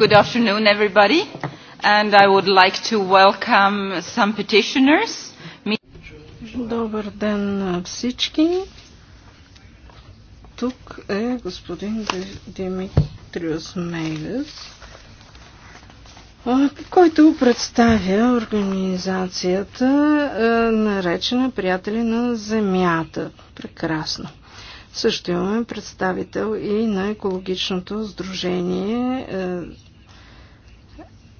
Good afternoon, everybody. And I would like to welcome some petitioners. Добър ден на всички. Тук е господин Димитриус Мейлес, който представя организацията наречена Приятели на Земята. Прекрасно. Също имаме представител и на екологичното сдружение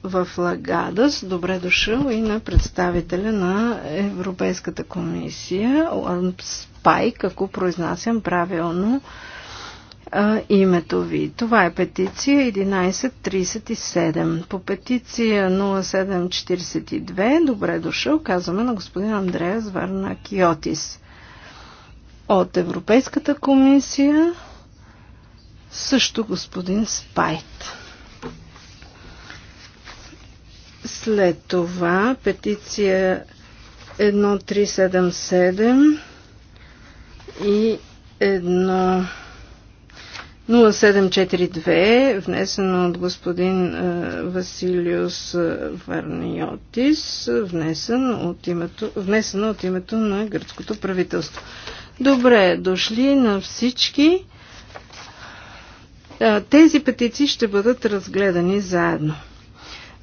в Лагадас. Добре дошъл и на представителя на Европейската комисия, Спайк, ако произнасям правилно а, името ви. Това е петиция 1137. По петиция 0742, добре дошъл, казваме на господин Андреас Варна Киотис. От Европейската комисия също господин Спайт. След това петиция 1377 и 1 0742, внесено от господин е, Василиус е, Варниотис, внесен от името, внесено от името на гръцкото правителство. Добре, дошли на всички. Е, тези петиции ще бъдат разгледани заедно.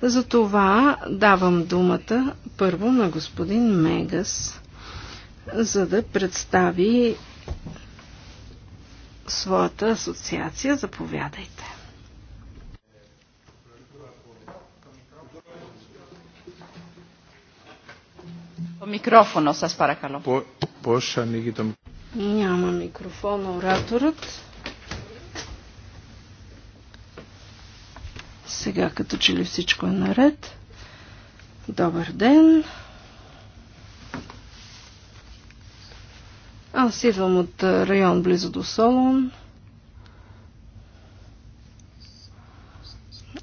Затова давам думата първо на господин Мегас, за да представи своята асоциация. Заповядайте. Микрофона, с паракало. Няма микрофона ораторът. Сега като че ли всичко е наред. Добър ден! Аз идвам от район близо до Солон.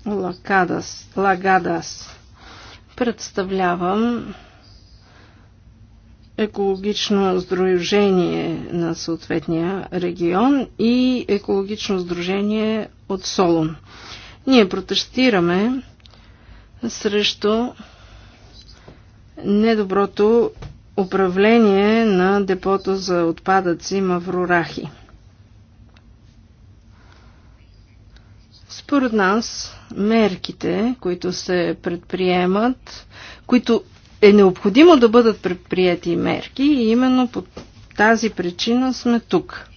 Лакадас, Лагадас. Представлявам екологично сдружение на съответния регион и екологично сдружение от Солон. Ние протестираме срещу недоброто управление на депото за отпадъци Маврорахи. Според нас мерките, които се предприемат, които е необходимо да бъдат предприяти мерки и именно по тази причина сме тук.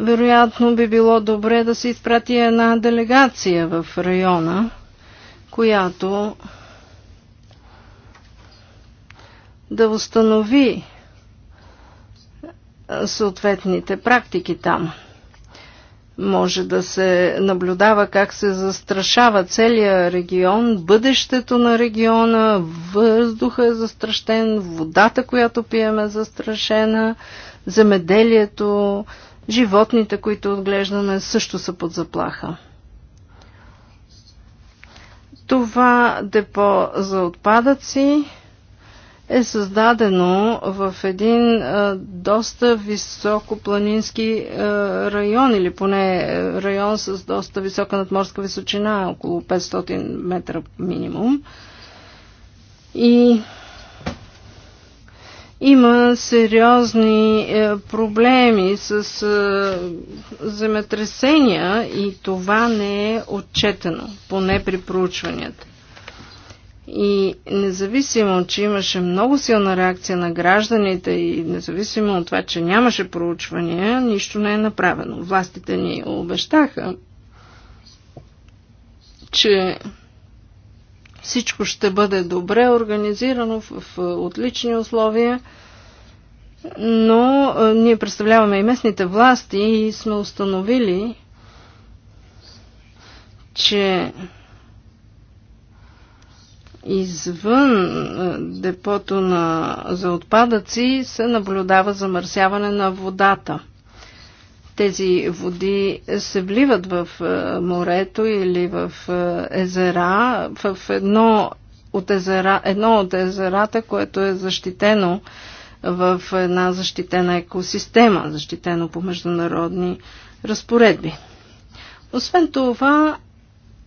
Вероятно би било добре да се изпрати една делегация в района, която да установи съответните практики там. Може да се наблюдава как се застрашава целия регион, бъдещето на региона, въздуха е застрашен, водата, която пием е застрашена, земеделието, Животните, които отглеждаме, също са под заплаха. Това депо за отпадъци е създадено в един а, е, доста високопланински а, е, район, или поне е, район с доста висока надморска височина, около 500 метра минимум. И има сериозни е, проблеми с е, земетресения и това не е отчетено, поне при проучванията. И независимо, че имаше много силна реакция на гражданите и независимо от това, че нямаше проучвания, нищо не е направено. Властите ни обещаха, че всичко ще бъде добре организирано в отлични условия но а, ние представляваме и местните власти и сме установили, че извън депото на, за отпадъци се наблюдава замърсяване на водата. Тези води се вливат в е, морето или в е, езера, в едно от, езера, едно от езерата, което е защитено в една защитена екосистема, защитено по международни разпоредби. Освен това,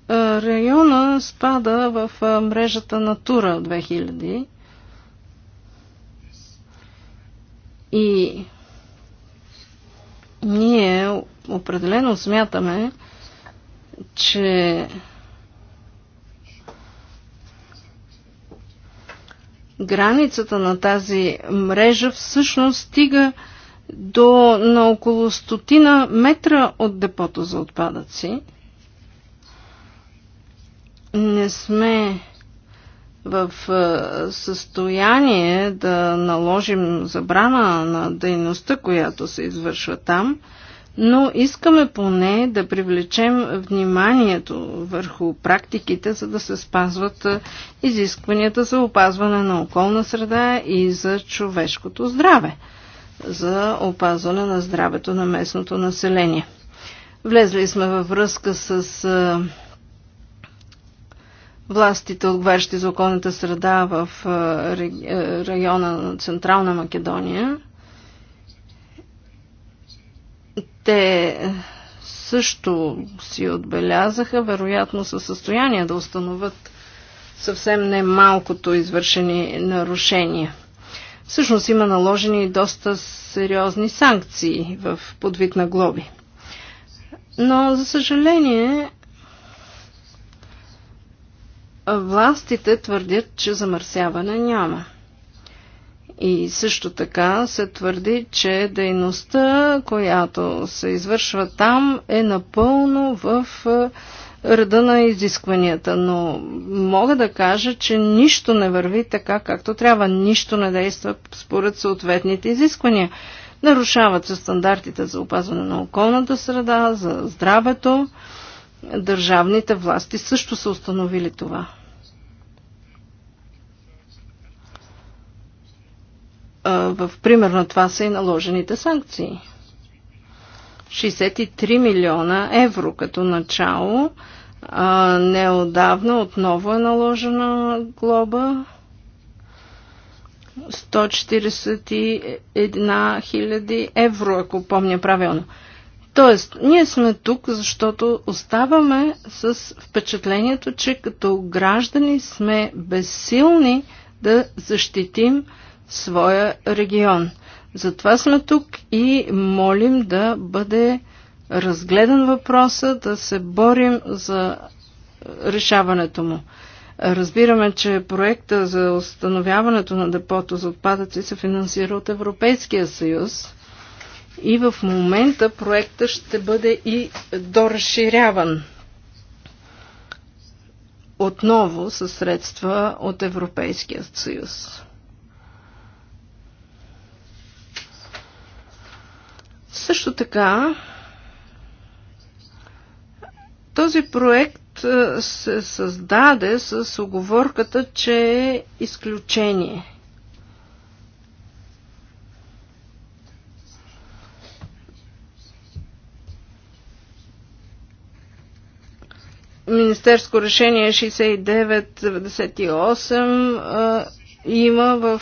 е, района спада в мрежата Натура 2000 и ние определено смятаме, че границата на тази мрежа всъщност стига до на около стотина метра от депото за отпадъци. Не сме в е, състояние да наложим забрана на дейността, която се извършва там, но искаме поне да привлечем вниманието върху практиките, за да се спазват е, изискванията за опазване на околна среда и за човешкото здраве, за опазване на здравето на местното население. Влезли сме във връзка с е, властите, отговарящи за околната среда в е, е, района на Централна Македония. Те също си отбелязаха, вероятно са състояние да установят съвсем немалкото извършени нарушения. Всъщност има наложени доста сериозни санкции в подвид на глоби. Но, за съжаление, Властите твърдят, че замърсяване няма. И също така се твърди, че дейността, която се извършва там, е напълно в ръда на изискванията. Но мога да кажа, че нищо не върви така, както трябва. Нищо не действа според съответните изисквания. Нарушават се стандартите за опазване на околната среда, за здравето. Държавните власти също са установили това. В пример на това са и наложените санкции. 63 милиона евро като начало. неодавна отново е наложена глоба. 141 хиляди евро, ако помня правилно. Тоест, ние сме тук, защото оставаме с впечатлението, че като граждани сме безсилни да защитим своя регион. Затова сме тук и молим да бъде разгледан въпроса, да се борим за решаването му. Разбираме, че проекта за установяването на депото за отпадъци се финансира от Европейския съюз и в момента проекта ще бъде и доразширяван отново със средства от Европейския съюз. Също така, този проект се създаде с оговорката, че е изключение. Министерско решение 6998 има в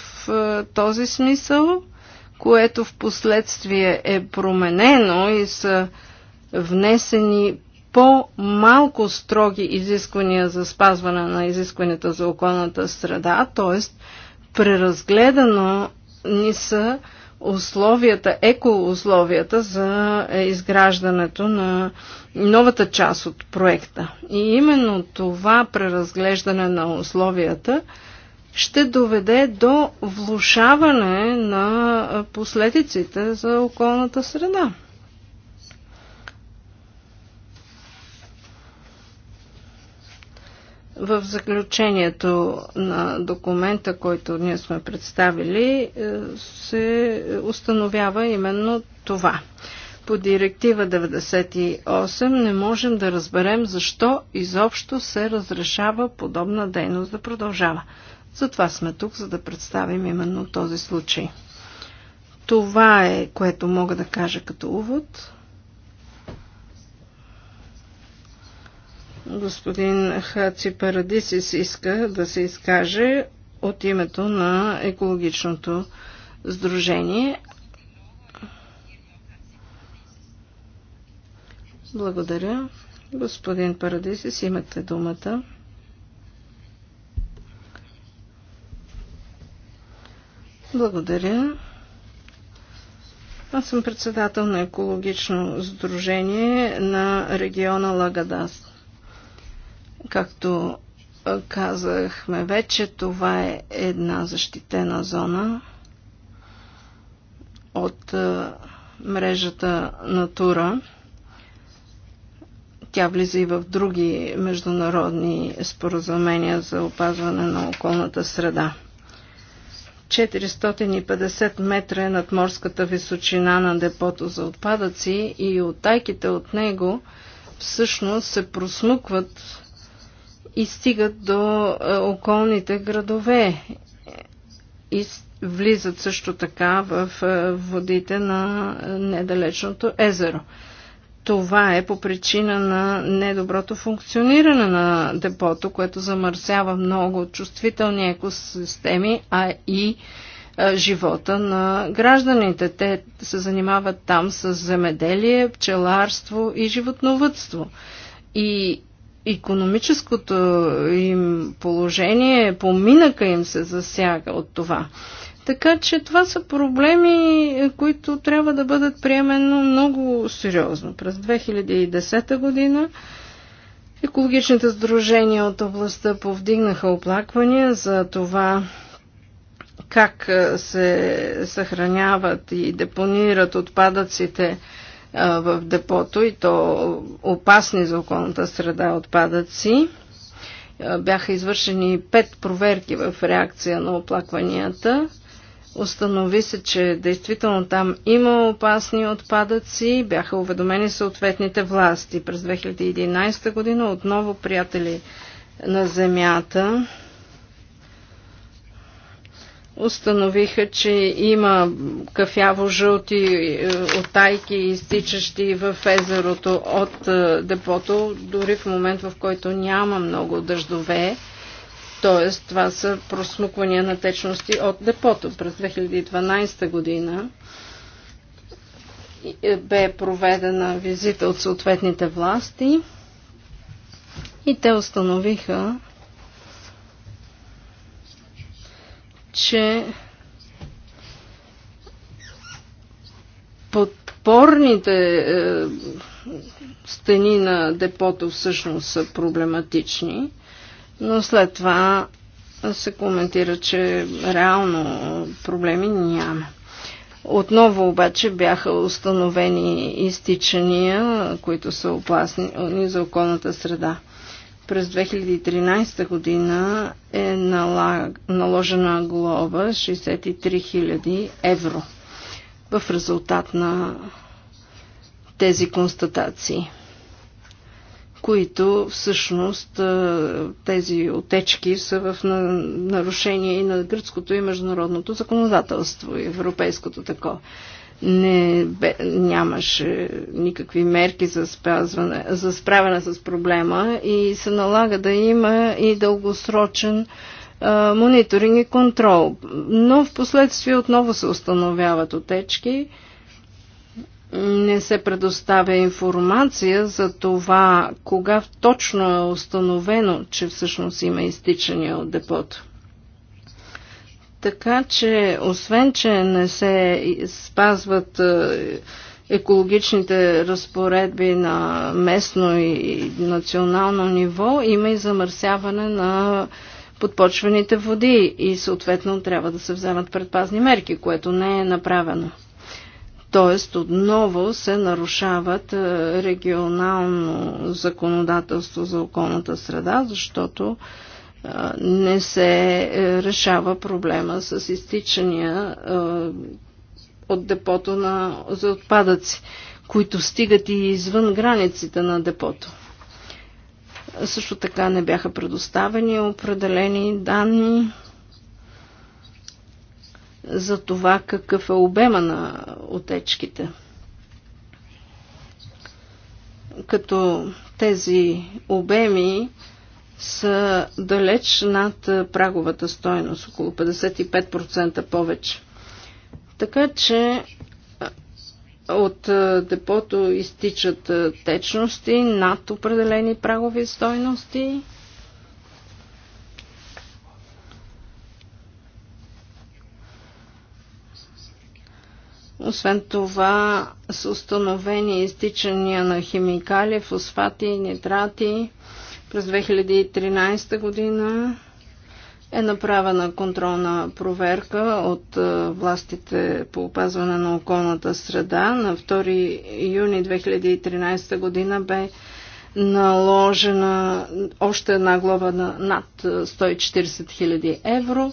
този смисъл, което в последствие е променено и са внесени по-малко строги изисквания за спазване на изискванията за околната среда, т.е. преразгледано ни са условията, екоусловията за е, изграждането на новата част от проекта. И именно това преразглеждане на условията ще доведе до влушаване на е, последиците за околната среда. В заключението на документа, който ние сме представили, е, се установява именно това. По директива 98 не можем да разберем защо изобщо се разрешава подобна дейност да продължава. Затова сме тук, за да представим именно този случай. Това е, което мога да кажа като увод. Господин Хаци Парадисис иска да се изкаже от името на екологичното сдружение. Благодаря. Господин Парадисис, имате думата. Благодаря. Аз съм председател на екологично сдружение на региона Лагадас. Както казахме вече, това е една защитена зона от мрежата Натура. Тя влиза и в други международни споразумения за опазване на околната среда. 450 метра е над морската височина на депото за отпадъци и оттайките от него всъщност се просмукват и стигат до е, околните градове. И влизат също така в е, водите на е, недалечното езеро. Това е по причина на недоброто функциониране на депото, което замърсява много чувствителни екосистеми, а и живота на гражданите. Те се занимават там с земеделие, пчеларство и животновътство. И економическото им положение, поминъка им се засяга от това. Така че това са проблеми, които трябва да бъдат приемено много сериозно. През 2010 година екологичните сдружения от областта повдигнаха оплаквания за това как се съхраняват и депонират отпадъците в депото и то опасни за околната среда отпадъци. Бяха извършени пет проверки в реакция на оплакванията. Установи се, че действително там има опасни отпадъци. Бяха уведомени съответните власти. През 2011 година отново приятели на земята установиха, че има кафяво-жълти е, отайки, изтичащи в езерото от е, депото, дори в момент, в който няма много дъждове. Т.е. това са просмуквания на течности от депото. През 2012 година е, бе проведена визита от съответните власти и те установиха, че подпорните е, стени на депото всъщност са проблематични, но след това се коментира, че реално проблеми няма. Отново обаче бяха установени изтичания, които са опасни за околната среда. През 2013 година е наложена глоба 63 000 евро в резултат на тези констатации, които всъщност тези отечки са в нарушение и на гръцкото и международното законодателство, и европейското такова не бе, нямаше никакви мерки за, спазване, за справяне с проблема и се налага да има и дългосрочен а, мониторинг и контрол. Но в последствие отново се установяват отечки. Не се предоставя информация за това кога точно е установено, че всъщност има изтичания от депото. Така че, освен, че не се спазват е, екологичните разпоредби на местно и национално ниво, има и замърсяване на подпочвените води и съответно трябва да се вземат предпазни мерки, което не е направено. Тоест отново се нарушават е, регионално законодателство за околната среда, защото не се е, решава проблема с изтичания е, от депото на, за отпадъци, които стигат и извън границите на депото. Също така не бяха предоставени определени данни за това какъв е обема на отечките. Като тези обеми са далеч над праговата стойност, около 55% повече. Така че от депото изтичат течности над определени прагови стойности. Освен това са установени изтичания на химикали, фосфати, нитрати, през 2013 година е направена контролна проверка от властите по опазване на околната среда. На 2 юни 2013 година бе наложена още една глоба на над 140 000 евро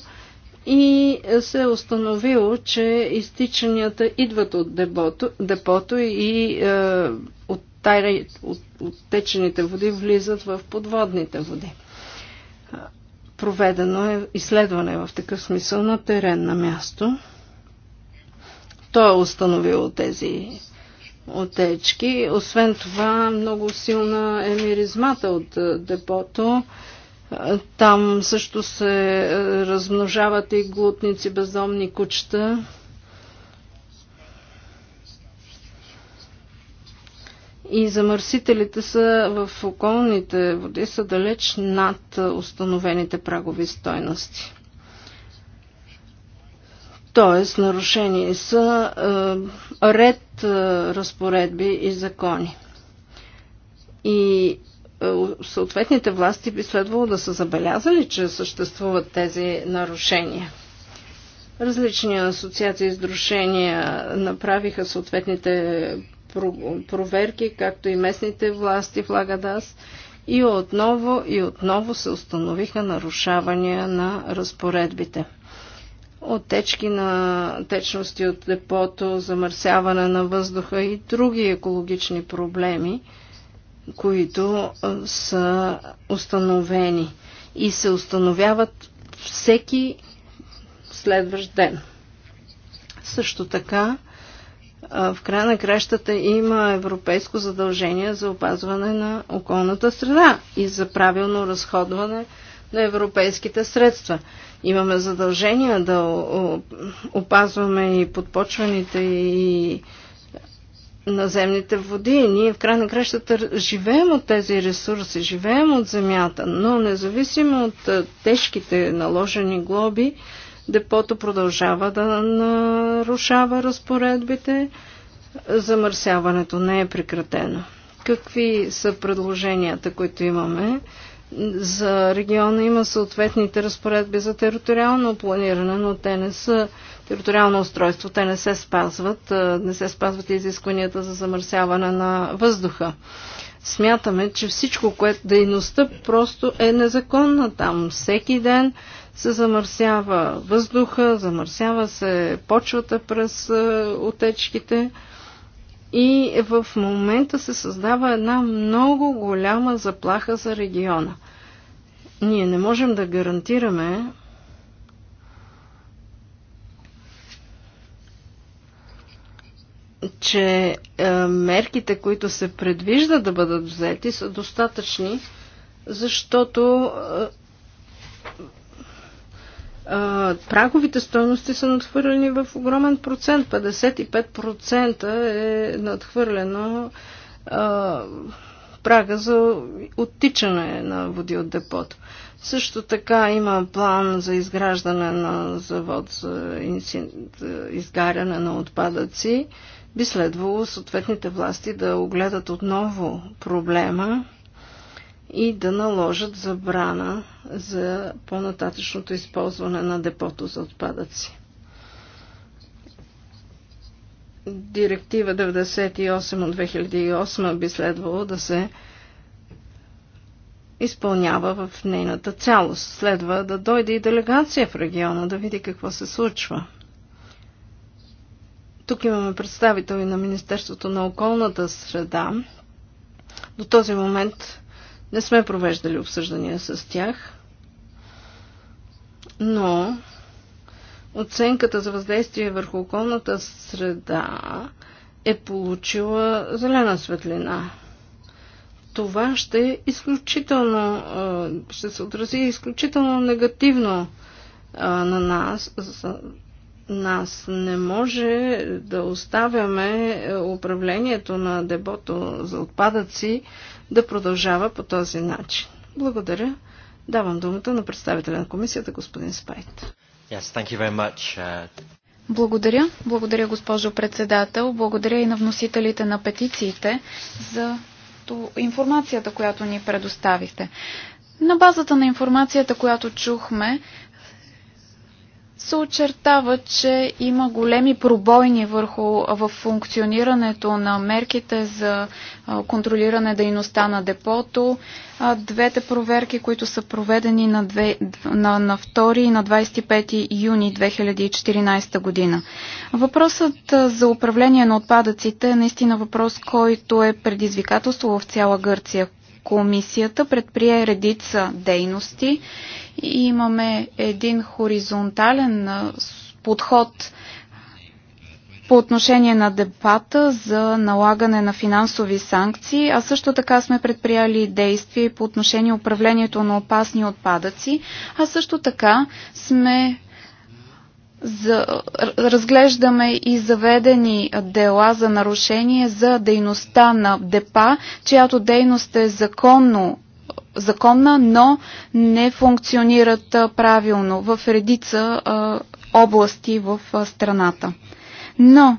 и се е установило, че изтичанията идват от депото, депото и е, от, тайри, от оттечените води влизат в подводните води. Проведено е изследване в такъв смисъл на терен на място. Той е установил тези отечки. Освен това, много силна е миризмата от депото. Там също се размножават и глутници, бездомни кучета. и замърсителите са в околните води са далеч над установените прагови стойности. Тоест, нарушени са е, ред е, разпоредби и закони. И е, съответните власти би следвало да са забелязали, че съществуват тези нарушения. Различни асоциации и сдрушения направиха съответните проверки, както и местните власти в Лагадас. И отново и отново се установиха нарушавания на разпоредбите. От течки на течности от депото, замърсяване на въздуха и други екологични проблеми, които са установени и се установяват всеки следващ ден. Също така в края на кращата има европейско задължение за опазване на околната среда и за правилно разходване на европейските средства. Имаме задължение да опазваме и подпочваните и наземните води. Ние в край на кращата живеем от тези ресурси, живеем от земята, но независимо от тежките наложени глоби, Депото продължава да нарушава разпоредбите. Замърсяването не е прекратено. Какви са предложенията, които имаме? За региона има съответните разпоредби за териториално планиране, но те не са териториално устройство, те не се спазват, не се спазват изискванията за замърсяване на въздуха смятаме, че всичко, което дейността просто е незаконна там. Всеки ден се замърсява въздуха, замърсява се почвата през е, отечките и в момента се създава една много голяма заплаха за региона. Ние не можем да гарантираме че е, мерките, които се предвижда да бъдат взети, са достатъчни, защото е, праговите стоености са надхвърлени в огромен процент. 55% е надхвърлено а, прага за оттичане на води от депото. Също така има план за изграждане на завод за изгаряне на отпадъци. Би следвало съответните власти да огледат отново проблема и да наложат забрана за по-нататъчното използване на депото за отпадъци. Директива 98 от 2008 би следвало да се изпълнява в нейната цялост. Следва да дойде и делегация в региона да види какво се случва. Тук имаме представители на Министерството на околната среда. До този момент не сме провеждали обсъждания с тях, но оценката за въздействие върху околната среда е получила зелена светлина. Това ще е изключително, ще се отрази изключително негативно на нас. нас не може да оставяме е, управлението на дебото за отпадъци да продължава по този начин. Благодаря. Давам думата на представителя на комисията, господин Спайт. Yes, thank you very much. Uh... Благодаря. Благодаря, госпожо председател. Благодаря и на вносителите на петициите за информацията, която ни предоставихте. На базата на информацията, която чухме, се очертава, че има големи пробойни върху, в функционирането на мерките за контролиране дейността на депото. Двете проверки, които са проведени на, две, на, на 2 и на 25 юни 2014 година. Въпросът за управление на отпадъците е наистина въпрос, който е предизвикателство в цяла Гърция. Комисията предприе редица дейности и имаме един хоризонтален подход по отношение на дебата за налагане на финансови санкции, а също така сме предприяли действия по отношение управлението на опасни отпадъци, а също така сме за, разглеждаме и заведени дела за нарушение за дейността на депа, чиято дейност е законно законна, но не функционират правилно в редица области в страната. Но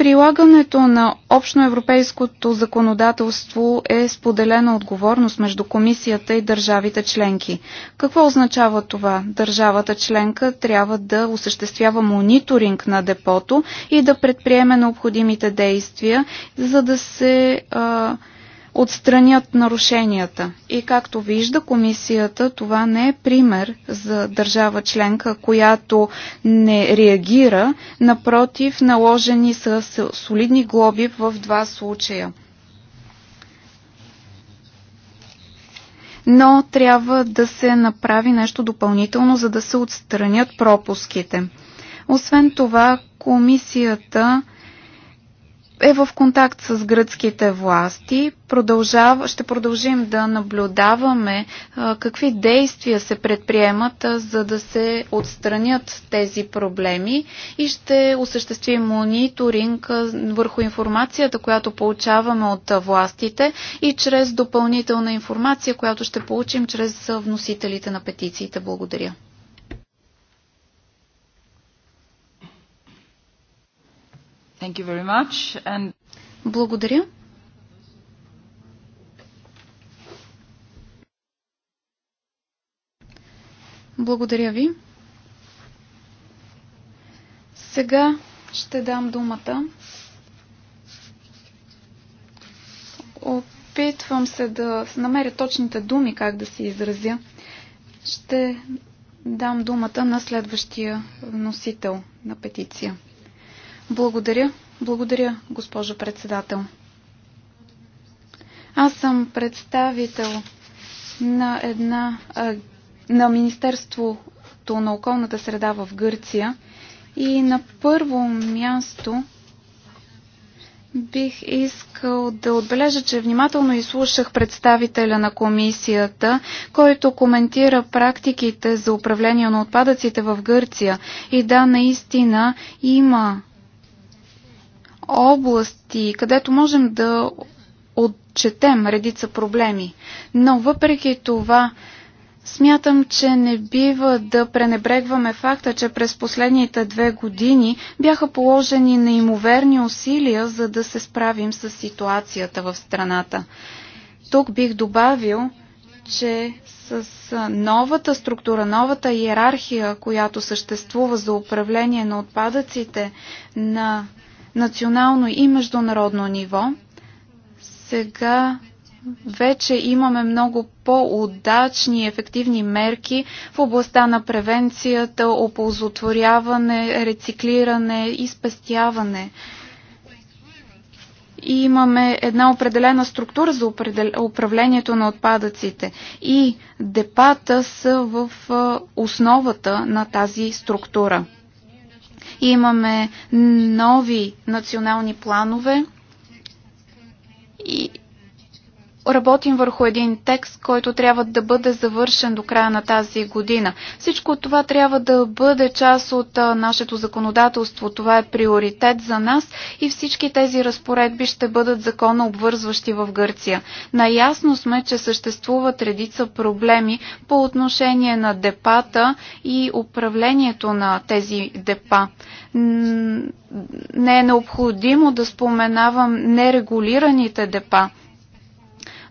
Прилагането на общоевропейското законодателство е споделена отговорност между комисията и държавите членки. Какво означава това? Държавата членка трябва да осъществява мониторинг на депото и да предприеме необходимите действия, за да се а, отстранят нарушенията. И както вижда комисията, това не е пример за държава членка, която не реагира, напротив, наложени са солидни глоби в два случая. Но трябва да се направи нещо допълнително, за да се отстранят пропуските. Освен това, комисията е в контакт с гръцките власти. Продължав, ще продължим да наблюдаваме а, какви действия се предприемат, а, за да се отстранят тези проблеми и ще осъществим мониторинг а, върху информацията, която получаваме от а, властите и чрез допълнителна информация, която ще получим чрез а, вносителите на петициите. Благодаря. Thank you very much. And... Благодаря. Благодаря ви. Сега ще дам думата. Опитвам се да намеря точните думи, как да се изразя. Ще дам думата на следващия вносител на петиция. Благодаря. Благодаря, госпожо председател. Аз съм представител на една на Министерството на околната среда в Гърция и на първо място Бих искал да отбележа, че внимателно изслушах представителя на комисията, който коментира практиките за управление на отпадъците в Гърция. И да, наистина има области, където можем да отчетем редица проблеми. Но въпреки това, Смятам, че не бива да пренебрегваме факта, че през последните две години бяха положени неимоверни усилия, за да се справим с ситуацията в страната. Тук бих добавил, че с новата структура, новата иерархия, която съществува за управление на отпадъците на национално и международно ниво. Сега вече имаме много по-удачни и ефективни мерки в областта на превенцията, оползотворяване, рециклиране и спестяване. И имаме една определена структура за управлението на отпадъците. И депата са в основата на тази структура. Имаме нови национални планове и работим върху един текст, който трябва да бъде завършен до края на тази година. Всичко това трябва да бъде част от нашето законодателство. Това е приоритет за нас и всички тези разпоредби ще бъдат законно обвързващи в Гърция. Наясно сме, че съществуват редица проблеми по отношение на депата и управлението на тези депа. Не е необходимо да споменавам нерегулираните депа.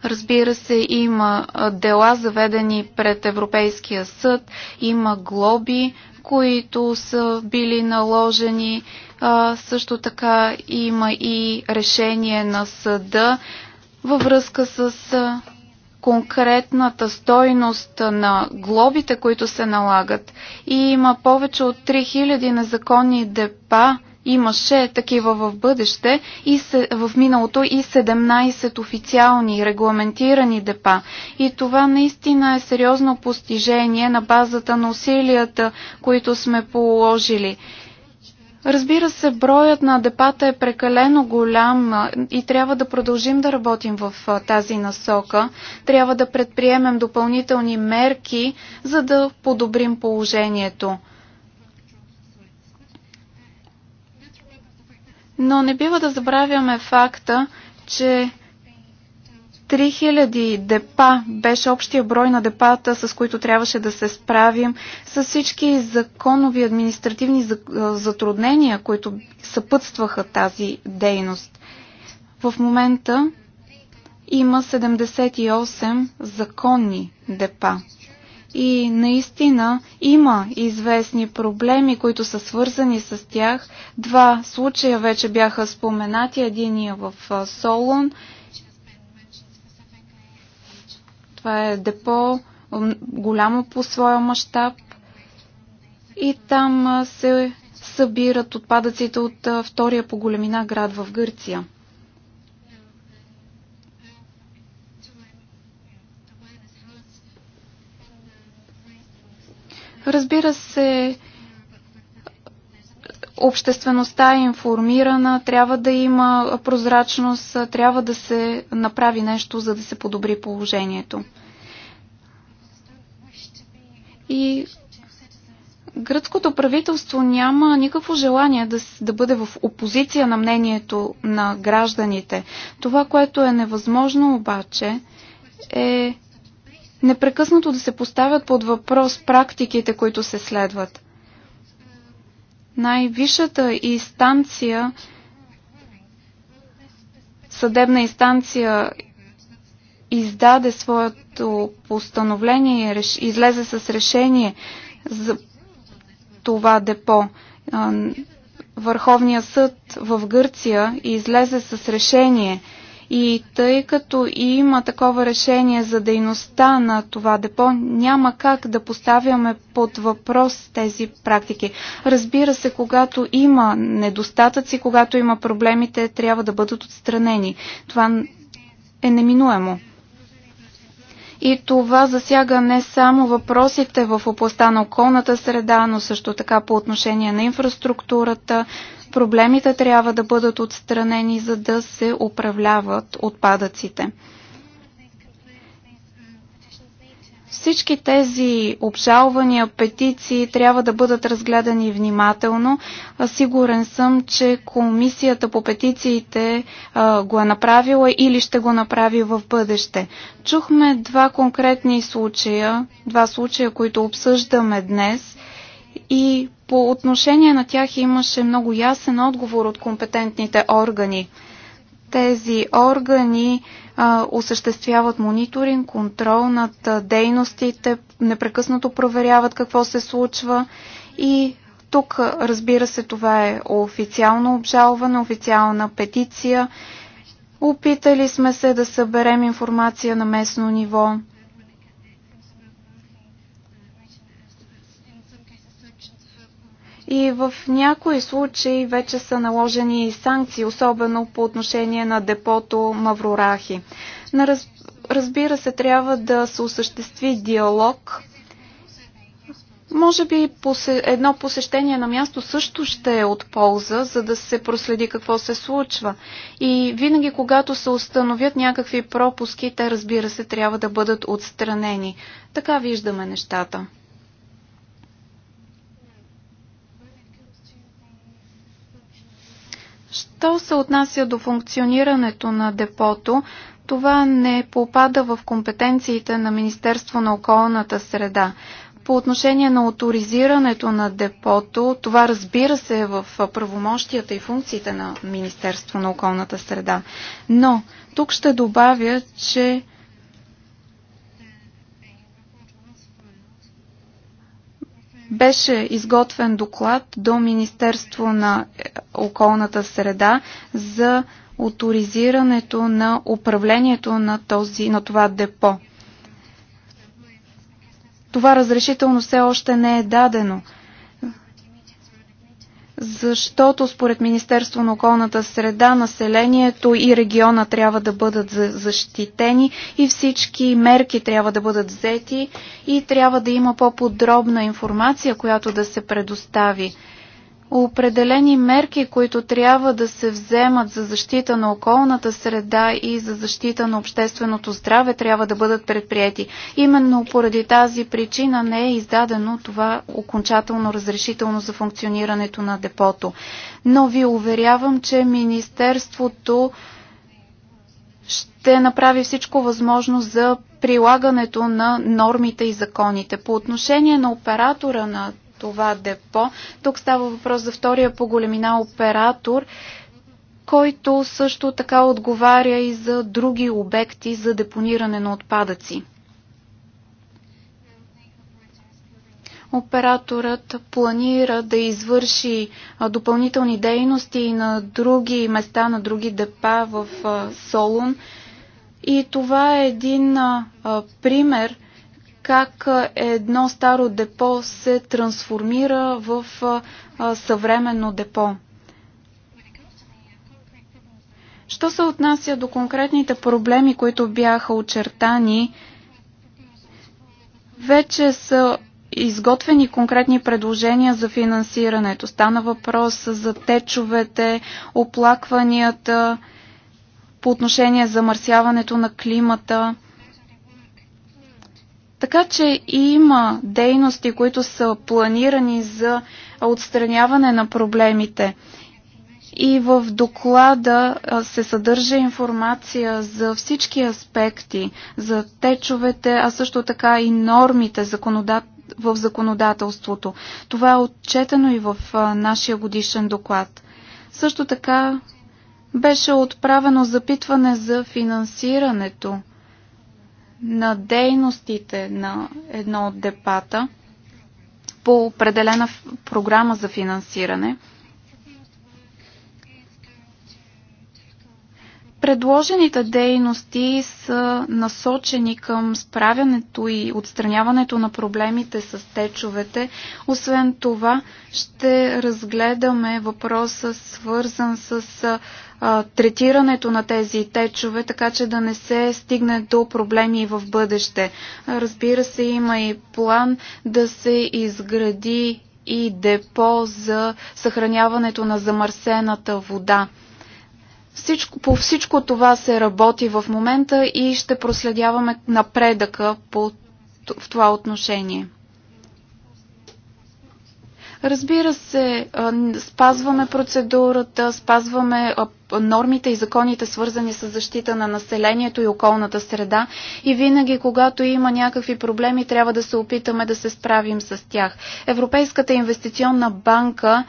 Разбира се, има дела заведени пред Европейския съд, има глоби, които са били наложени. А, също така има и решение на съда във връзка с конкретната стойност на глобите, които се налагат. И има повече от 3000 незаконни депа, Имаше такива в бъдеще и се, в миналото и 17 официални регламентирани депа. И това наистина е сериозно постижение на базата на усилията, които сме положили. Разбира се, броят на депата е прекалено голям и трябва да продължим да работим в тази насока. Трябва да предприемем допълнителни мерки, за да подобрим положението. но не бива да забравяме факта, че 3000 депа беше общия брой на депата, с които трябваше да се справим, с всички законови административни затруднения, които съпътстваха тази дейност. В момента има 78 законни депа и наистина има известни проблеми, които са свързани с тях. Два случая вече бяха споменати. един е в Солон. Това е депо, голямо по своя мащаб. И там се събират отпадъците от втория по големина град в Гърция. Разбира се, обществеността е информирана, трябва да има прозрачност, трябва да се направи нещо, за да се подобри положението. И гръцкото правителство няма никакво желание да, да бъде в опозиция на мнението на гражданите. Това, което е невъзможно обаче, е непрекъснато да се поставят под въпрос практиките, които се следват. Най-висшата инстанция, съдебна инстанция издаде своето постановление, и излезе с решение за това депо. Върховният съд в Гърция излезе с решение – и тъй като има такова решение за дейността на това депо, няма как да поставяме под въпрос тези практики. Разбира се, когато има недостатъци, когато има проблемите, трябва да бъдат отстранени. Това е неминуемо. И това засяга не само въпросите в областта на околната среда, но също така по отношение на инфраструктурата, Проблемите трябва да бъдат отстранени, за да се управляват отпадъците. Всички тези обжалвания, петиции трябва да бъдат разгледани внимателно. Сигурен съм, че комисията по петициите а, го е направила или ще го направи в бъдеще. Чухме два конкретни случая, два случая, които обсъждаме днес и по отношение на тях имаше много ясен отговор от компетентните органи. Тези органи а, осъществяват мониторинг, контрол над дейностите, непрекъснато проверяват какво се случва и тук, разбира се, това е официално обжалване, официална петиция. Опитали сме се да съберем информация на местно ниво. и в някои случаи вече са наложени санкции, особено по отношение на депото Маврорахи. Разбира се, трябва да се осъществи диалог може би едно посещение на място също ще е от полза, за да се проследи какво се случва. И винаги, когато се установят някакви пропуски, те разбира се трябва да бъдат отстранени. Така виждаме нещата. Що се отнася до функционирането на депото, това не попада в компетенциите на Министерство на околната среда. По отношение на авторизирането на депото, това разбира се е в правомощията и функциите на Министерство на околната среда. Но тук ще добавя, че Беше изготвен доклад до Министерство на е, околната среда за авторизирането на управлението на, този, на това депо. Това разрешително все още не е дадено защото според Министерство на околната среда населението и региона трябва да бъдат защитени и всички мерки трябва да бъдат взети и трябва да има по-подробна информация, която да се предостави определени мерки, които трябва да се вземат за защита на околната среда и за защита на общественото здраве, трябва да бъдат предприяти. Именно поради тази причина не е издадено това окончателно разрешително за функционирането на депото. Но ви уверявам, че Министерството ще направи всичко възможно за прилагането на нормите и законите. По отношение на оператора на това депо. Тук става въпрос за втория по големина оператор, който също така отговаря и за други обекти за депониране на отпадъци. Операторът планира да извърши допълнителни дейности на други места, на други депа в Солун. И това е един пример – как едно старо депо се трансформира в съвременно депо. Що се отнася до конкретните проблеми, които бяха очертани, вече са изготвени конкретни предложения за финансирането. Стана въпрос за течовете, оплакванията по отношение замърсяването на климата – така че има дейности, които са планирани за отстраняване на проблемите. И в доклада се съдържа информация за всички аспекти, за течовете, а също така и нормите в законодателството. Това е отчетено и в нашия годишен доклад. Също така беше отправено запитване за финансирането на дейностите на едно от депата по определена програма за финансиране. Предложените дейности са насочени към справянето и отстраняването на проблемите с течовете. Освен това, ще разгледаме въпроса свързан с а, третирането на тези течове, така че да не се стигне до проблеми в бъдеще. Разбира се, има и план да се изгради и депо за съхраняването на замърсената вода. Всичко, по всичко това се работи в момента и ще проследяваме напредъка по, в това отношение. Разбира се, спазваме процедурата, спазваме нормите и законите, свързани с защита на населението и околната среда. И винаги, когато има някакви проблеми, трябва да се опитаме да се справим с тях. Европейската инвестиционна банка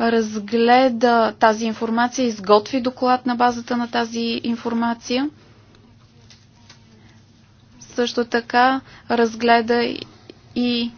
разгледа тази информация, изготви доклад на базата на тази информация. Също така разгледа и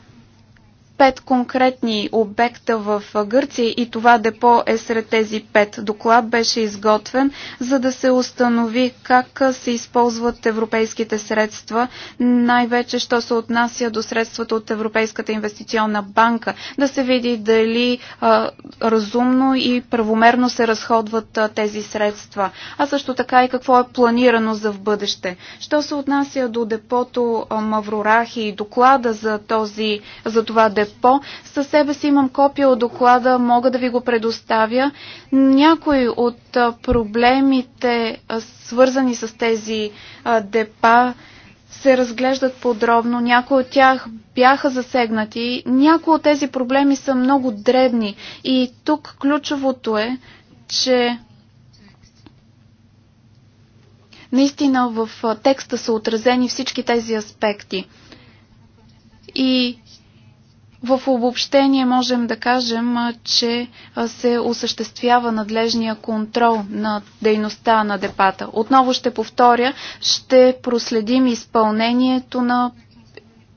пет конкретни обекта в Гърция и това депо е сред тези пет. Доклад беше изготвен, за да се установи как се използват европейските средства, най-вече, що се отнася до средствата от Европейската инвестиционна банка. Да се види дали а, разумно и правомерно се разходват а, тези средства. А също така и какво е планирано за в бъдеще. Що се отнася до депото Маврорахи и доклада за, този, за това депо, депо. Със себе си имам копия от доклада, мога да ви го предоставя. Някои от проблемите, свързани с тези депа, се разглеждат подробно, някои от тях бяха засегнати, някои от тези проблеми са много дребни и тук ключовото е, че наистина в текста са отразени всички тези аспекти. И в обобщение можем да кажем, че се осъществява надлежния контрол на дейността на депата. Отново ще повторя, ще проследим изпълнението на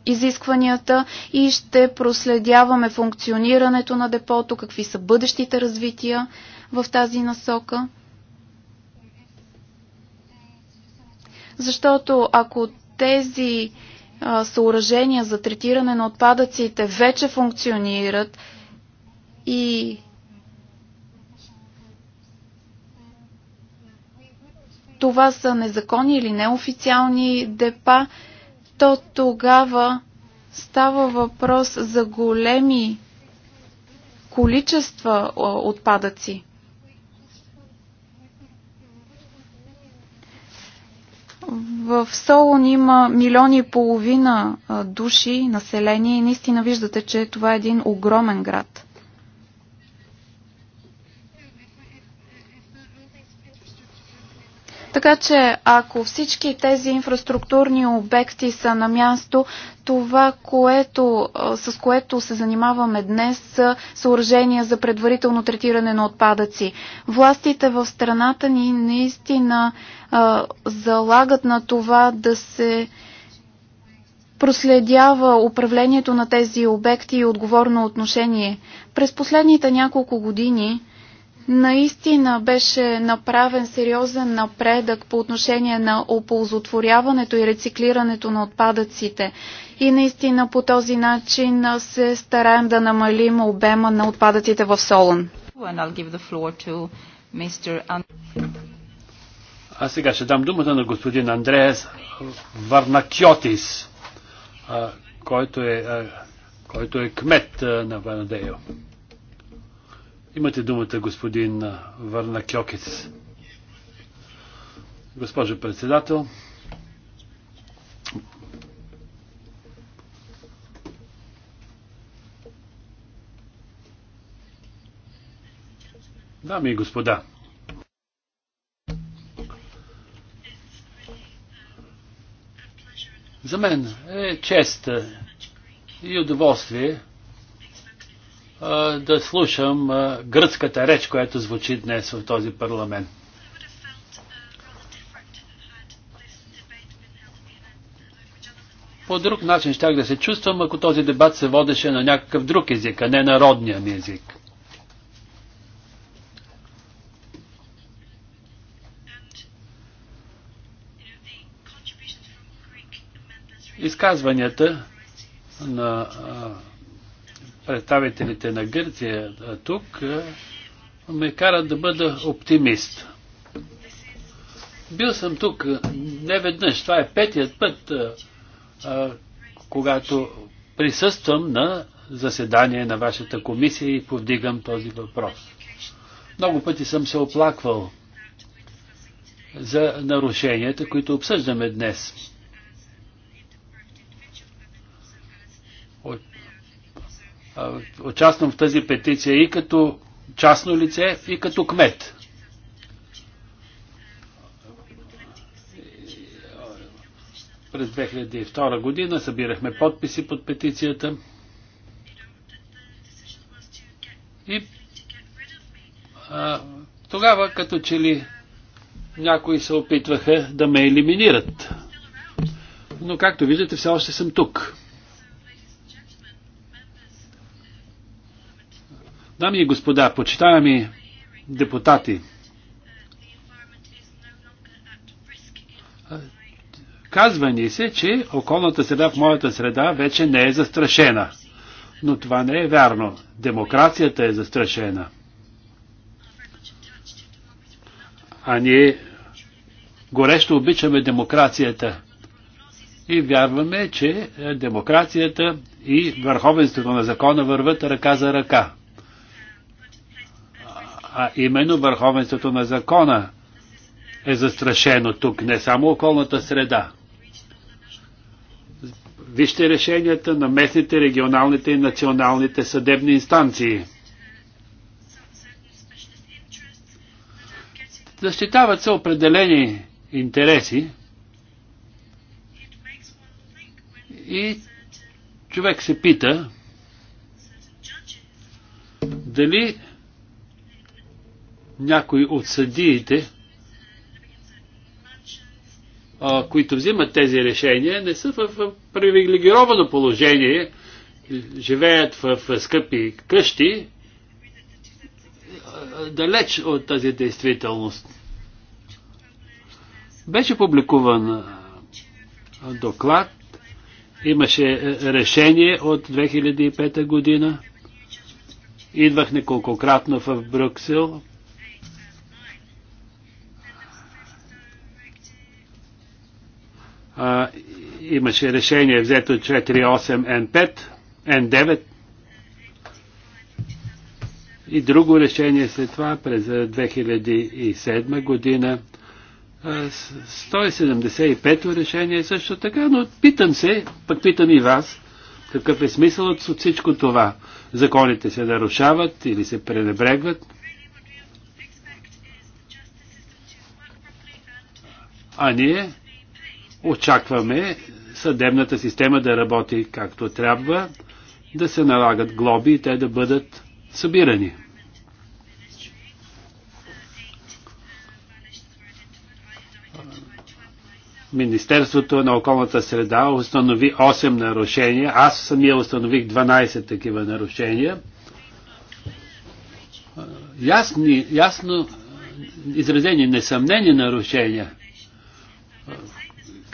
изискванията и ще проследяваме функционирането на депото, какви са бъдещите развития в тази насока. Защото ако тези съоръжения за третиране на отпадъците вече функционират и това са незаконни или неофициални депа, то тогава става въпрос за големи количества отпадъци. В Солон има милиони и половина души население и наистина виждате, че това е един огромен град. Така че ако всички тези инфраструктурни обекти са на място, това, което, с което се занимаваме днес, са съоръжения за предварително третиране на отпадъци. Властите в страната ни наистина а, залагат на това да се проследява управлението на тези обекти и отговорно отношение. През последните няколко години Наистина беше направен сериозен напредък по отношение на оползотворяването и рециклирането на отпадъците. И наистина по този начин се стараем да намалим обема на отпадъците в Солон. А сега ще дам думата на господин Андреас Варнакьотис, който е, който е кмет на Ванадео. Имате думата, господин Върна Кьокец. Госпожо председател, Дами и господа, за мен е чест и удоволствие да слушам гръцката реч, която звучи днес в този парламент. По друг начин щях да се чувствам, ако този дебат се водеше на някакъв друг език, а не на родния ми език. Изказванията на представителите на Гърция тук ме карат да бъда оптимист. Бил съм тук не веднъж. Това е петият път, когато присъствам на заседание на вашата комисия и повдигам този въпрос. Много пъти съм се оплаквал за нарушенията, които обсъждаме днес участвам в тази петиция и като частно лице, и като кмет. През 2002 година събирахме подписи под петицията и а, тогава като че ли някои се опитваха да ме елиминират. Но както виждате, все още съм тук. Дами и господа, почитаеми депутати, казва ни се, че околната среда в моята среда вече не е застрашена. Но това не е вярно. Демокрацията е застрашена. А ние горещо обичаме демокрацията и вярваме, че демокрацията и върховенството на закона върват ръка за ръка. А именно върховенството на закона е застрашено тук, не само околната среда. Вижте решенията на местните, регионалните и националните съдебни инстанции. Защитават се определени интереси и човек се пита дали някои от съдиите, които взимат тези решения, не са в привилегировано положение, живеят в скъпи къщи, далеч от тази действителност. Беше публикуван доклад, имаше е, решение от 2005 година, идвах неколкократно в Брюксел, А, имаше решение взето 4.8 N5, N9 и друго решение след това през 2007 година. 175-то решение също така, но питам се, пък питам и вас, какъв е смисълът от всичко това? Законите се нарушават или се пренебрегват? А ние Очакваме съдебната система да работи както трябва, да се налагат глоби и те да бъдат събирани. Министерството на околната среда установи 8 нарушения. Аз самия установих 12 такива нарушения. Ясни, ясно изразени, несъмнени нарушения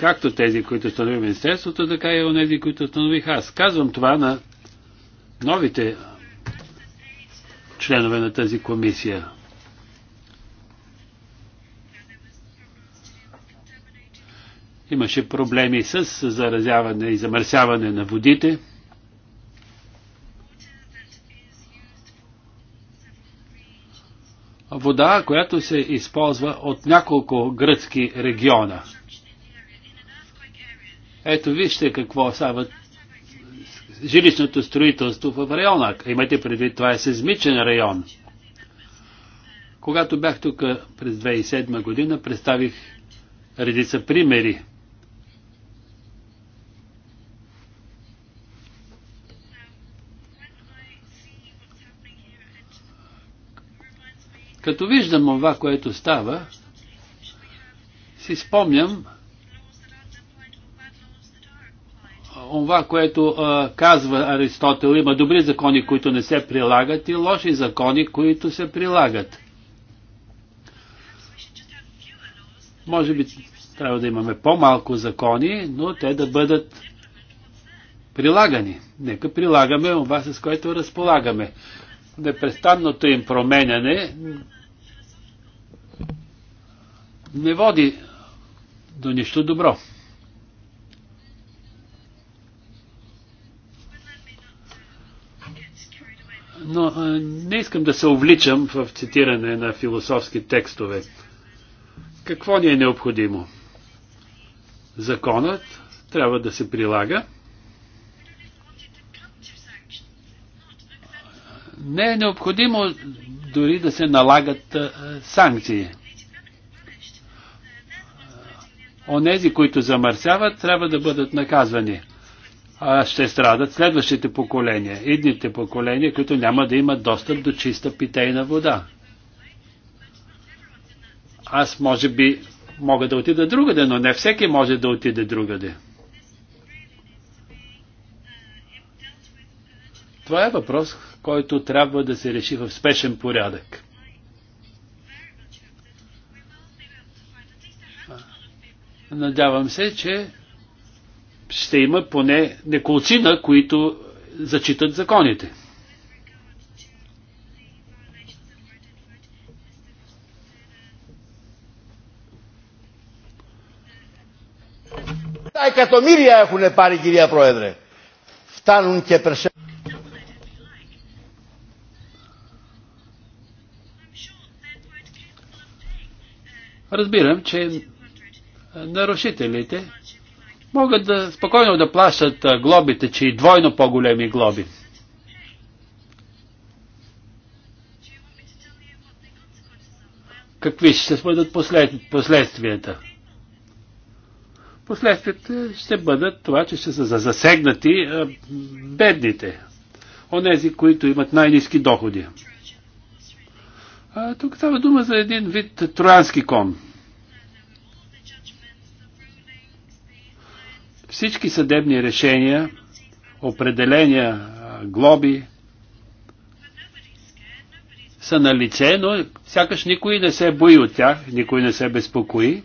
както тези, които установи Министерството, така и онези, които установих аз. Казвам това на новите членове на тази комисия. Имаше проблеми с заразяване и замърсяване на водите. Вода, която се използва от няколко гръцки региона – ето вижте какво става жилищното строителство в района. Имайте предвид, това е сезмичен район. Когато бях тук през 2007 година, представих редица примери. Като виждам това, което става, си спомням това, което а, казва Аристотел, има добри закони, които не се прилагат и лоши закони, които се прилагат. Може би трябва да имаме по-малко закони, но те да бъдат прилагани. Нека прилагаме това, с което разполагаме. Непрестанното им променяне не води до нищо добро. но не искам да се увличам в цитиране на философски текстове. Какво ни е необходимо? Законът трябва да се прилага. Не е необходимо дори да се налагат санкции. Онези, които замърсяват, трябва да бъдат наказвани ще страдат следващите поколения, идните поколения, които няма да имат достъп до чиста питейна вода. Аз може би мога да отида другаде, но не всеки може да отиде другаде. Това е въпрос, който трябва да се реши в спешен порядък. Надявам се, че ще има поне неколцина, които зачитат законите. Τα εκατομμύρια έχουν πάρει κυρία Πρόεδρε. Φτάνουν και περσέ. Разбирам, че нарушителите могат да спокойно да плащат глобите, че и двойно по-големи глоби. Какви ще бъдат послед... последствията? Последствията ще бъдат това, че ще са засегнати бедните, онези, които имат най-низки доходи. А, тук става дума за един вид троянски кон. Всички съдебни решения, определения, глоби са на лице, но сякаш никой не се бои от тях, никой не се безпокои,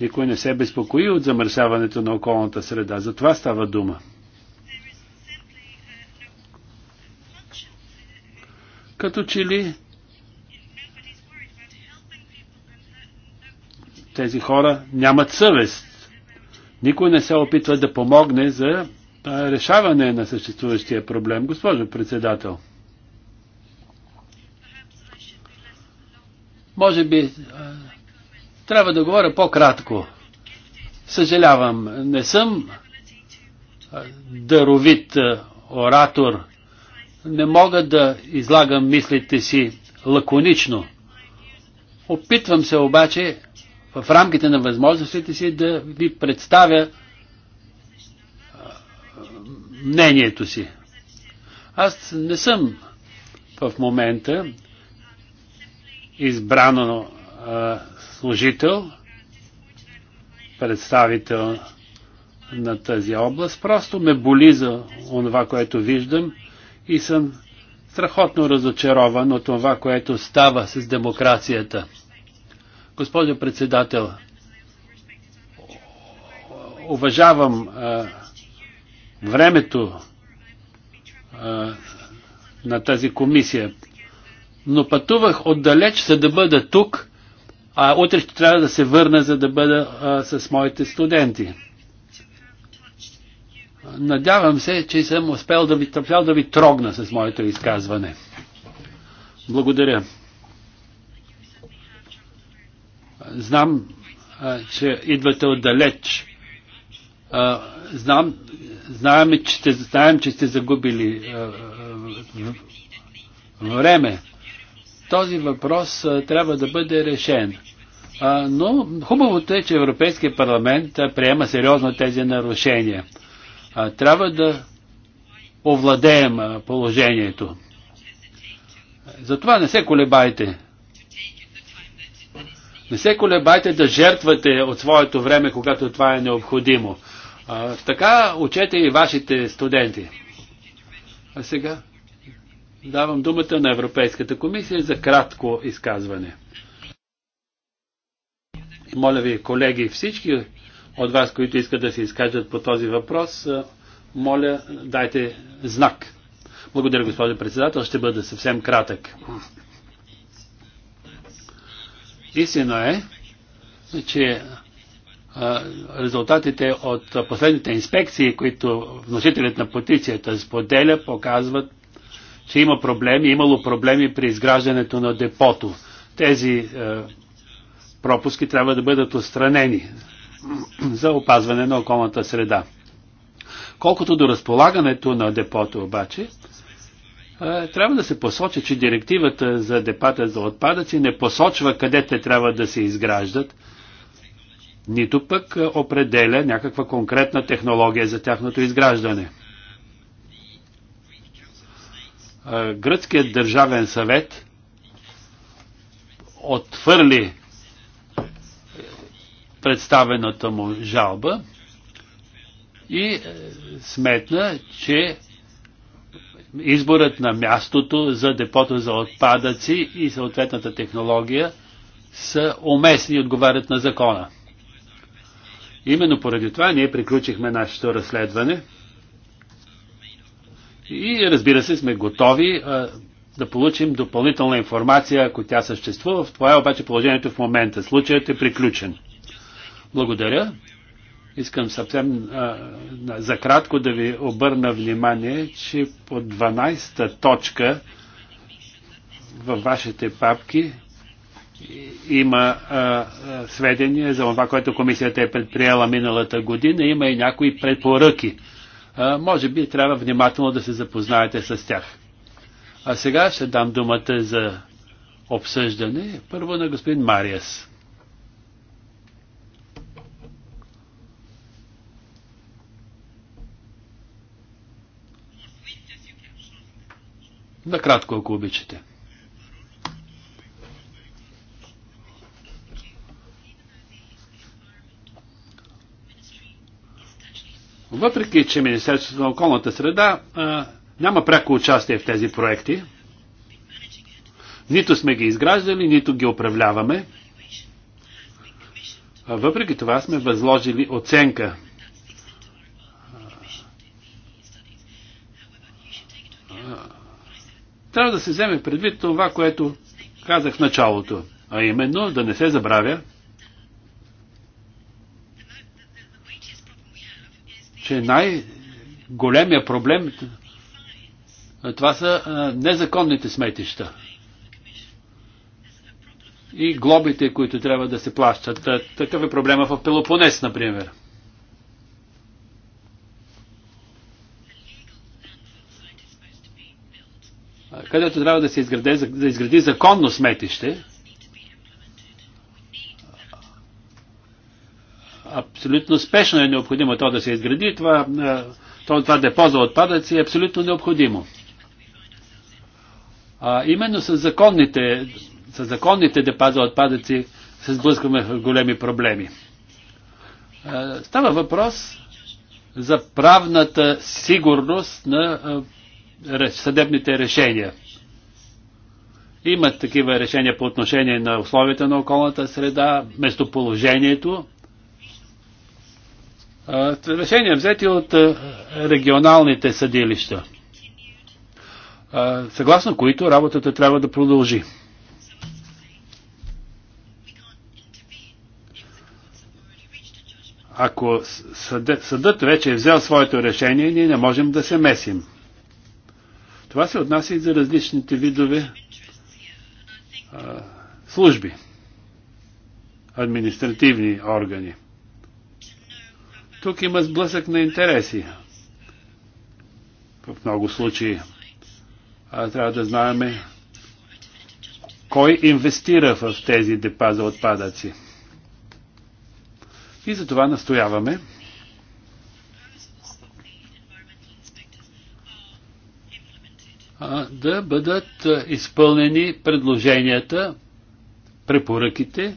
никой не се безпокои от замърсяването на околната среда. За това става дума. Като че ли тези хора нямат съвест. Никой не се опитва да помогне за решаване на съществуващия проблем, госпожо председател. Може би трябва да говоря по-кратко. Съжалявам, не съм даровит оратор. Не мога да излагам мислите си лаконично. Опитвам се обаче в рамките на възможностите си да ви представя мнението си. Аз не съм в момента избрано служител, представител на тази област. Просто ме боли за това, което виждам и съм страхотно разочарован от това, което става с демокрацията. Госпожо председател, уважавам а, времето а, на тази комисия, но пътувах отдалеч, за да бъда тук, а утре ще трябва да се върна, за да бъда а, с моите студенти. Надявам се, че съм успял да ви, да ви трогна с моето изказване. Благодаря. Знам, че идвате отдалеч. Знам, знаем, че сте, знаем, че сте загубили време. Този въпрос трябва да бъде решен. Но хубавото е, че Европейския парламент приема сериозно тези нарушения. Трябва да овладеем положението. Затова не се колебайте. Не се колебайте да жертвате от своето време, когато това е необходимо. А, така учете и вашите студенти. А сега давам думата на Европейската комисия за кратко изказване. И моля ви, колеги, всички от вас, които искат да се изкажат по този въпрос, моля, дайте знак. Благодаря, господин председател. Ще бъда съвсем кратък. Истина е, че резултатите от последните инспекции, които вносителят на петицията споделя, показват, че има проблеми, имало проблеми при изграждането на депото. Тези е, пропуски трябва да бъдат отстранени за опазване на околната среда. Колкото до разполагането на депото обаче, е, трябва да се посочи, че директивата за депата за отпадъци не посочва къде те трябва да се изграждат, нито пък е, определя някаква конкретна технология за тяхното изграждане. Е, Гръцкият държавен съвет отвърли представената му жалба и сметна, че изборът на мястото за депото за отпадъци и съответната технология са уместни и отговарят на закона. Именно поради това ние приключихме нашето разследване и разбира се сме готови а, да получим допълнителна информация, ако тя съществува. Това е обаче положението в момента. Случаят е приключен. Благодаря. Искам съвсем а, за кратко да ви обърна внимание, че по 12-та точка във вашите папки има а, а, сведения за това, което комисията е предприела миналата година, има и някои препоръки. А, може би трябва внимателно да се запознаете с тях. А сега ще дам думата за обсъждане. Първо на господин Мариас. Накратко, ако обичате. Въпреки, че Министерството на околната среда а, няма пряко участие в тези проекти, нито сме ги изграждали, нито ги управляваме, а, въпреки това сме възложили оценка. А, трябва да се вземе предвид това, което казах в началото, а именно да не се забравя, че най-големия проблем това са незаконните сметища и глобите, които трябва да се плащат. Такъв е проблема в Пелопонес, например. където трябва да се изгради, да изгради законно сметище. Абсолютно спешно е необходимо то да се изгради. Това, е, това, това депо за отпадъци е абсолютно необходимо. А, именно с законните, с законните депа за отпадъци се сблъскваме в големи проблеми. А, става въпрос за правната сигурност на съдебните решения. Има такива решения по отношение на условията на околната среда, местоположението. Решения взети от регионалните съдилища, съгласно които работата трябва да продължи. Ако съдът вече е взел своето решение, ние не можем да се месим. Това се отнася и за различните видове служби, административни органи. Тук има сблъсък на интереси. В много случаи а, трябва да знаем кой инвестира в тези депа за отпадъци. И за това настояваме да бъдат изпълнени предложенията, препоръките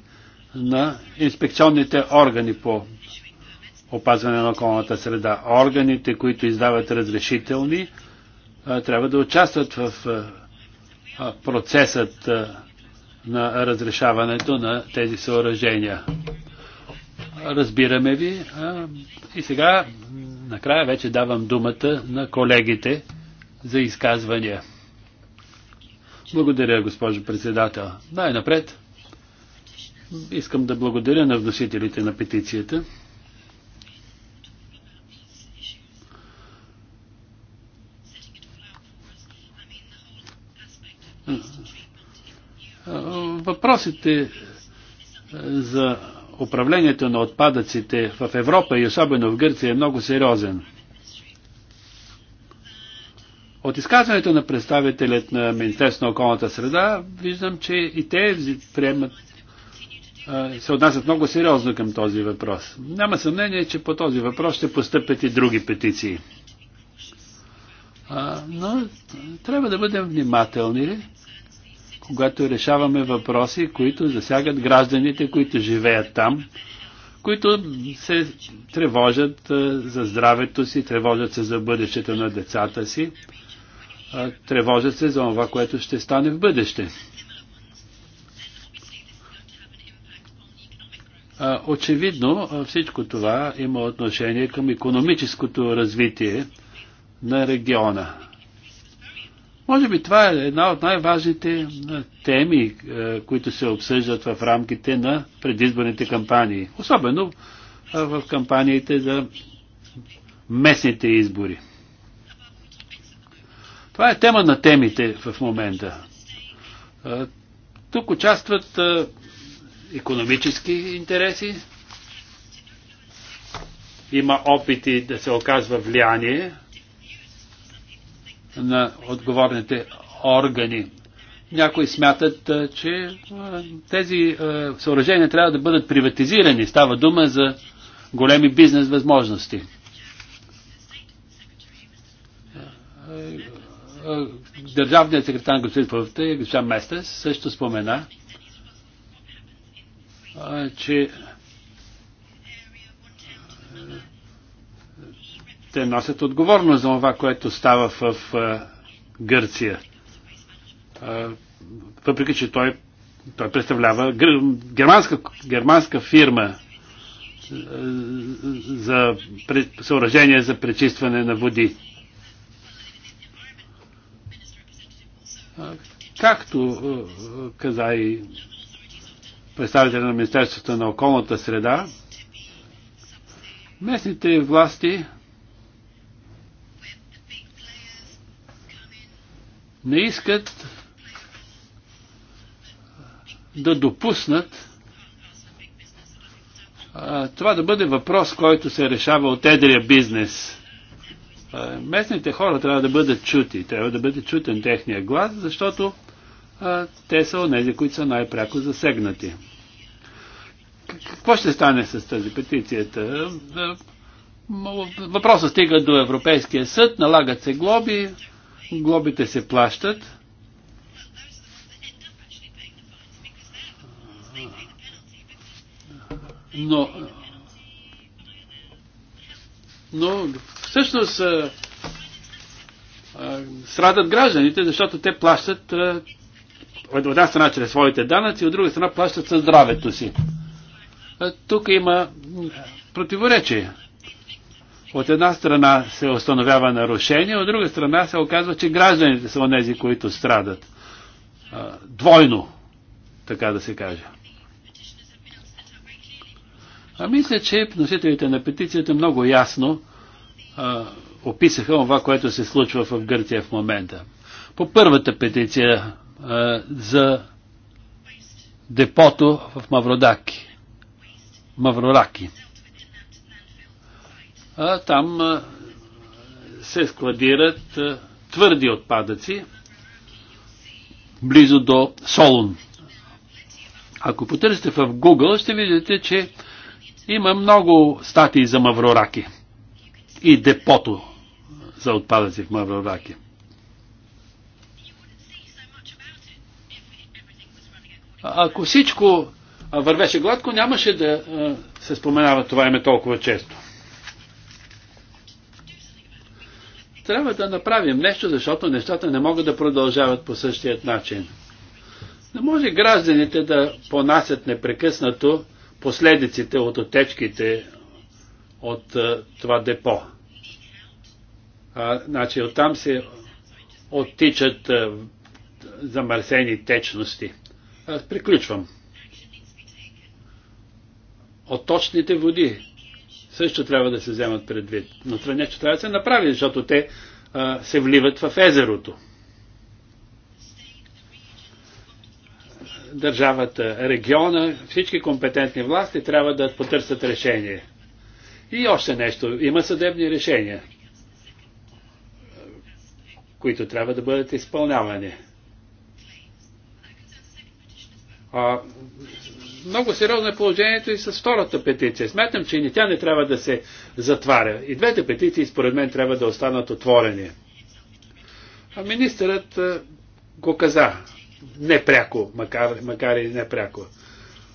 на инспекционните органи по опазване на околната среда. Органите, които издават разрешителни, трябва да участват в процесът на разрешаването на тези съоръжения. Разбираме ви. И сега, накрая вече давам думата на колегите за изказвания. Благодаря, госпожо председател. Най-напред искам да благодаря на вносителите на петицията. Въпросите е, за управлението на отпадъците в Европа и особено в Гърция е много сериозен. От изказването на представителят на Министерството на околната среда виждам, че и те приемат, се отнасят много сериозно към този въпрос. Няма съмнение, че по този въпрос ще постъпят и други петиции. Но трябва да бъдем внимателни, когато решаваме въпроси, които засягат гражданите, които живеят там, които се тревожат за здравето си, тревожат се за бъдещето на децата си тревожат се за това, което ще стане в бъдеще. Очевидно всичко това има отношение към економическото развитие на региона. Може би това е една от най-важните теми, които се обсъждат в рамките на предизборните кампании, особено в кампаниите за местните избори. Това е тема на темите в момента. Тук участват економически интереси. Има опити да се оказва влияние на отговорните органи. Някои смятат, че тези съоръжения трябва да бъдат приватизирани. Става дума за големи бизнес възможности. държавният секретар господин Пълта и госпожа Местес също спомена, че те носят отговорност за това, което става в Гърция. Въпреки, че той, той представлява германска, германска фирма за съоръжение за пречистване на води. Както каза и представителя на Министерството на околната среда, местните власти не искат да допуснат това да бъде въпрос, който се решава от едрия бизнес местните хора трябва да бъдат чути, трябва да бъде чутен техния глас, защото а, те са онези, които са най-пряко засегнати. Какво ще стане с тази петицията? Въпросът стига до Европейския съд, налагат се глоби, глобите се плащат. Но, но всъщност а, а, страдат гражданите, защото те плащат а, от една страна чрез своите данъци, от друга страна плащат със здравето си. А, тук има противоречие. От една страна се установява нарушение, от друга страна се оказва, че гражданите са онези, които страдат. А, двойно, така да се каже. А мисля, че носителите на петицията много ясно описаха това, което се случва в Гърция в момента. По първата петиция а, за депото в Мавродаки. Маврораки. А, там а, се складират а, твърди отпадъци близо до Солун. Ако потърсите в Google, ще видите, че има много статии за маврораки и депото за отпадъци в Мавровакия. Ако всичко вървеше гладко, нямаше да се споменава това име толкова често. Трябва да направим нещо, защото нещата не могат да продължават по същият начин. Не може гражданите да понасят непрекъснато последиците от отечките от а, е, това депо. А, значи оттам се оттичат а, е, замърсени течности. Аз приключвам. От точните води също трябва да се вземат предвид. Но това нещо трябва да се направи, защото те а, се вливат в езерото. Държавата, региона, всички компетентни власти трябва да потърсят решение. И още нещо. Има съдебни решения, които трябва да бъдат изпълнявани. А, много сериозно е положението и с втората петиция. Смятам, че и тя не трябва да се затваря. И двете петиции, според мен, трябва да останат отворени. А министърът а, го каза. Непряко, макар, макар и непряко.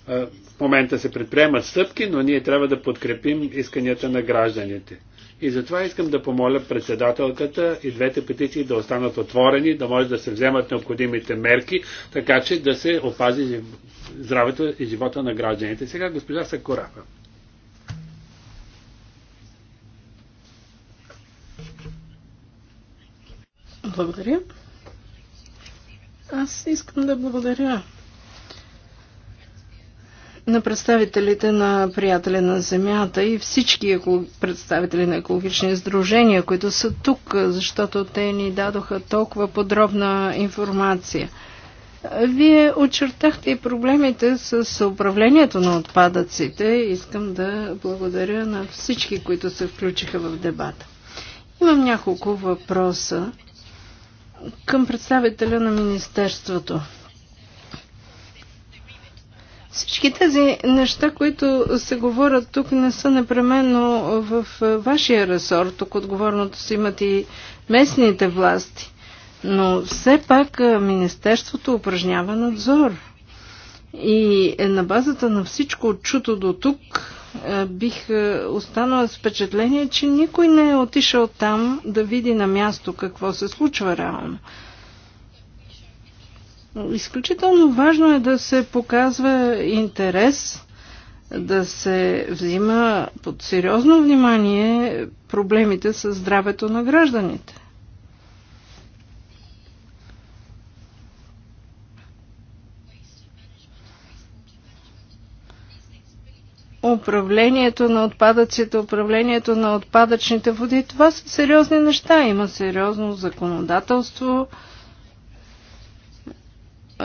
А, в момента се предприемат стъпки, но ние трябва да подкрепим исканията на гражданите. И затова искам да помоля председателката и двете петиции да останат отворени, да може да се вземат необходимите мерки, така че да се опази здравето и живота на гражданите. Сега госпожа Сакурафа. Благодаря. Аз искам да благодаря на представителите на приятели на Земята и всички представители на екологични сдружения, които са тук, защото те ни дадоха толкова подробна информация. Вие очертахте и проблемите с управлението на отпадъците. Искам да благодаря на всички, които се включиха в дебата. Имам няколко въпроса към представителя на Министерството. Всички тези неща, които се говорят тук, не са непременно в е, вашия ресор. Тук отговорното си имат и местните власти. Но все пак е, Министерството упражнява надзор. И е, на базата на всичко чуто до тук, бих останала с впечатление, че никой не е отишъл там да види на място какво се случва реално. Изключително важно е да се показва интерес, да се взима под сериозно внимание проблемите с здравето на гражданите. управлението на отпадъците, управлението на отпадъчните води. Това са сериозни неща. Има сериозно законодателство,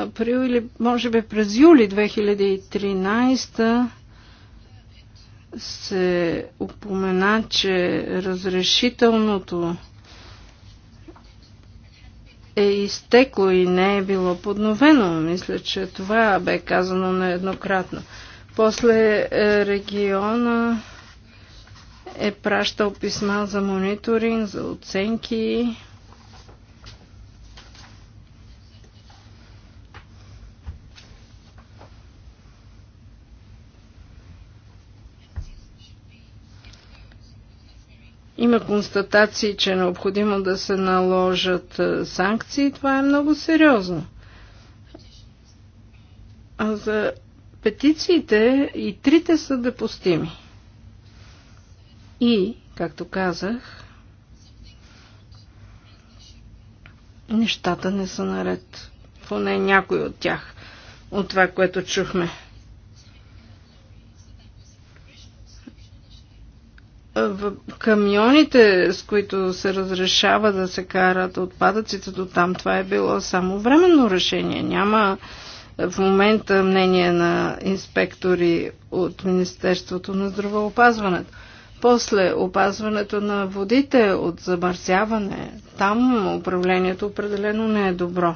април или може би през юли 2013 се упомена, че разрешителното е изтекло и не е било подновено. Мисля, че това бе казано нееднократно. После е, региона е пращал писма за мониторинг, за оценки има констатации, че е необходимо да се наложат е, санкции, това е много сериозно. А за петициите и трите са допустими. И, както казах, нещата не са наред. Поне някой от тях, от това, което чухме. камионите, с които се разрешава да се карат отпадъците до там, това е било само временно решение. Няма е, в момента мнение на инспектори от Министерството на здравеопазването. После опазването на водите от замърсяване, там управлението определено не е добро.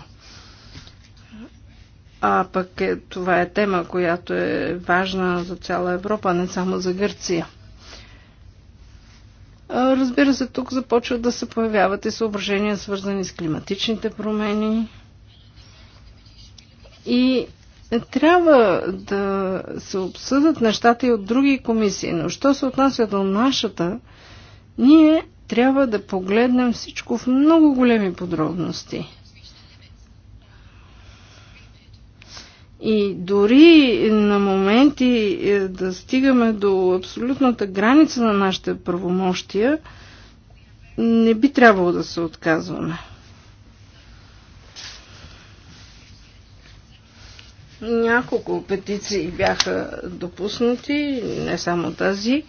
А пък е, това е тема, която е важна за цяла Европа, не само за Гърция. Разбира се, тук започват да се появяват и съображения, свързани с климатичните промени. И трябва да се обсъдят нещата и от други комисии, но що се отнася до нашата, ние трябва да погледнем всичко в много големи подробности. И дори на моменти е, да стигаме до абсолютната граница на нашите правомощия, не би трябвало да се отказваме. Няколко петиции бяха допуснати, не само тази,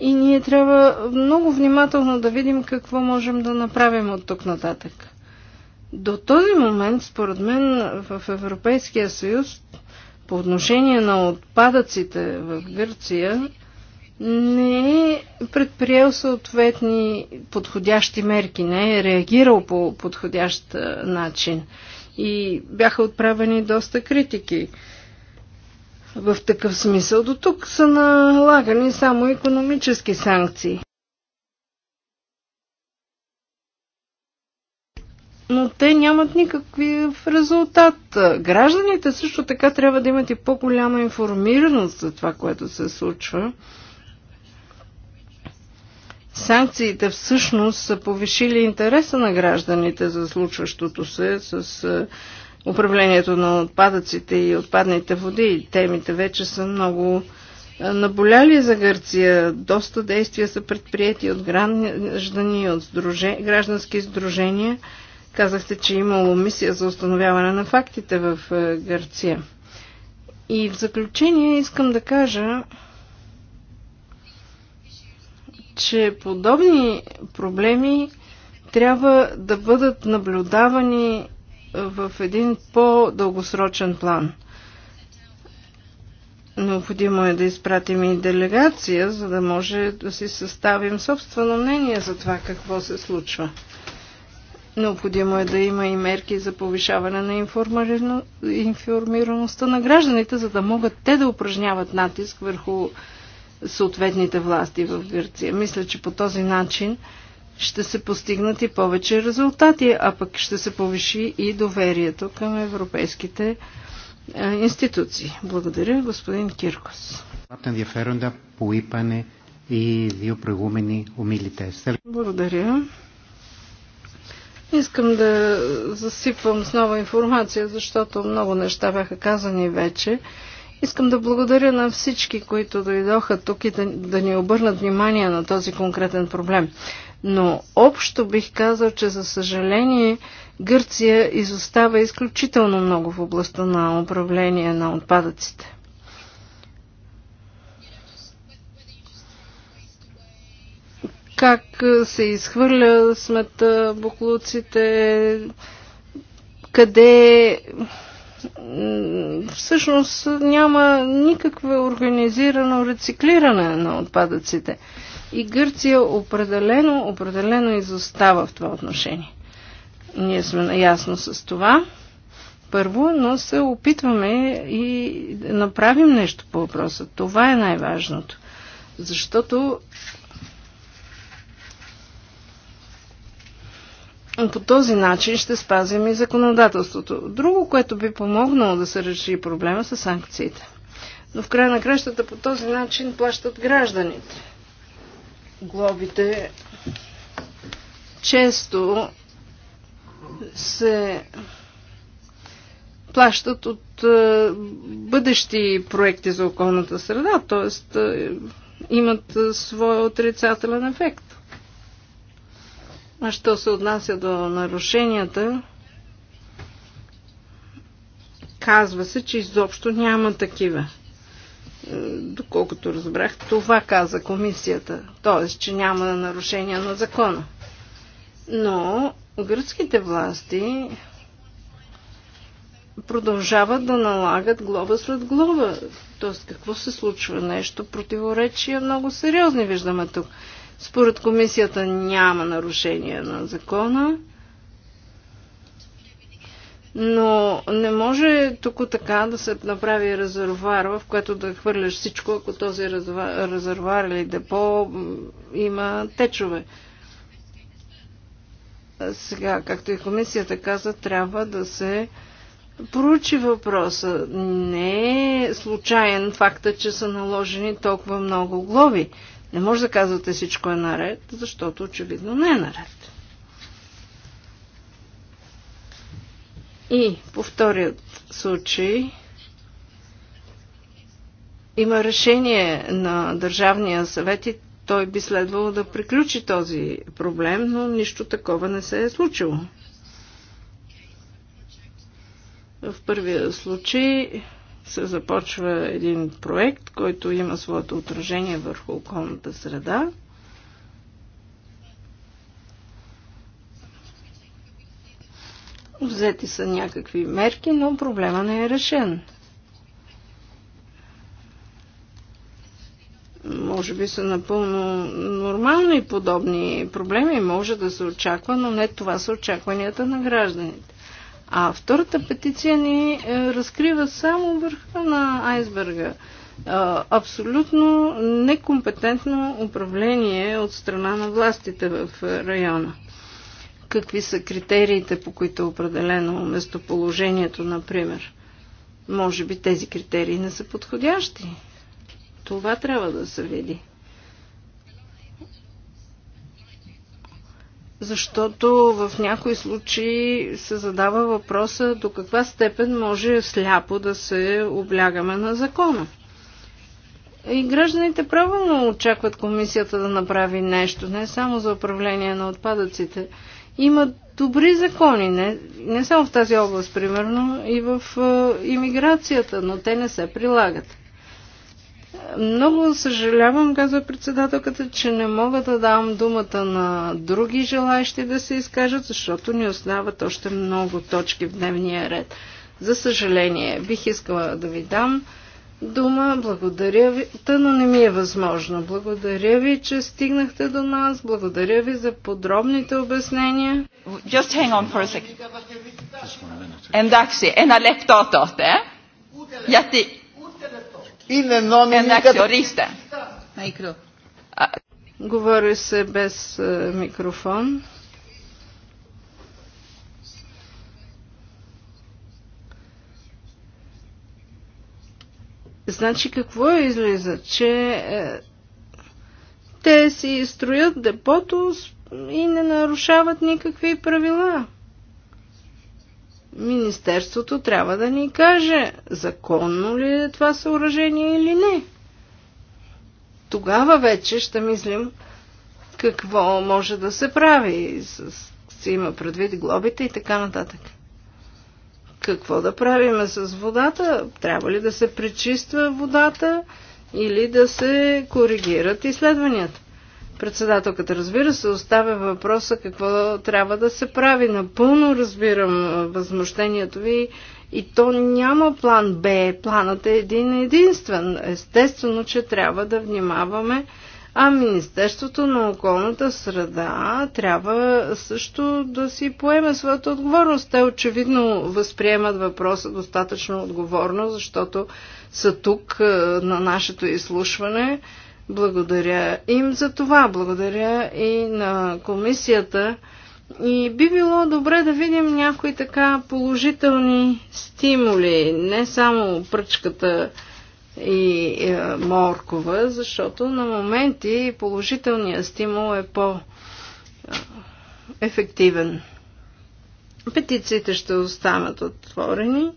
и ние трябва много внимателно да видим какво можем да направим от тук нататък. До този момент, според мен, в Европейския съюз по отношение на отпадъците в Гърция не е предприел съответни подходящи мерки, не е реагирал по подходящ начин. И бяха отправени доста критики. В такъв смисъл до тук са налагани само економически санкции. но те нямат никакви резултат. Гражданите също така трябва да имат и по-голяма информираност за това, което се случва. Санкциите всъщност са повишили интереса на гражданите за случващото се с е, управлението на отпадъците и отпадните води. Темите вече са много е, наболяли за Гърция. Доста действия са предприяти от граждани, от сдруже, граждански сдружения – Казахте, че е имало мисия за установяване на фактите в е, Гърция. И в заключение искам да кажа, че подобни проблеми трябва да бъдат наблюдавани в един по-дългосрочен план. Необходимо е да изпратим и делегация, за да може да си съставим собствено мнение за това какво се случва. Необходимо е да има и мерки за повишаване на информираността на гражданите, за да могат те да упражняват натиск върху съответните власти в Гърция. Мисля, че по този начин ще се постигнат и повече резултати, а пък ще се повиши и доверието към европейските е, институции. Благодаря, господин Киркос. Благодаря. Искам да засипвам с нова информация, защото много неща бяха казани вече. Искам да благодаря на всички, които дойдоха тук и да, да ни обърнат внимание на този конкретен проблем. Но общо бих казал, че за съжаление Гърция изостава изключително много в областта на управление на отпадъците. как е, се изхвърля смета, буклуците, къде всъщност няма никаква организирано рециклиране на отпадъците. И Гърция определено, определено изостава в това отношение. Ние сме наясно с това. Първо, но се опитваме и да направим нещо по въпроса. Това е най-важното. Защото По този начин ще спазим и законодателството. Друго, което би помогнало да се реши проблема са санкциите. Но в края на кращата по този начин плащат гражданите. Глобите често се плащат от е, бъдещи проекти за околната среда, т.е. Е, имат е, своя отрицателен ефект. А що се отнася до нарушенията, казва се, че изобщо няма такива. Е, доколкото разбрах, това каза комисията. т.е. че няма нарушения на закона. Но гръцките власти продължават да налагат глоба след глоба. Т.е. какво се случва? Нещо противоречие много сериозни виждаме тук. Според комисията няма нарушение на закона, но не може тук така да се направи резервуар, в което да хвърляш всичко, ако този резервуар или депо има течове. Сега, както и комисията каза, трябва да се проучи въпроса. Не е случайен факта, че са наложени толкова много глоби. Не може да казвате всичко е наред, защото очевидно не е наред. И по вторият случай има решение на Държавния съвет и той би следвало да приключи този проблем, но нищо такова не се е случило. В първия случай се започва един проект, който има своето отражение върху околната среда. Взети са някакви мерки, но проблема не е решен. Може би са напълно нормални подобни проблеми, може да се очаква, но не това са очакванията на гражданите. А втората петиция ни е, разкрива само върха на айсберга. Абсолютно некомпетентно управление от страна на властите в района. Какви са критериите, по които е определено местоположението, например? Може би тези критерии не са подходящи. Това трябва да се види. защото в някои случаи се задава въпроса до каква степен може сляпо да се облягаме на закона. И гражданите правилно очакват комисията да направи нещо, не само за управление на отпадъците. Има добри закони, не, не само в тази област, примерно, и в е, имиграцията, иммиграцията, но те не се прилагат. Много съжалявам, казва председателката, че не мога да дам думата на други желаящи да се изкажат, защото ни остават още много точки в дневния ред. За съжаление, бих искала да ви дам дума. Благодаря ви, та, но не ми е възможно. Благодаря ви, че стигнахте до нас. Благодаря ви за подробните обяснения. Just hang on for a second. Εντάξει, ένα λεπτό τότε. Γιατί Είναι νόμιμη Εντάξει, ορίστε. Говори се без е, микрофон. Значи какво е излиза? Че е, те си строят депото и не нарушават никакви правила. Министерството трябва да ни каже законно ли е това съоръжение или не. Тогава вече ще мислим какво може да се прави. Се има предвид глобите и така нататък. Какво да правиме с водата? Трябва ли да се пречиства водата или да се коригират изследванията? Председателката, разбира се, оставя въпроса какво трябва да се прави. Напълно разбирам възмущението ви и то няма план Б. Планът е един единствен. Естествено, че трябва да внимаваме, а Министерството на околната среда трябва също да си поеме своята отговорност. Те очевидно възприемат въпроса достатъчно отговорно, защото са тук на нашето изслушване благодаря им за това, благодаря и на комисията. И би било добре да видим някои така положителни стимули, не само пръчката и е, моркова, защото на моменти положителният стимул е по-ефективен. Е, Петициите ще останат отворени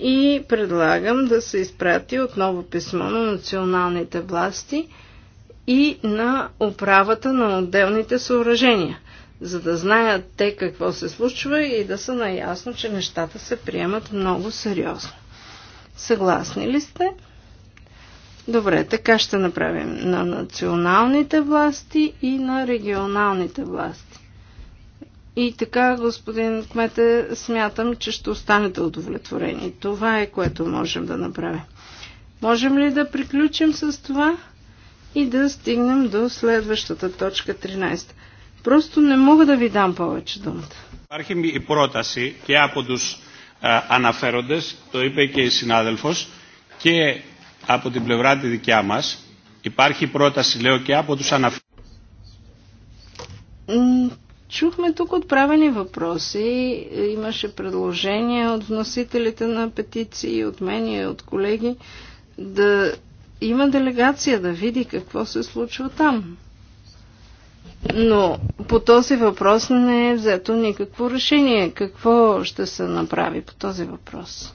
и предлагам да се изпрати отново писмо на националните власти и на управата на отделните съоръжения, за да знаят те какво се случва и да са наясно, че нещата се приемат много сериозно. Съгласни ли сте? Добре, така ще направим на националните власти и на регионалните власти. И така, господин кмете, смятам, че ще останете удовлетворени. Това е което можем да направим. Можем ли да приключим с това и да стигнем до следващата точка 13? Просто не мога да ви дам повече думата. Υπάρχει η πρόταση και από τους α, αναφέροντες, το είπε και η συνάδελφος, και από την πλευρά τη δικιά μας. Υπάρχει πρόταση, λέω, και από τους αναφέροντες Чухме тук отправени въпроси, имаше предложения от вносителите на петиции, от мен и от колеги, да има делегация да види какво се случва там. Но по този въпрос не е взето никакво решение. Какво ще се направи по този въпрос?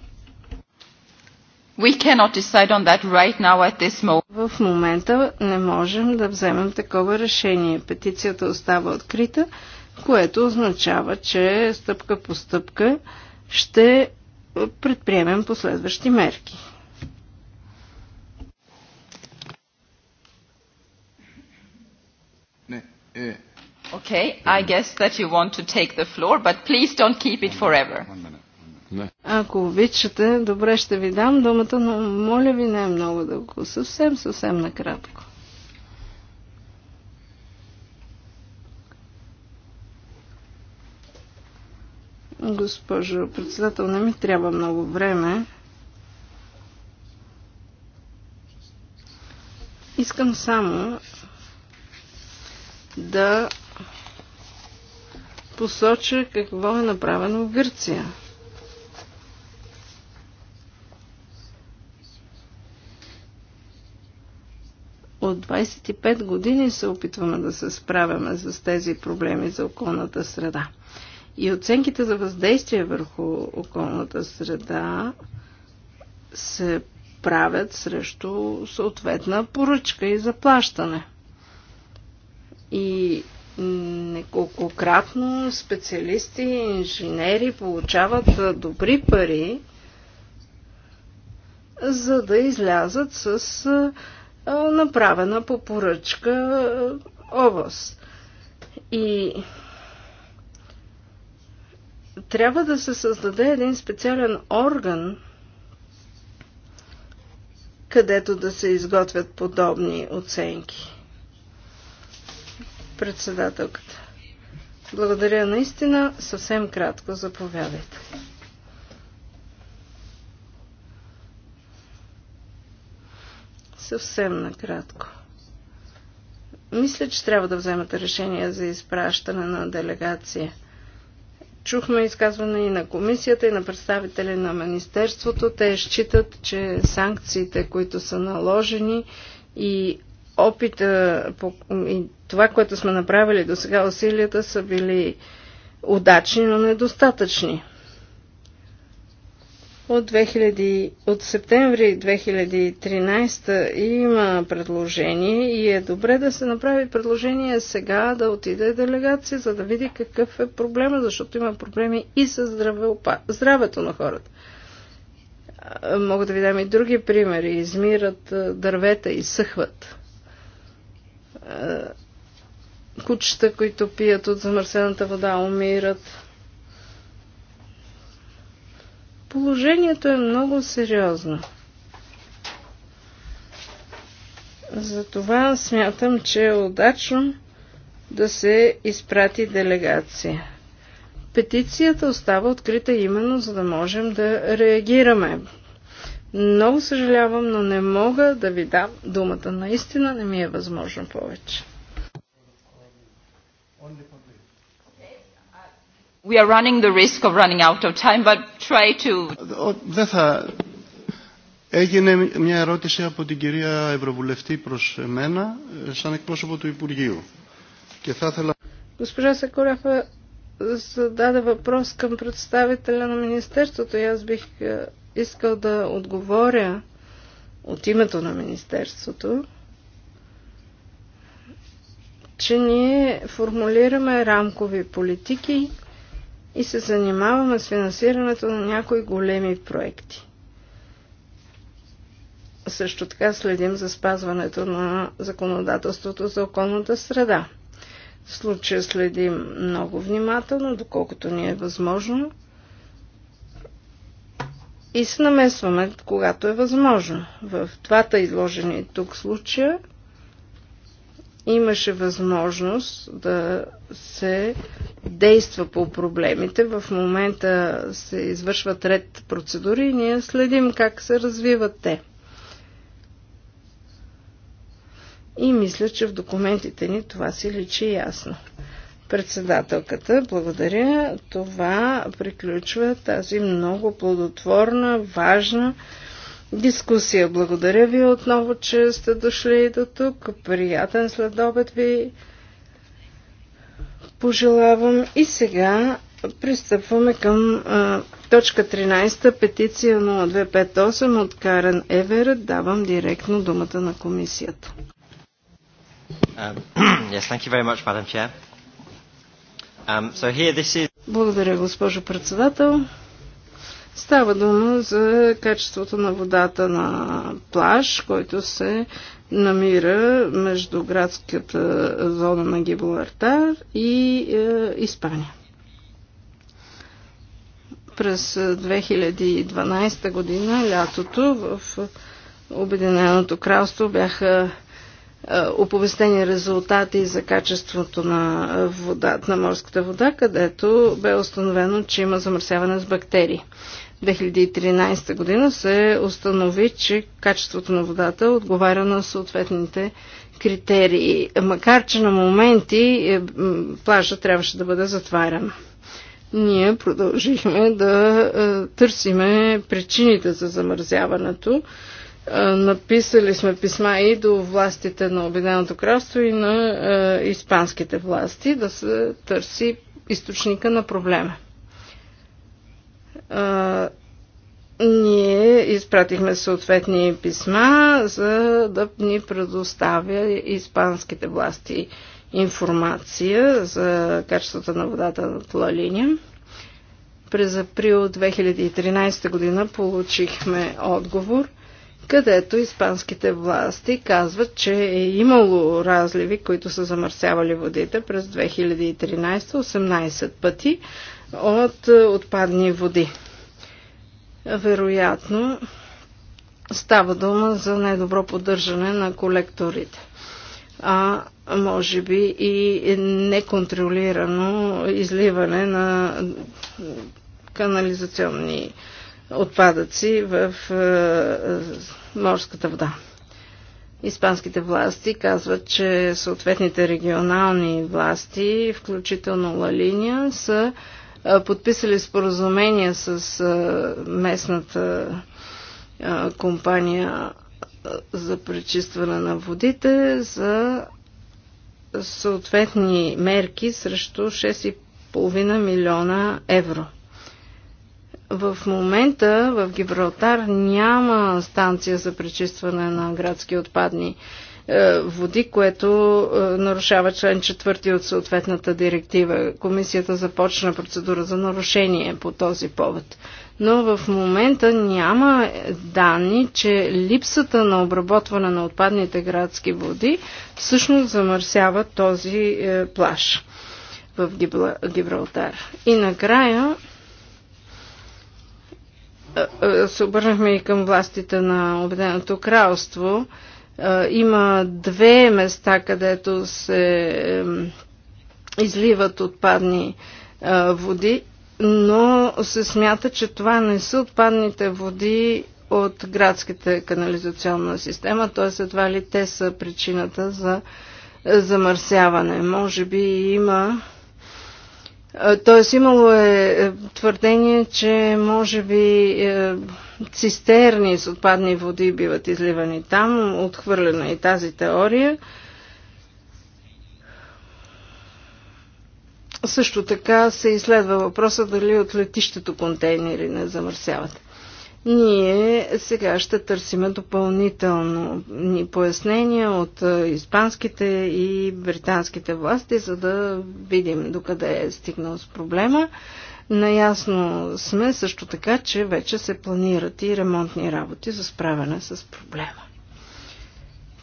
We cannot decide on that right now at this moment. В момента не можем да вземем такова решение. Петицията остава открита което означава, че стъпка по стъпка ще предприемем последващи мерки. Е. Okay, I guess that you want to take the floor, but please don't keep it forever. Ако обичате, добре ще ви дам думата, но моля ви не много дълго, съвсем, съвсем накратко. Госпожо председател, не ми трябва много време. Искам само да посоча какво е направено в Гърция. От 25 години се опитваме да се справяме с тези проблеми за околната среда. И оценките за въздействие върху околната среда се правят срещу съответна поръчка и заплащане. И неколкократно специалисти и инженери получават добри пари, за да излязат с направена по поръчка област. И трябва да се създаде един специален орган, където да се изготвят подобни оценки. Председателката. Благодаря наистина. Съвсем кратко заповядайте. Съвсем накратко. Мисля, че трябва да вземете решение за изпращане на делегация – Чухме изказване и на комисията, и на представители на Министерството. Те считат, че санкциите, които са наложени и опита и това, което сме направили до сега, усилията са били удачни, но недостатъчни. От, 2000, от септември 2013 има предложение и е добре да се направи предложение сега да отиде делегация, за да види какъв е проблема, защото има проблеми и с здравеопа... здравето на хората. Мога да ви дам и други примери. Измират дървета, и съхват. Кучета, които пият от замърсената вода, умират Положението е много сериозно. Затова смятам, че е удачно да се изпрати делегация. Петицията остава открита именно за да можем да реагираме. Много съжалявам, но не мога да ви дам думата. Наистина не ми е възможно повече. We are running the risk of running out of time, but try to... Δεν θα... Έγινε μια ερώτηση από την κυρία Ευρωβουλευτή προς εμένα, σαν εκπρόσωπο του Υπουργείου. Και θα ήθελα... Госпожа Сакурафа зададе въпрос към представителя на Министерството и аз бих е, искал да отговоря от името на Министерството, че ние формулираме рамкови политики, и се занимаваме с финансирането на някои големи проекти. Също така следим за спазването на законодателството за околната среда. В случая следим много внимателно, доколкото ни е възможно и се намесваме, когато е възможно. В двата изложени тук случая – имаше възможност да се действа по проблемите. В момента се извършват ред процедури и ние следим как се развиват те. И мисля, че в документите ни това си личи ясно. Председателката, благодаря. Това приключва тази много плодотворна, важна дискусия. Благодаря ви отново, че сте дошли до тук. Приятен следобед ви пожелавам. И сега пристъпваме към а, точка 13, петиция 0258 от Карен Евер. Давам директно думата на комисията. Um, um, Благодаря, госпожо председател. Става дума за качеството на водата на плаж, който се намира между градската зона на Гибралтар и е, Испания. През 2012 година, лятото, в Обединеното кралство бяха е, оповестени резултати за качеството на, водата, на морската вода, където бе установено, че има замърсяване с бактерии. 2013 година се установи, че качеството на водата отговаря на съответните критерии. Макар, че на моменти е, плажа трябваше да бъде затварян. Ние продължихме да е, търсиме причините за замързяването. Е, написали сме писма и до властите на Обединеното кралство и на испанските власти да се търси източника на проблема. А, ние изпратихме съответни писма, за да ни предоставя испанските власти информация за качеството на водата на това линия. През април 2013 година получихме отговор, където испанските власти казват, че е имало разливи, които са замърсявали водите през 2013 18 пъти, от е, отпадни води. Вероятно става дума за недобро поддържане на колекторите, а може би и неконтролирано изливане на канализационни отпадъци в е, морската вода. Испанските власти казват, че съответните регионални власти, включително Лалиния, са подписали споразумения с местната компания за пречистване на водите за съответни мерки срещу 6,5 милиона евро. В момента в Гибралтар няма станция за пречистване на градски отпадни е, води, което е, нарушава член 4 от съответната директива. Комисията започна процедура за нарушение по този повод. Но в момента няма данни, че липсата на обработване на отпадните градски води всъщност замърсява този е, плаж в Гибралтар. И накрая се обърнахме и към властите на Обеденото кралство. Има две места, където се изливат отпадни води, но се смята, че това не са отпадните води от градската канализационна система, т.е. едва ли те са причината за е, замърсяване. Може би има е, тоест имало е, е твърдение, че може би е, цистерни с отпадни води биват изливани там. Отхвърлена и тази теория. Също така се изследва въпроса дали от летището контейнери не замърсяват. Ние сега ще търсим допълнително ни пояснения от испанските и британските власти, за да видим докъде е стигнал с проблема. Наясно сме също така, че вече се планират и ремонтни работи за справяне с проблема.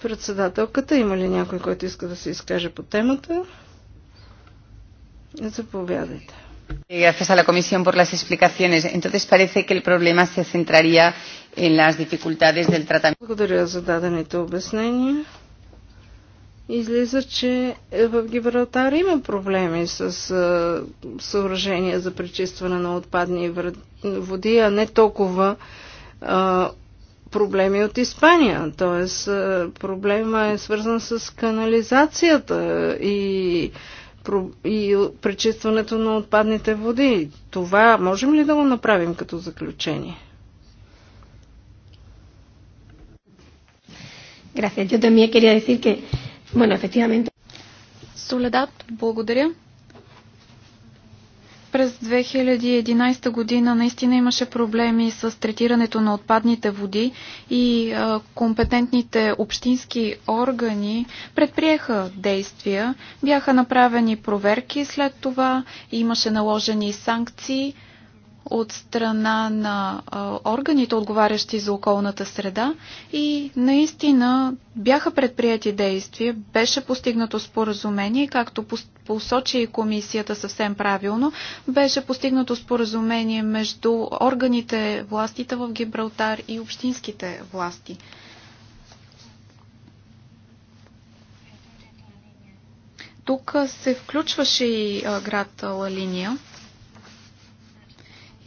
Председателката, има ли някой, който иска да се изкаже по темата? Заповядайте. Eh, gracias a la Comisión por las explicaciones. Entonces parece que el problema se centraría en las dificultades del tratamiento. Излиза, че е, в Гибралтар има проблеми с а, е, съоръжения за пречистване на отпадни води, а не толкова а, е, проблеми от Испания. Тоест, а, проблема е свързан с канализацията и и пречистването на отпадните води. Това можем ли да го направим като заключение? Gracias. Yo también quería decir que, bueno, efectivamente. благодаря през 2011 година наистина имаше проблеми с третирането на отпадните води и компетентните общински органи предприеха действия, бяха направени проверки след това, имаше наложени санкции от страна на органите, отговарящи за околната среда и наистина бяха предприяти действия, беше постигнато споразумение, както посочи и комисията съвсем правилно, беше постигнато споразумение между органите, властите в Гибралтар и общинските власти. Тук се включваше и град Лалиния.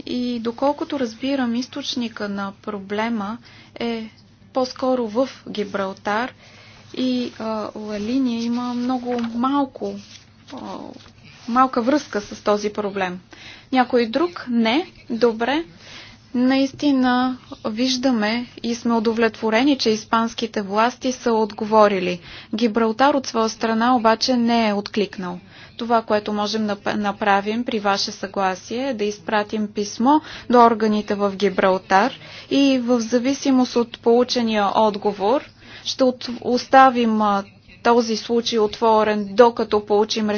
И доколкото разбирам, източника на проблема е по-скоро в Гибралтар и а, Лалиния има много малко, а, малка връзка с този проблем. Някой друг? Не. Добре. Наистина виждаме и сме удовлетворени, че испанските власти са отговорили. Гибралтар от своя страна обаче не е откликнал. Това, което можем да направим при ваше съгласие е да изпратим писмо до органите в Гибралтар и в зависимост от получения отговор ще оставим този случай отворен, докато получим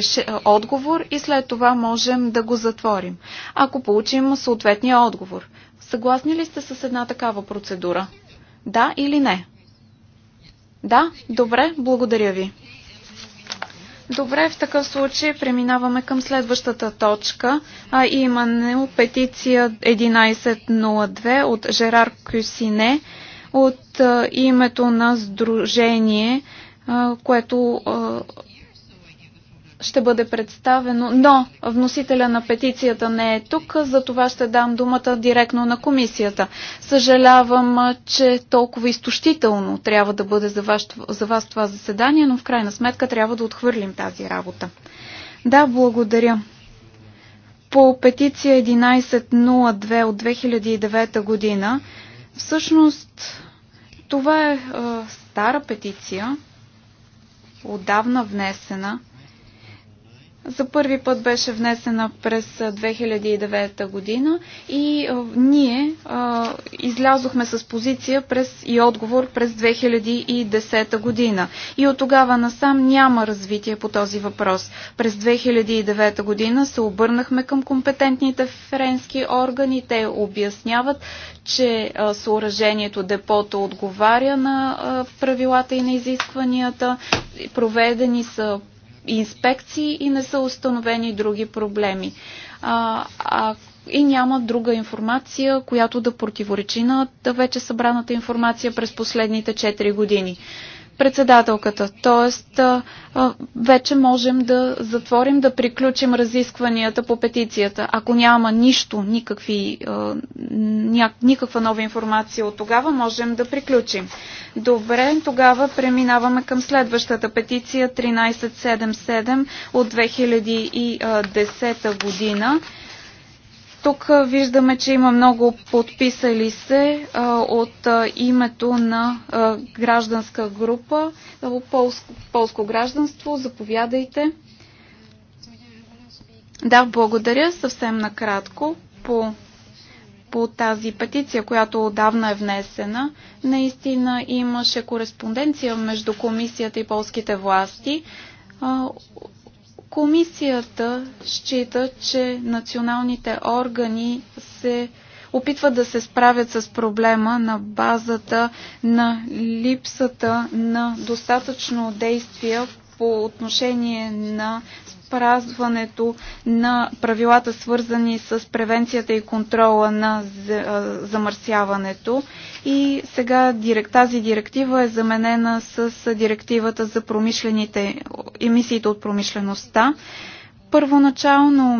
отговор и след това можем да го затворим, ако получим съответния отговор. Съгласни ли сте с една такава процедура? Да или не? Да? Добре, благодаря ви. Добре, в такъв случай преминаваме към следващата точка, а именно петиция 1102 от Жерар Кюсине от а, името на Сдружение, а, което а, ще бъде представено, но вносителя на петицията не е тук, за това ще дам думата директно на комисията. Съжалявам, че толкова изтощително трябва да бъде за вас, за вас това заседание, но в крайна сметка трябва да отхвърлим тази работа. Да, благодаря. По петиция 1102 от 2009 година, всъщност това е, е стара петиция, отдавна внесена за първи път беше внесена през 2009 година и ние а, излязохме с позиция през и отговор през 2010 година. И от тогава насам няма развитие по този въпрос. През 2009 година се обърнахме към компетентните френски органи. Те обясняват, че а, съоръжението депото отговаря на а, правилата и на изискванията. Проведени са инспекции и не са установени други проблеми. А, а, и няма друга информация, която да противоречи на да вече събраната информация през последните 4 години председателката. Тоест, вече можем да затворим, да приключим разискванията по петицията. Ако няма нищо, никакви, никаква нова информация от тогава, можем да приключим. Добре, тогава преминаваме към следващата петиция 1377 от 2010 година. Тук виждаме, че има много подписали се от името на гражданска група. Полско, полско гражданство, заповядайте. Да, благодаря. Съвсем накратко по, по тази петиция, която отдавна е внесена. Наистина имаше кореспонденция между комисията и полските власти Комисията счита, че националните органи се опитват да се справят с проблема на базата на липсата на достатъчно действия по отношение на спазването на правилата свързани с превенцията и контрола на замърсяването. И сега тази директива е заменена с директивата за промишлените емисиите от промишлеността. Първоначално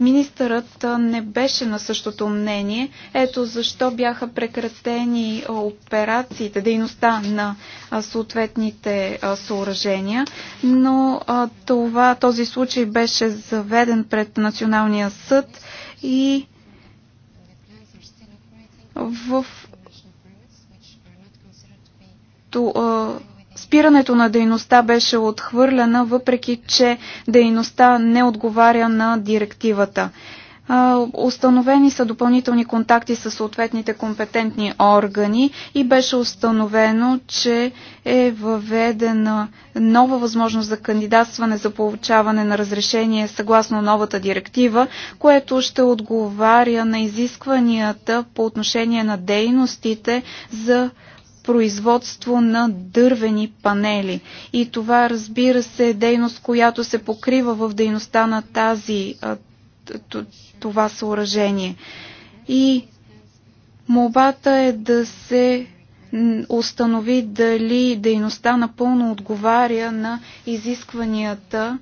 министърът не беше на същото мнение. Ето защо бяха прекратени операциите, дейността на съответните съоръжения, но това, този случай беше заведен пред Националния съд и в спирането на дейността беше отхвърлена, въпреки че дейността не отговаря на директивата. Установени са допълнителни контакти с съответните компетентни органи и беше установено, че е въведена нова възможност за кандидатстване за получаване на разрешение съгласно новата директива, което ще отговаря на изискванията по отношение на дейностите за производство на дървени панели. И това, разбира се, е дейност, която се покрива в дейността на тази, това съоръжение. И молбата е да се установи дали дейността напълно отговаря на изискванията,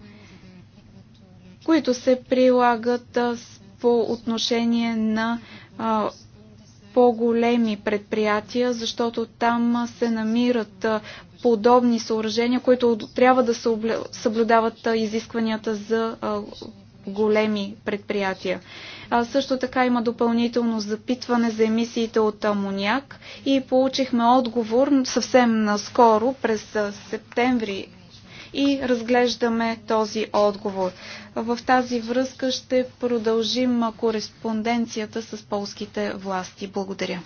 които се прилагат по отношение на по-големи предприятия, защото там се намират подобни съоръжения, които трябва да съблюдават изискванията за големи предприятия. А, също така има допълнително запитване за емисиите от амоняк и получихме отговор съвсем наскоро през септември и разглеждаме този отговор. В тази връзка ще продължим кореспонденцията с полските власти. Благодаря.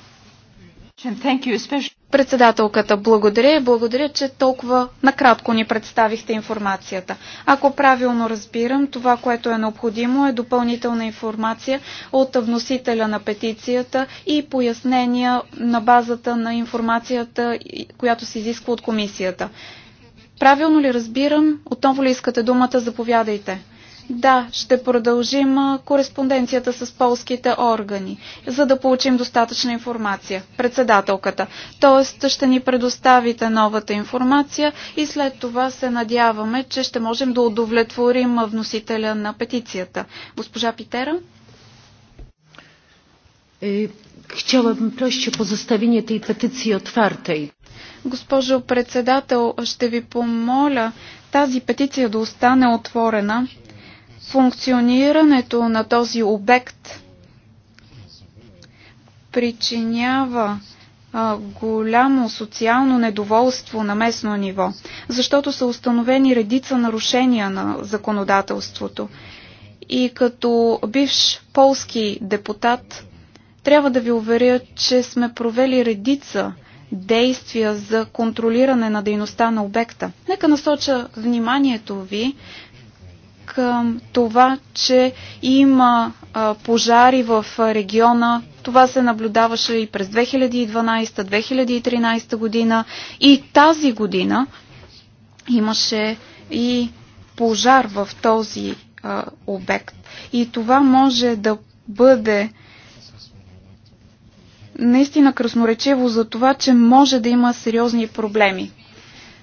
Председателката, благодаря и благодаря, че толкова накратко ни представихте информацията. Ако правилно разбирам, това, което е необходимо е допълнителна информация от вносителя на петицията и пояснения на базата на информацията, която се изисква от комисията. Правилно ли разбирам? Отново ли искате думата? Заповядайте. Да, ще продължим кореспонденцията с полските органи, за да получим достатъчна информация. Председателката. Тоест ще ни предоставите новата информация и след това се надяваме, че ще можем да удовлетворим вносителя на петицията. Госпожа Питера? Е, Chciałabym prosić o pozostawienie tej petycji otwartej. Госпожо председател, ще ви помоля тази петиция да остане отворена. Функционирането на този обект причинява а, голямо социално недоволство на местно ниво, защото са установени редица нарушения на законодателството. И като бивш полски депутат трябва да ви уверя, че сме провели редица действия за контролиране на дейността на обекта. Нека насоча вниманието ви към това, че има пожари в региона. Това се наблюдаваше и през 2012-2013 година. И тази година имаше и пожар в този обект. И това може да бъде наистина красноречиво за това, че може да има сериозни проблеми.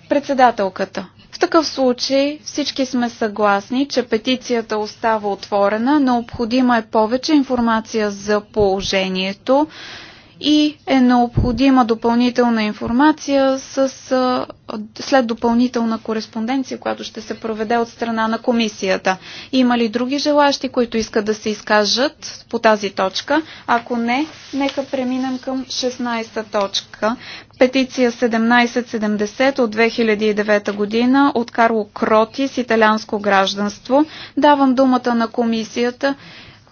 Председателката. В такъв случай всички сме съгласни, че петицията остава отворена, необходима е повече информация за положението, и е необходима допълнителна информация с, след допълнителна кореспонденция, която ще се проведе от страна на комисията. Има ли други желащи, които искат да се изкажат по тази точка? Ако не, нека преминем към 16-та точка. Петиция 1770 от 2009 година от Карло Кроти с италянско гражданство. Давам думата на комисията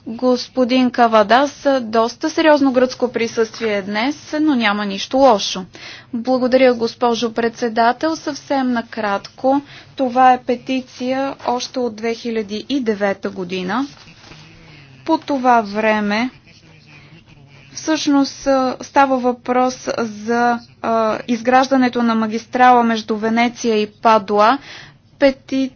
господин Кавадас, доста сериозно гръцко присъствие е днес, но няма нищо лошо. Благодаря, госпожо председател. Съвсем накратко, това е петиция още от 2009 година. По това време Всъщност става въпрос за а, изграждането на магистрала между Венеция и Падуа. Пети,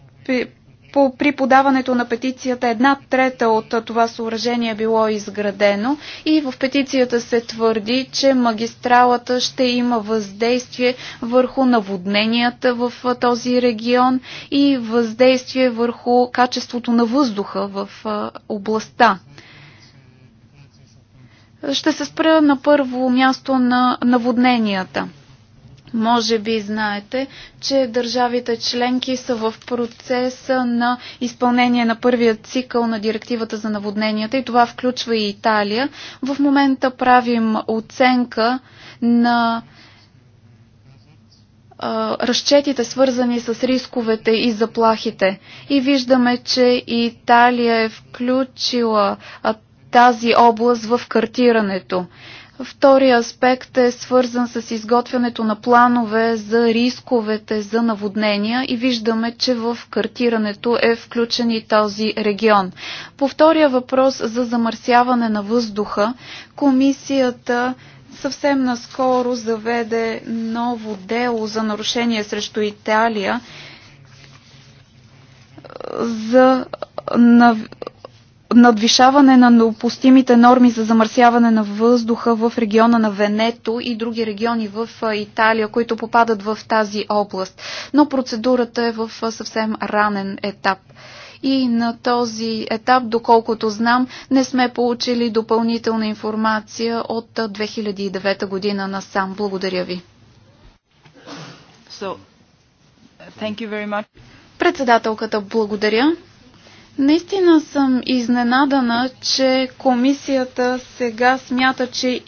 по, при подаването на петицията една трета от това съоръжение е било изградено и в петицията се твърди, че магистралата ще има въздействие върху наводненията в този регион и въздействие върху качеството на въздуха в областта. Ще се спра на първо място на наводненията. Може би знаете, че държавите членки са в процеса на изпълнение на първия цикъл на директивата за наводненията и това включва и Италия. В момента правим оценка на разчетите, свързани с рисковете и заплахите. И виждаме, че Италия е включила тази област в картирането. Втория аспект е свързан с изготвянето на планове за рисковете за наводнения и виждаме, че в картирането е включен и този регион. По втория въпрос за замърсяване на въздуха, комисията съвсем наскоро заведе ново дело за нарушение срещу Италия за надвишаване на допустимите норми за замърсяване на въздуха в региона на Венето и други региони в Италия, които попадат в тази област. Но процедурата е в съвсем ранен етап и на този етап, доколкото знам, не сме получили допълнителна информация от 2009 година насам. Благодаря ви. So, thank you very much. Председателката, благодаря. Наистина съм изненадана, че комисията сега смята, че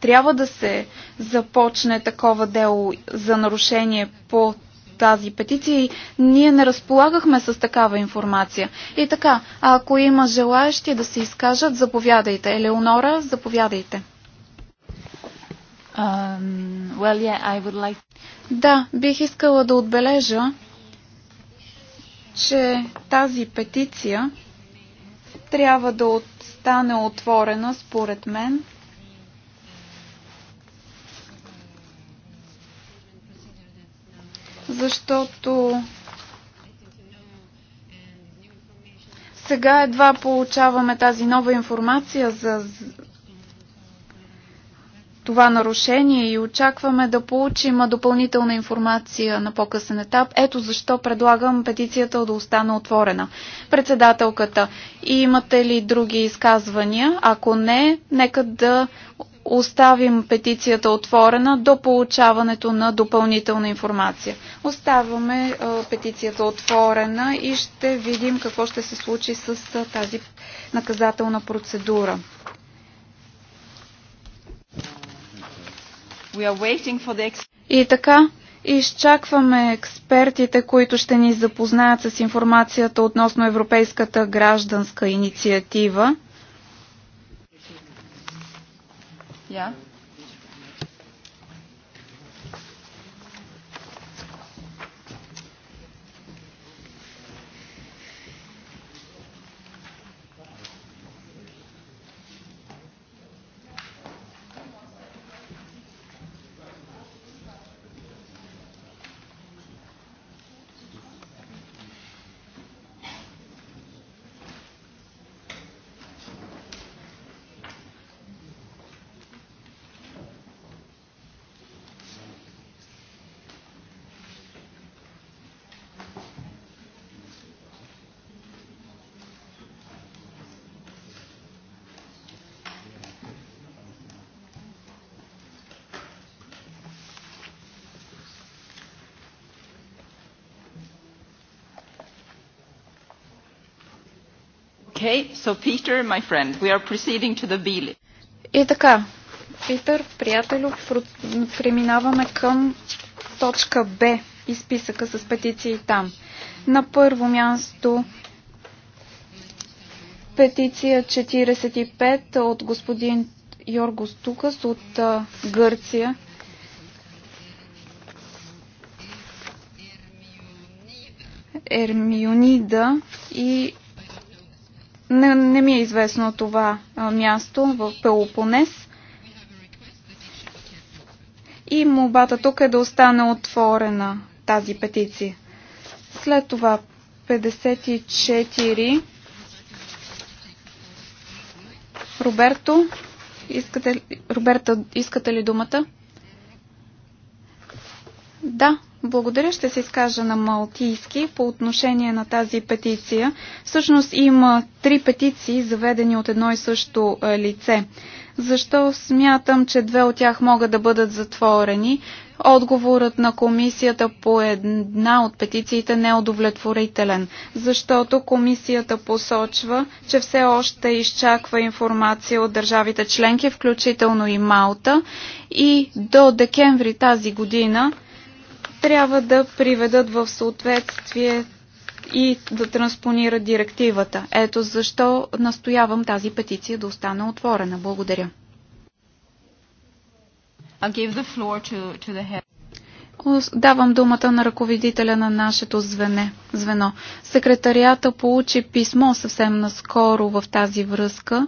трябва да се започне такова дело за нарушение по тази петиция и ние не разполагахме с такава информация. И така, ако има желаящи да се изкажат, заповядайте. Елеонора, заповядайте. Um, well, yeah, I would like... Да, бих искала да отбележа, че тази петиция трябва да остане отворена, според мен. Защото сега едва получаваме тази нова информация за това нарушение и очакваме да получим допълнителна информация на по-късен етап. Ето защо предлагам петицията да остане отворена. Председателката, имате ли други изказвания? Ако не, нека да оставим петицията отворена до получаването на допълнителна информация. Оставаме петицията отворена и ще видим какво ще се случи с тази наказателна процедура. И така, изчакваме експертите, които ще ни запознаят с информацията относно Европейската гражданска инициатива. Yeah. Okay, so Peter, my friend, we are proceeding to the Bili. И така, Питър, приятелю, преминаваме към точка Б и списъка с петиции там. На първо място петиция 45 от господин Йорго Стукас от а, Гърция. Ермионида и не, не ми е известно това а, място в Пелопонес. И молбата тук е да остане отворена тази петиция. След това 54. Роберто, искате, Роберта, искате ли думата? Да, благодаря. Ще се изкажа на малтийски по отношение на тази петиция. Всъщност има три петиции, заведени от едно и също е, лице. Защо смятам, че две от тях могат да бъдат затворени? Отговорът на комисията по една от петициите не е удовлетворителен, защото комисията посочва, че все още изчаква информация от държавите членки, включително и Малта, и до декември тази година трябва да приведат в съответствие и да транспонират директивата. Ето защо настоявам тази петиция да остане отворена. Благодаря. To, to Давам думата на ръководителя на нашето звене, звено. Секретарията получи писмо съвсем наскоро в тази връзка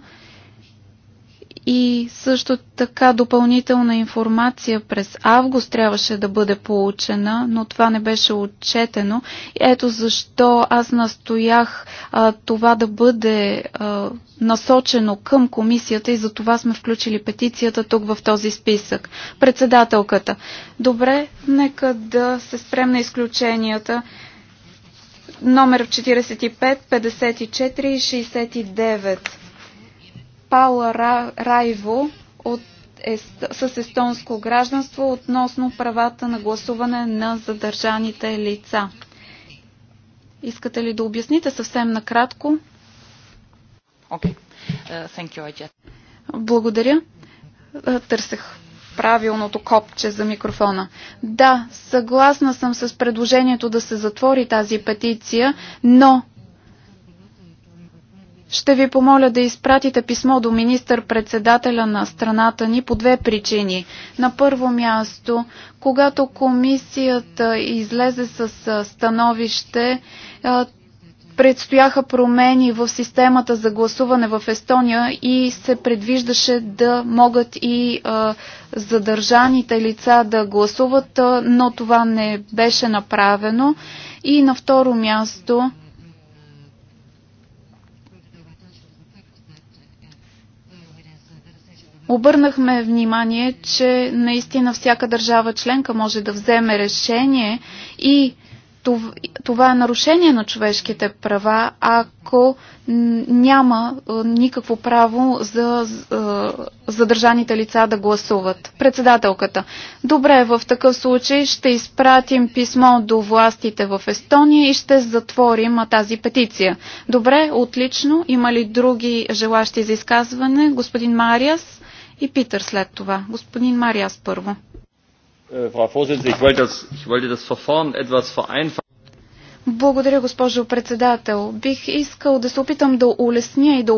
и също така допълнителна информация през август трябваше да бъде получена, но това не беше отчетено. Ето защо аз настоях а, това да бъде а, насочено към комисията и за това сме включили петицията тук в този списък. Председателката. Добре, нека да се спрем на изключенията. Номер 45, 54 и 69. Паула Райво от ест, с естонско гражданство относно правата на гласуване на задържаните лица. Искате ли да обясните съвсем накратко? Okay. Uh, thank you, Благодаря. Uh, търсех правилното копче за микрофона. Да, съгласна съм с предложението да се затвори тази петиция, но ще ви помоля да изпратите писмо до министър-председателя на страната ни по две причини. На първо място, когато комисията излезе с становище, предстояха промени в системата за гласуване в Естония и се предвиждаше да могат и задържаните лица да гласуват, но това не беше направено. И на второ място, Обърнахме внимание, че наистина всяка държава членка може да вземе решение и това е нарушение на човешките права, ако няма никакво право за задържаните лица да гласуват. Председателката. Добре, в такъв случай ще изпратим писмо до властите в Естония и ще затворим тази петиция. Добре, отлично. Има ли други желащи за изказване? Господин Мариас? и Питър след това. Господин Мариас първо. Е, Благодаря, госпожо председател. Бих искал да се опитам да улесня и да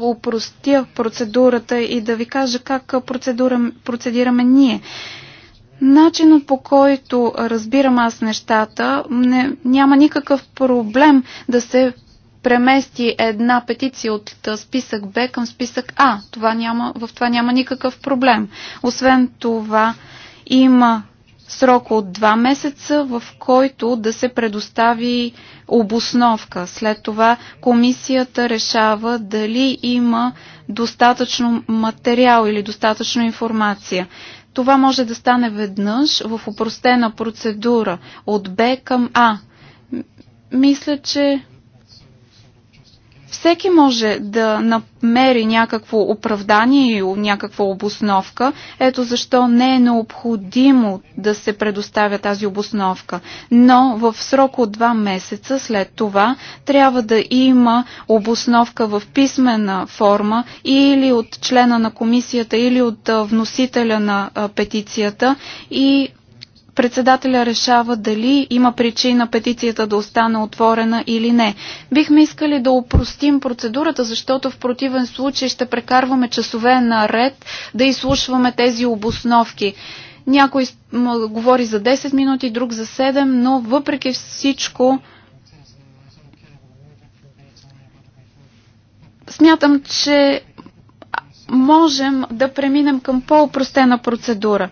упростя процедурата и да ви кажа как процедираме ние. Начинът по който разбирам аз нещата, не, няма никакъв проблем да се премести една петиция от списък Б към списък А. Това няма, в това няма никакъв проблем. Освен това, има срок от два месеца, в който да се предостави обосновка. След това комисията решава дали има достатъчно материал или достатъчно информация. Това може да стане веднъж в упростена процедура от Б към А. Мисля, че всеки може да намери някакво оправдание и някаква обосновка. Ето защо не е необходимо да се предоставя тази обосновка. Но в срок от два месеца след това трябва да има обосновка в писмена форма или от члена на комисията, или от вносителя на петицията и председателя решава дали има причина петицията да остане отворена или не. Бихме искали да упростим процедурата, защото в противен случай ще прекарваме часове наред да изслушваме тези обосновки. Някой говори за 10 минути, друг за 7, но въпреки всичко смятам, че можем да преминем към по-опростена процедура.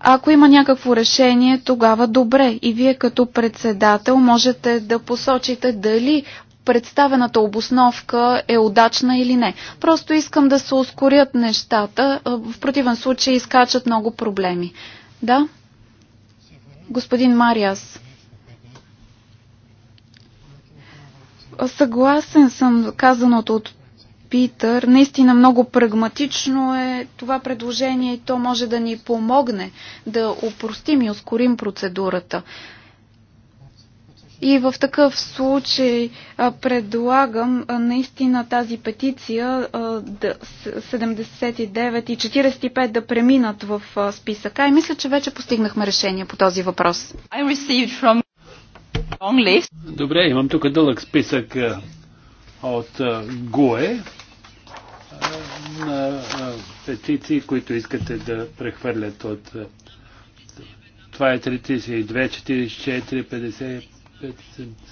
Ако има някакво решение, тогава добре. И вие като председател можете да посочите дали представената обосновка е удачна или не. Просто искам да се ускорят нещата. В противен случай изкачат много проблеми. Да? Господин Мариас. Съгласен съм казаното от Питър. Наистина много прагматично е това предложение и то може да ни помогне да упростим и ускорим процедурата. И в такъв случай предлагам наистина тази петиция 79 и 45 да преминат в списъка и мисля, че вече постигнахме решение по този въпрос. Добре, имам тук дълъг списък от ГУЕ на петиции, които искате да прехвърлят от. Това е 32, 44, 50,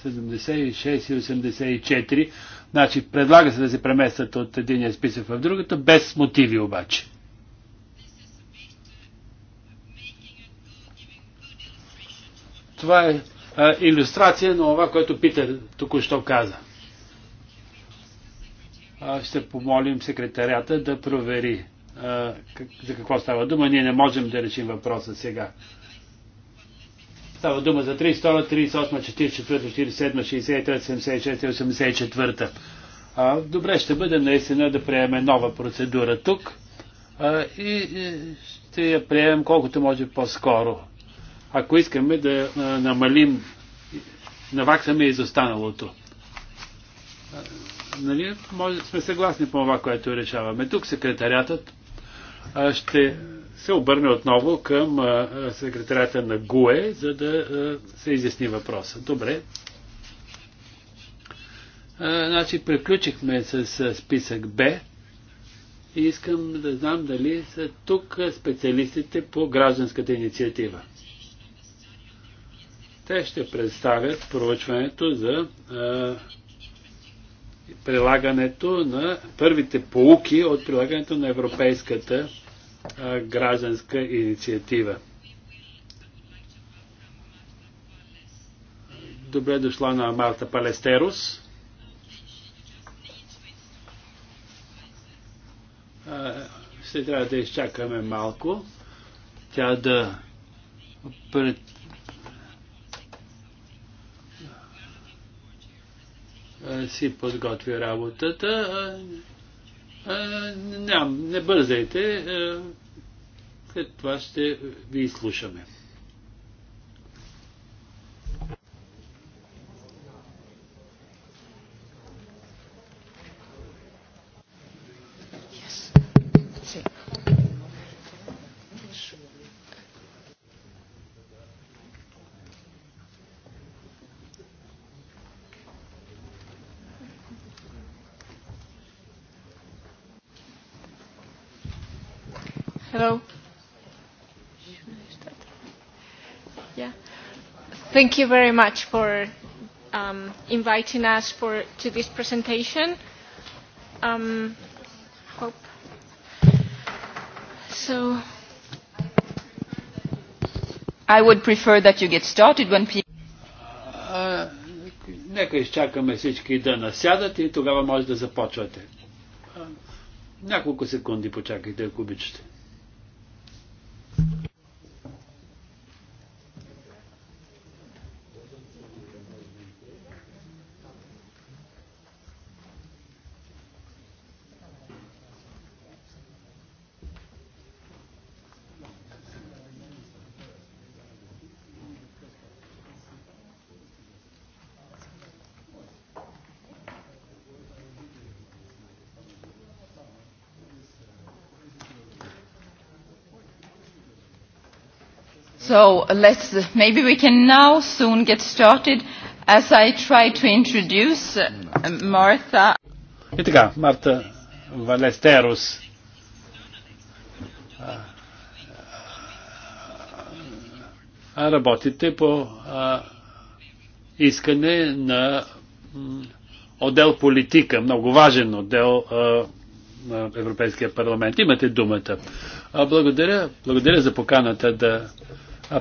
76 и 84. Значи, предлага се да се преместят от единия списък в другата, без мотиви обаче. Това е а, иллюстрация на това, което Питер току-що каза ще помолим секретарята да провери за какво става дума. Ние не можем да решим въпроса сега. Става дума за 32, 38, 44, 47, 63, 76, 84. А, добре, ще бъде наистина да приемем нова процедура тук а, и, ще я приемем колкото може по-скоро. Ако искаме да а, намалим, наваксаме изостаналото нали, може, сме съгласни по това, което решаваме. Тук секретарятът ще се обърне отново към секретарята на ГУЕ, за да се изясни въпроса. Добре. Значи приключихме с списък Б и искам да знам дали са тук специалистите по гражданската инициатива. Те ще представят проучването за прилагането на първите полуки от прилагането на Европейската гражданска инициатива. Добре дошла на Марта Палестерос. Ще трябва да изчакаме малко. Тя да пред си подготви работата. Ням, не бързайте, след това ще ви изслушаме. Thank you very much for um, inviting us for, to this presentation. Um, hope. So. I would prefer that you get started when people... нека изчакаме всички да насядат и тогава може да започвате. няколко секунди почакайте, ако обичате. So let's, maybe we can now soon get started as I try to introduce uh, Martha. И така, Марта Валестерос. Работите по а, искане на отдел политика, много важен отдел а, на Европейския парламент. Имате думата. А, благодаря, благодаря за поканата да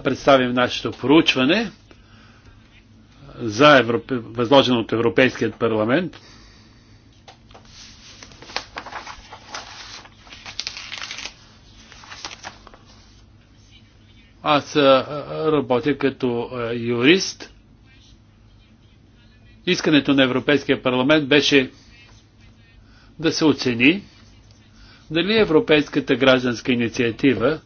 представим нашето проучване за Европе, възложено от Европейският парламент. Аз работя като юрист. Искането на Европейския парламент беше да се оцени дали Европейската гражданска инициатива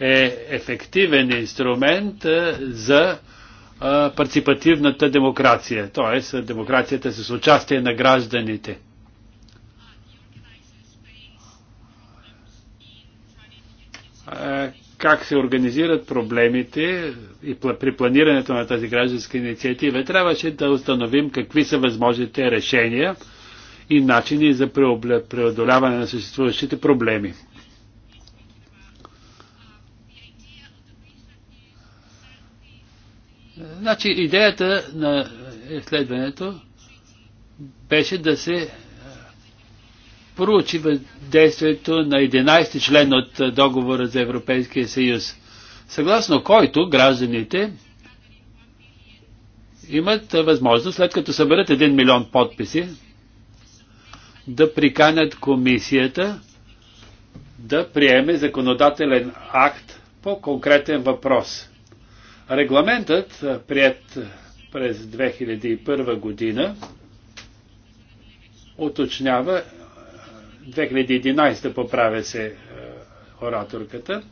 е ефективен инструмент е, за е, партиципативната демокрация, т.е. демокрацията с участие на гражданите. Е, как се организират проблемите и при планирането на тази гражданска инициатива трябваше да установим какви са възможните решения и начини за преодоляване на съществуващите проблеми. Значи идеята на изследването беше да се е, проучи действието на 11 член от е, договора за Европейския съюз, съгласно който гражданите имат е, възможност, след като съберат 1 милион подписи, да приканят комисията да приеме законодателен акт по конкретен въпрос – Регламентът, прият през 2001 година, уточнява, 2011 поправя се ораторката,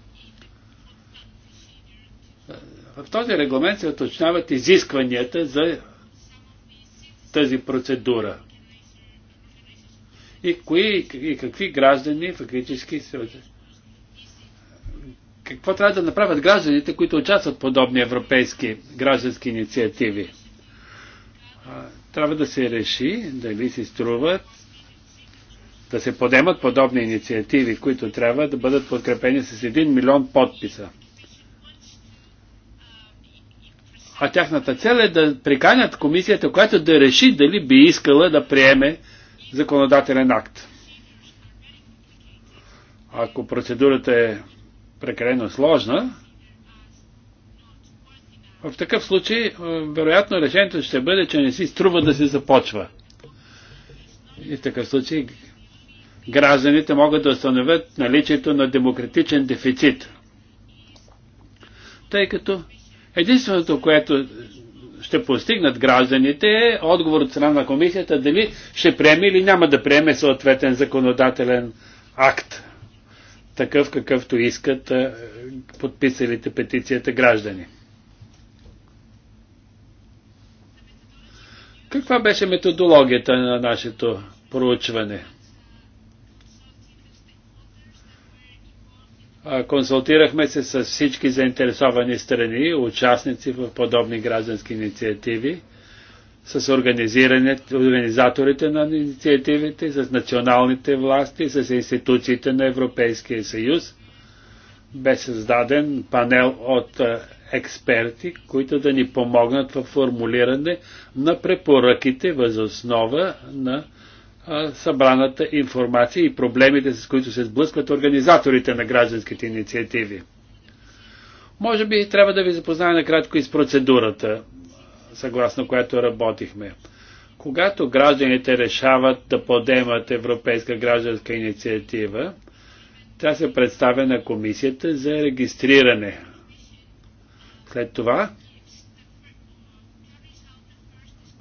в този регламент се уточняват изискванията за тази процедура. И кои и какви граждани фактически се какво трябва да направят гражданите, които участват в подобни европейски граждански инициативи? Трябва да се реши дали си струват да се подемат подобни инициативи, които трябва да бъдат подкрепени с 1 милион подписа. А тяхната цел е да приканят комисията, която да реши дали би искала да приеме законодателен акт. Ако процедурата е прекалено сложна, в такъв случай, е, вероятно, решението ще бъде, че не си струва да се започва. И в такъв случай гражданите могат да установят наличието на демократичен дефицит. Тъй като единственото, което ще постигнат гражданите е отговор от страна на комисията дали ще приеме или няма да приеме съответен законодателен акт такъв какъвто искат подписалите петицията граждани. Каква беше методологията на нашето проучване? Консултирахме се с всички заинтересовани страни, участници в подобни граждански инициативи с организаторите на инициативите, с националните власти, с институциите на Европейския съюз. Бе създаден панел от е, експерти, които да ни помогнат в формулиране на препоръките въз основа на е, събраната информация и проблемите, с които се сблъскват организаторите на гражданските инициативи. Може би трябва да ви запозная накратко и с процедурата съгласно която работихме. Когато гражданите решават да подемат Европейска гражданска инициатива, тя се представя на комисията за регистриране. След това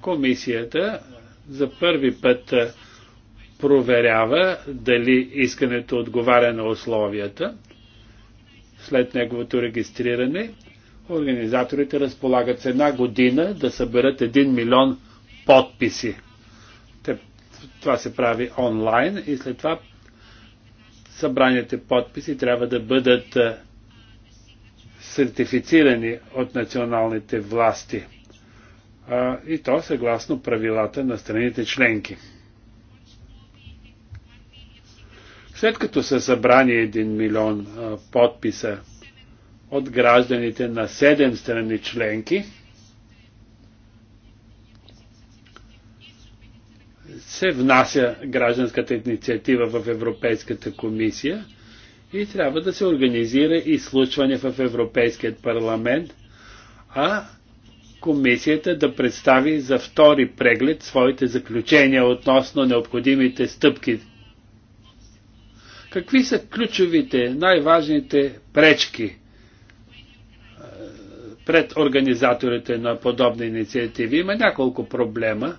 комисията за първи път проверява дали искането отговаря на условията след неговото регистриране Организаторите разполагат с една година да съберат 1 милион подписи. Те, това се прави онлайн и след това събраните подписи трябва да бъдат е, сертифицирани от националните власти. А, и то съгласно правилата на страните членки. След като са събрани 1 милион а, подписа от гражданите на седем страни членки се внася гражданската инициатива в Европейската комисия и трябва да се организира изслушване в Европейският парламент, а комисията да представи за втори преглед своите заключения относно необходимите стъпки. Какви са ключовите, най-важните пречки пред организаторите на подобни инициативи. Има няколко проблема,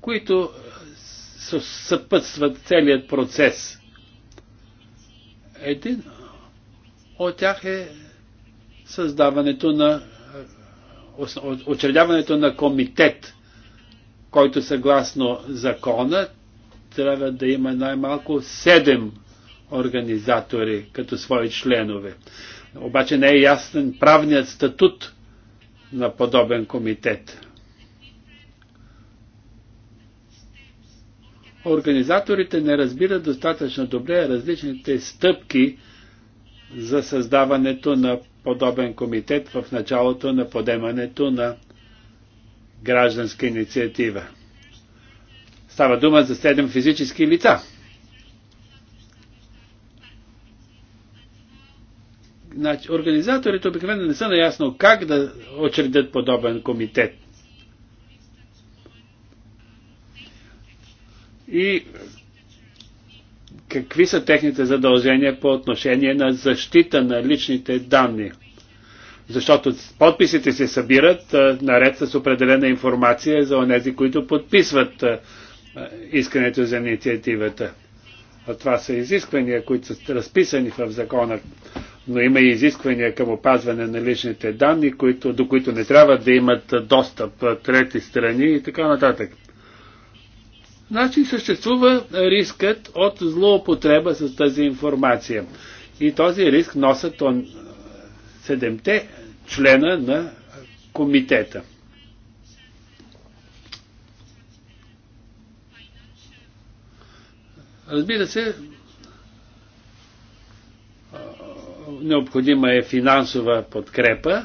които съпътстват целият процес. Един от тях е създаването на учредяването на комитет, който съгласно закона трябва да има най-малко 7 организатори като свои членове обаче не е ясен правният статут на подобен комитет. Организаторите не разбират достатъчно добре различните стъпки за създаването на подобен комитет в началото на подемането на гражданска инициатива. Става дума за седем физически лица – Значи, организаторите обикновено не са наясно как да очредят подобен комитет. И какви са техните задължения по отношение на защита на личните данни? Защото подписите се събират наред с определена информация за онези, които подписват искането за инициативата. А това са изисквания, които са разписани в закона но има и изисквания към опазване на личните данни, които, до които не трябва да имат достъп трети страни и така нататък. Значи съществува рискът от злоупотреба с тази информация. И този риск носят он седемте члена на комитета. Разбира се, необходима е финансова подкрепа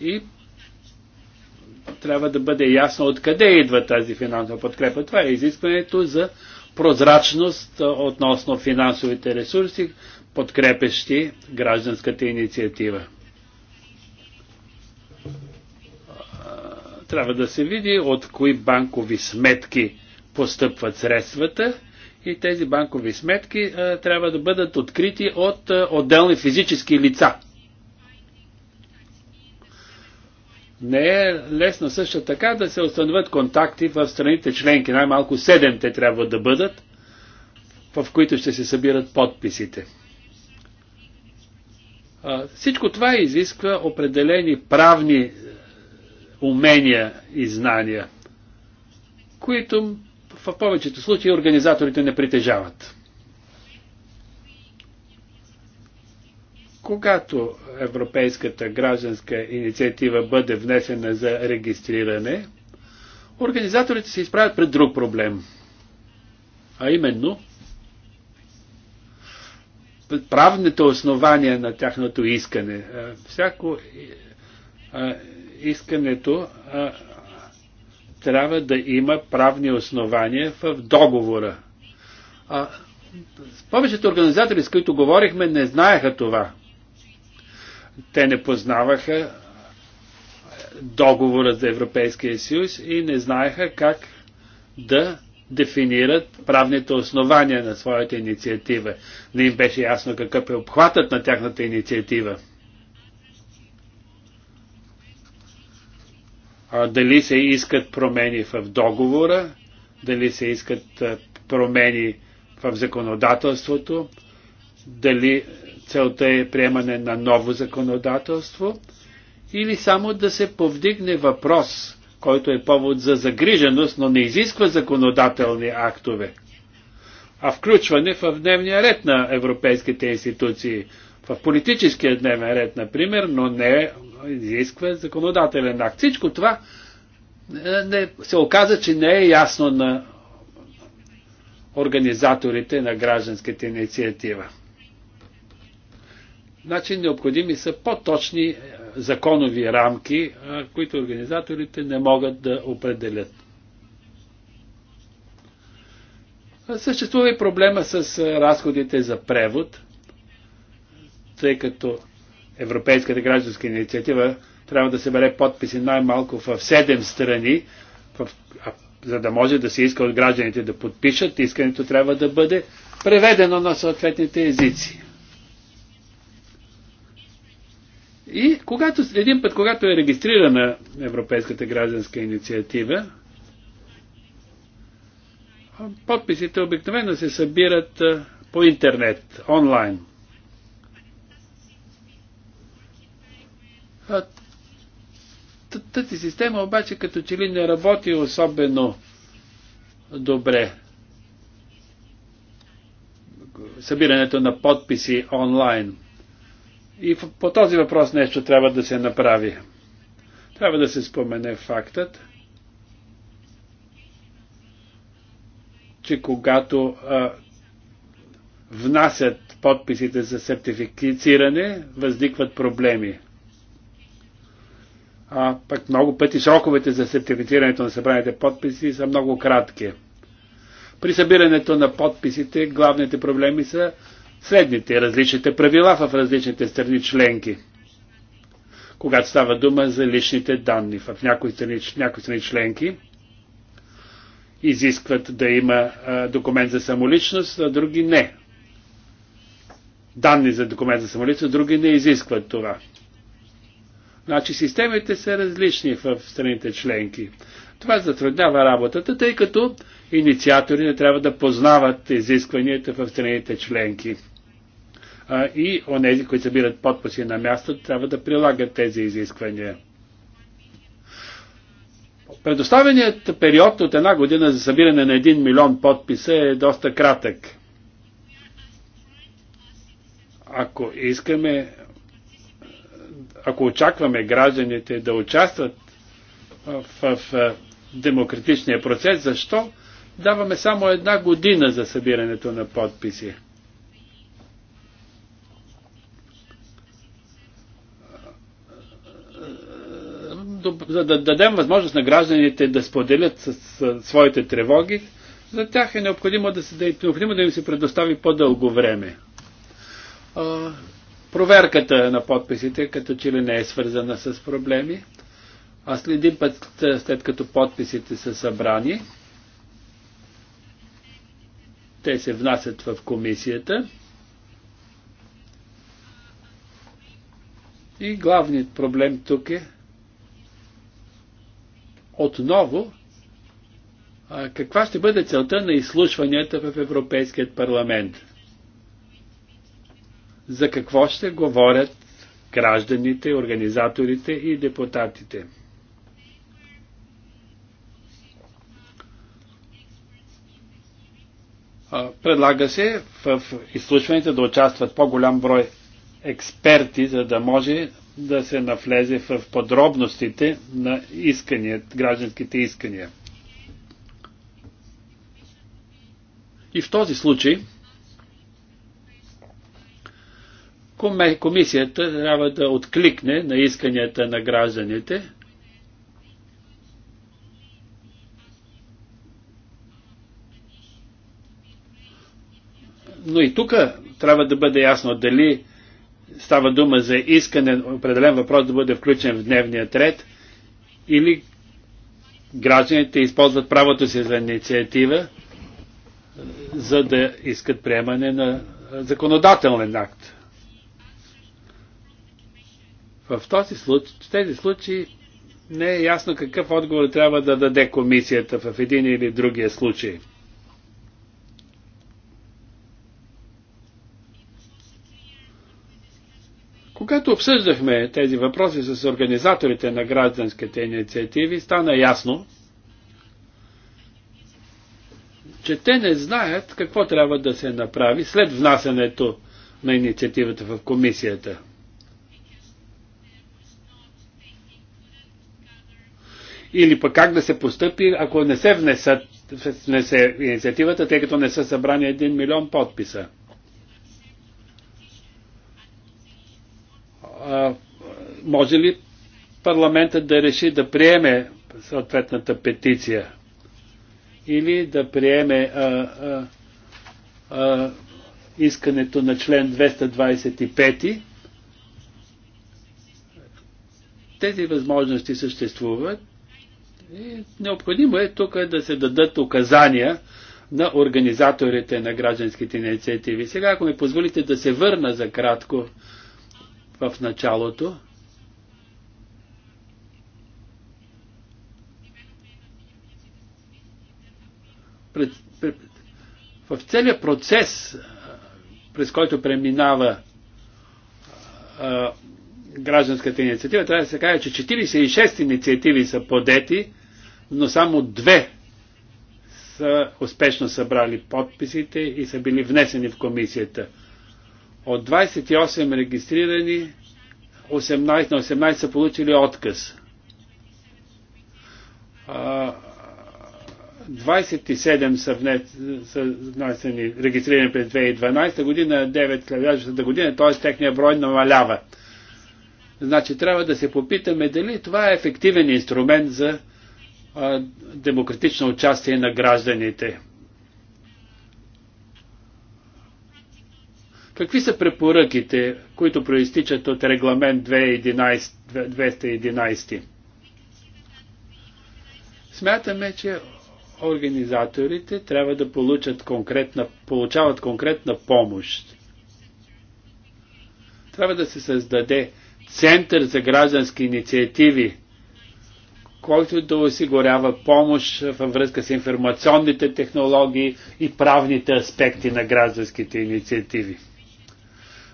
и трябва да бъде ясно откъде идва тази финансова подкрепа. Това е изискването за прозрачност относно финансовите ресурси, подкрепещи гражданската инициатива. Трябва да се види от кои банкови сметки постъпват средствата и тези банкови сметки а, е, трябва да бъдат открити от а, е, отделни физически лица. Не е лесно също така да се установят контакти в страните членки. Най-малко 7 те трябва да бъдат, в които ще се събират подписите. А, всичко това изисква определени правни умения и знания, които в повечето случаи организаторите не притежават. Когато Европейската гражданска инициатива бъде внесена за регистриране, организаторите се изправят пред друг проблем. А именно, правните основания на тяхното искане. Всяко искането трябва да има правни основания в договора. А, повечето организатори, с които говорихме, не знаеха това. Те не познаваха договора за Европейския съюз и не знаеха как да дефинират правните основания на своята инициатива. Не им беше ясно какъв е обхватът на тяхната инициатива. дали се искат промени в договора, дали се искат промени в законодателството, дали целта е приемане на ново законодателство или само да се повдигне въпрос, който е повод за загриженост, но не изисква законодателни актове, а включване в дневния ред на европейските институции, в политическия дневен ред, например, но не изисква законодателен акт. Всичко това е, не, се оказа, че не е ясно на организаторите на гражданската инициатива. Значи необходими са по-точни е, законови рамки, е, които организаторите не могат да определят. Съществува и проблема с разходите за превод – тъй като Европейската гражданска инициатива трябва да събере подписи най-малко в 7 страни, в, а, за да може да се иска от гражданите да подпишат, искането трябва да бъде преведено на съответните езици. И когато, един път, когато е регистрирана Европейската гражданска инициатива, подписите обикновено се събират по интернет, онлайн. Тази система обаче като че ли не работи особено добре. Събирането на подписи онлайн. И по този въпрос нещо трябва да се направи. Трябва да се спомене фактът, че когато а, внасят подписите за сертифициране, възникват проблеми а пък много пъти сроковете за сертифицирането на събраните подписи са много кратки. При събирането на подписите главните проблеми са следните различните правила в различните страни членки. Когато става дума за личните данни в някои страни, някои страни членки, изискват да има а, документ за самоличност, а други не. Данни за документ за самоличност, други не изискват това. Значи системите са различни в страните членки. Това затруднява работата, тъй като инициаторите трябва да познават изискванията в страните членки. А, и онези, които събират подписи на място, трябва да прилагат тези изисквания. Предоставеният период от една година за събиране на 1 милион подписа е доста кратък. Ако искаме ако очакваме гражданите да участват в, в, в демократичния процес, защо даваме само една година за събирането на подписи? За да дадем възможност на гражданите да споделят с, с, своите тревоги, за тях е необходимо да, се, да, е необходимо да им се предостави по-дълго време проверката на подписите като че ли не е свързана с проблеми. А след един път, е, след като подписите са събрани, те се внасят в комисията. И главният проблем тук е отново каква ще бъде целта на изслушванията в Европейският парламент за какво ще говорят гражданите, организаторите и депутатите. Предлага се в изслушването да участват по-голям брой експерти, за да може да се навлезе в подробностите на искания, гражданските искания. И в този случай комисията трябва да откликне на исканията на гражданите, но и тук трябва да бъде ясно дали става дума за искане определен въпрос да бъде включен в дневния ред или гражданите използват правото си за инициатива, за да искат приемане на законодателен акт. В този случай, в тези случаи не е ясно какъв отговор трябва да даде комисията в един или другия случай. Когато обсъждахме тези въпроси с организаторите на гражданските инициативи, стана ясно, че те не знаят какво трябва да се направи след внасянето на инициативата в комисията. или пък как да се постъпи, ако не се внесат, внесе инициативата, тъй като не са събрани 1 милион подписа. А, може ли парламентът да реши да приеме съответната петиция или да приеме а, а, а, искането на член 225 тези възможности съществуват и необходимо е тук да се дадат указания на организаторите на гражданските инициативи. Сега, ако ми позволите да се върна за кратко в началото. Пред, пред, в целият процес, през който преминава а, гражданската инициатива, трябва да се каже, че 46 инициативи са подети но само две са успешно събрали подписите и са били внесени в комисията. От 28 регистрирани, 18, на 18 са получили отказ. 27 са, внес, са внесени, регистрирани през 2012 година, 9 следващата година, т.е. техния брой намалява. Значи трябва да се попитаме дали това е ефективен инструмент за демократично участие на гражданите. Какви са препоръките, които проистичат от регламент 211, Смятаме, че организаторите трябва да получат конкретна, получават конкретна помощ. Трябва да се създаде център за граждански инициативи, който да осигурява помощ във връзка с информационните технологии и правните аспекти на гражданските инициативи.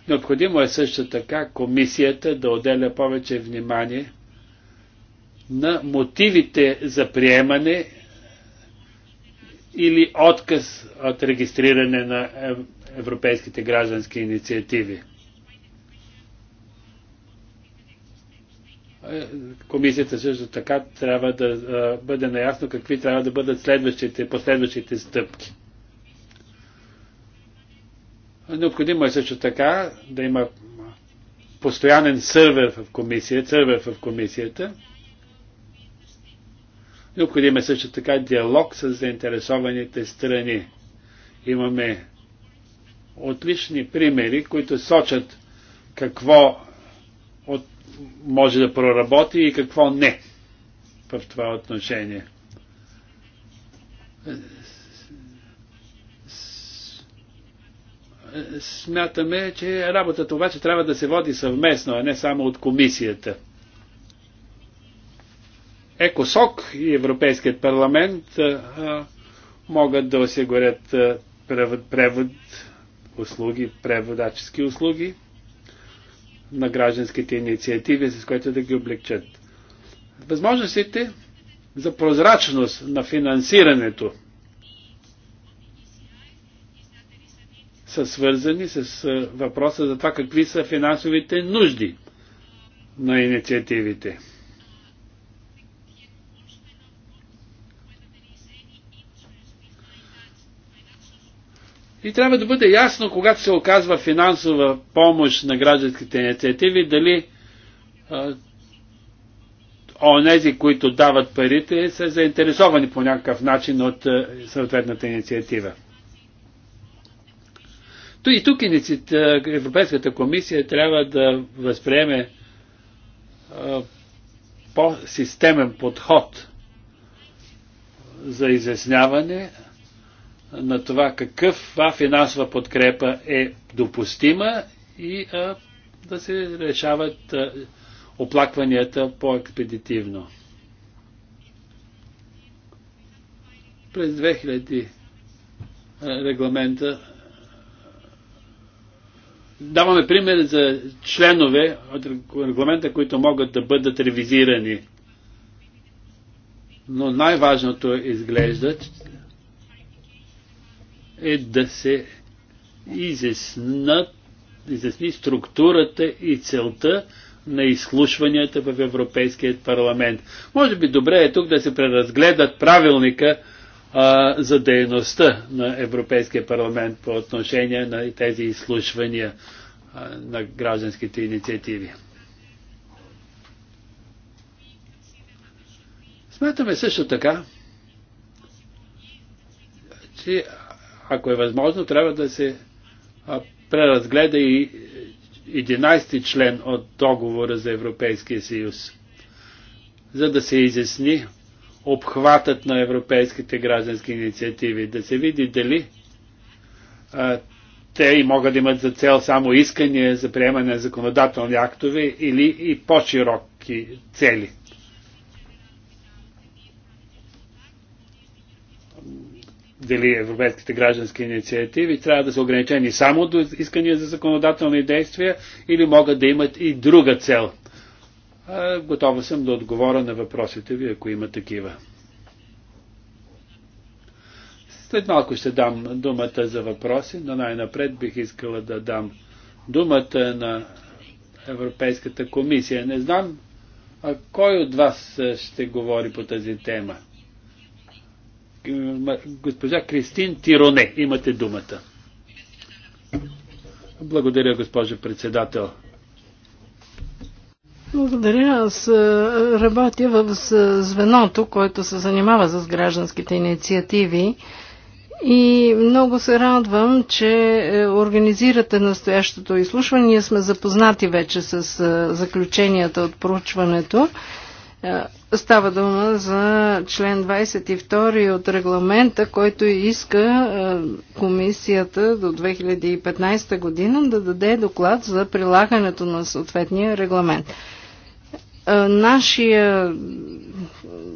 Необходимо е също така комисията да отделя повече внимание на мотивите за приемане или отказ от регистриране на европейските граждански инициативи. Е, комисията също така трябва да е, бъде наясно какви трябва да бъдат следващите, последващите стъпки. Необходимо е също така да има постоянен сървър в комисията, сървър в комисията. Необходимо е също така диалог с заинтересованите страни. Имаме отлични примери, които сочат какво може да проработи и какво не в това отношение. Смятаме, че работата обаче трябва да се води съвместно, а не само от комисията. ЕКОСОК и Европейският парламент а, могат да осигурят а, превод, превод услуги, преводачески услуги на гражданските инициативи, с което да ги облегчат. Възможностите за прозрачност на финансирането са свързани с въпроса за това какви са финансовите нужди на инициативите. И трябва да бъде ясно, когато се оказва финансова помощ на гражданските инициативи, дали онези, които дават парите, са заинтересовани по някакъв начин от а, съответната инициатива. И тук Европейската комисия трябва да възприеме по-системен подход за изясняване на това какъва финансова подкрепа е допустима и а, да се решават а, оплакванията по-експедитивно. През 2000 регламента даваме пример за членове от регламента, които могат да бъдат ревизирани. Но най-важното изглежда е да се изяснат, изясни структурата и целта на изслушванията в Европейският парламент. Може би добре е тук да се преразгледат правилника а, за дейността на Европейския парламент по отношение на тези изслушвания а, на гражданските инициативи. Смятаме също така, че ако е възможно, трябва да се преразгледа и 11 ти член от договора за Европейския съюз, за да се изясни обхватът на европейските граждански инициативи, да се види дали а, те могат да имат за цел само искания за приемане на законодателни актове или и по-широки цели. дали европейските граждански инициативи трябва да са ограничени само до искания за законодателни действия или могат да имат и друга цел. Готова съм да отговоря на въпросите ви, ако има такива. След малко ще дам думата за въпроси, но най-напред бих искала да дам думата на Европейската комисия. Не знам а кой от вас ще говори по тази тема. Госпожа Кристин Тироне, имате думата. Благодаря, госпожо председател. Благодаря. Аз е, работя в звеното, което се занимава с гражданските инициативи. И много се радвам, че е, организирате настоящото изслушване. Ние сме запознати вече с е, заключенията от проучването. Става дума за член 22 от регламента, който иска е, комисията до 2015 година да даде доклад за прилагането на съответния регламент. Е, нашия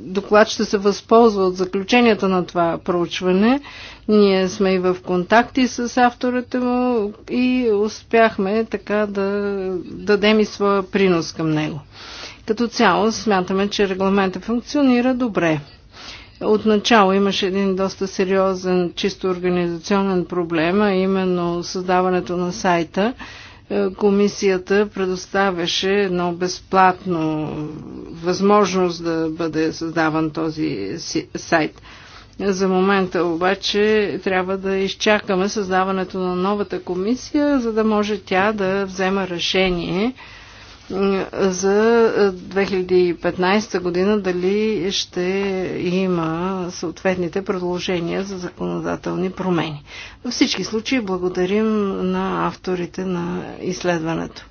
доклад ще се възползва от заключенията на това проучване. Ние сме и в контакти с авторите му и успяхме така да дадем и своя принос към него. Като цяло смятаме, че регламента функционира добре. Отначало имаше един доста сериозен, чисто организационен проблем, а именно създаването на сайта. Е, комисията предоставяше едно безплатно възможност да бъде създаван този сайт. За момента обаче трябва да изчакаме създаването на новата комисия, за да може тя да взема решение за 2015 е, година дали ще има съответните предложения за законодателни промени. Във всички случаи благодарим на авторите на изследването.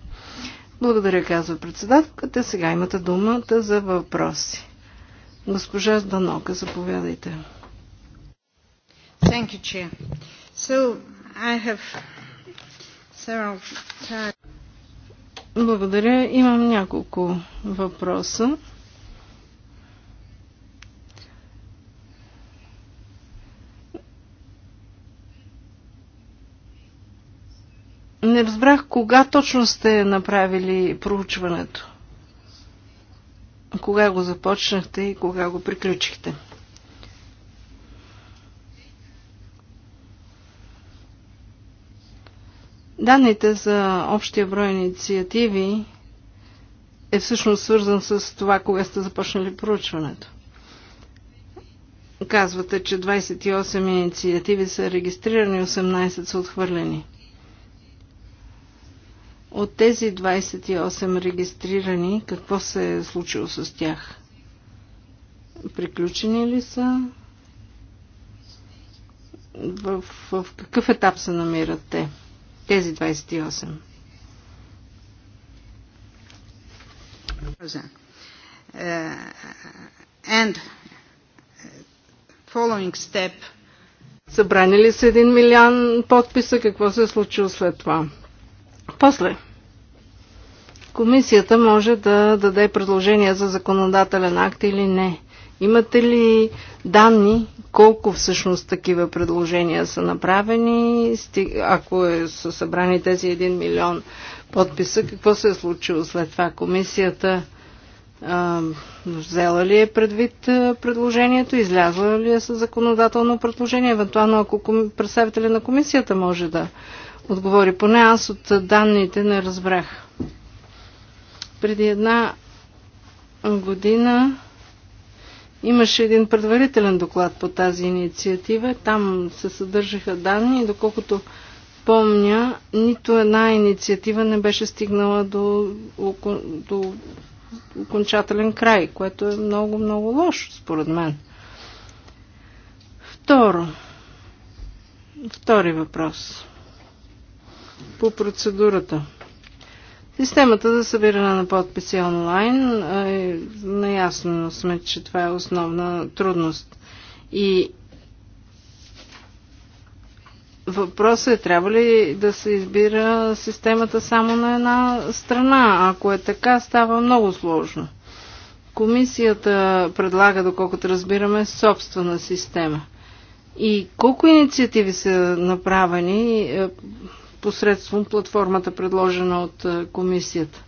Благодаря, казва председателката. Сега имате думата за въпроси. Госпожа Данока, заповядайте. Thank you, Chair. So, I have several times благодаря. Имам няколко въпроса. Не разбрах кога точно сте направили проучването. Кога го започнахте и кога го приключихте. Данните за общия брой инициативи е всъщност свързан с това, кога сте започнали проучването. Казвате, че 28 инициативи са регистрирани, 18 са отхвърлени. От тези 28 регистрирани, какво се е случило с тях? Приключени ли са? В, в какъв етап се намират те? тези 28. Uh, and uh, following step Събрани ли са един милион подписа? Какво се е случило след това? После. Комисията може да даде предложение за законодателен акт или не. Имате ли данни колко всъщност такива предложения са направени? Ако е, са събрани тези 1 милион подписа, какво се е случило след това? Комисията а, взела ли е предвид предложението? Излязла ли е със законодателно предложение? Евентуално, ако представителя на комисията може да отговори. Поне аз от данните не разбрах. Преди една година Имаше един предварителен доклад по тази инициатива. Там се съдържаха данни и доколкото помня, нито една инициатива не беше стигнала до, до окончателен край, което е много-много лошо, според мен. Второ. Втори въпрос. По процедурата. Системата за събиране на подписи онлайн, е, наясно сме, че това е основна трудност. И въпросът е, трябва ли да се избира системата само на една страна? Ако е така, става много сложно. Комисията предлага, доколкото разбираме, собствена система. И колко инициативи са направени е, посредством платформата, предложена от е, комисията.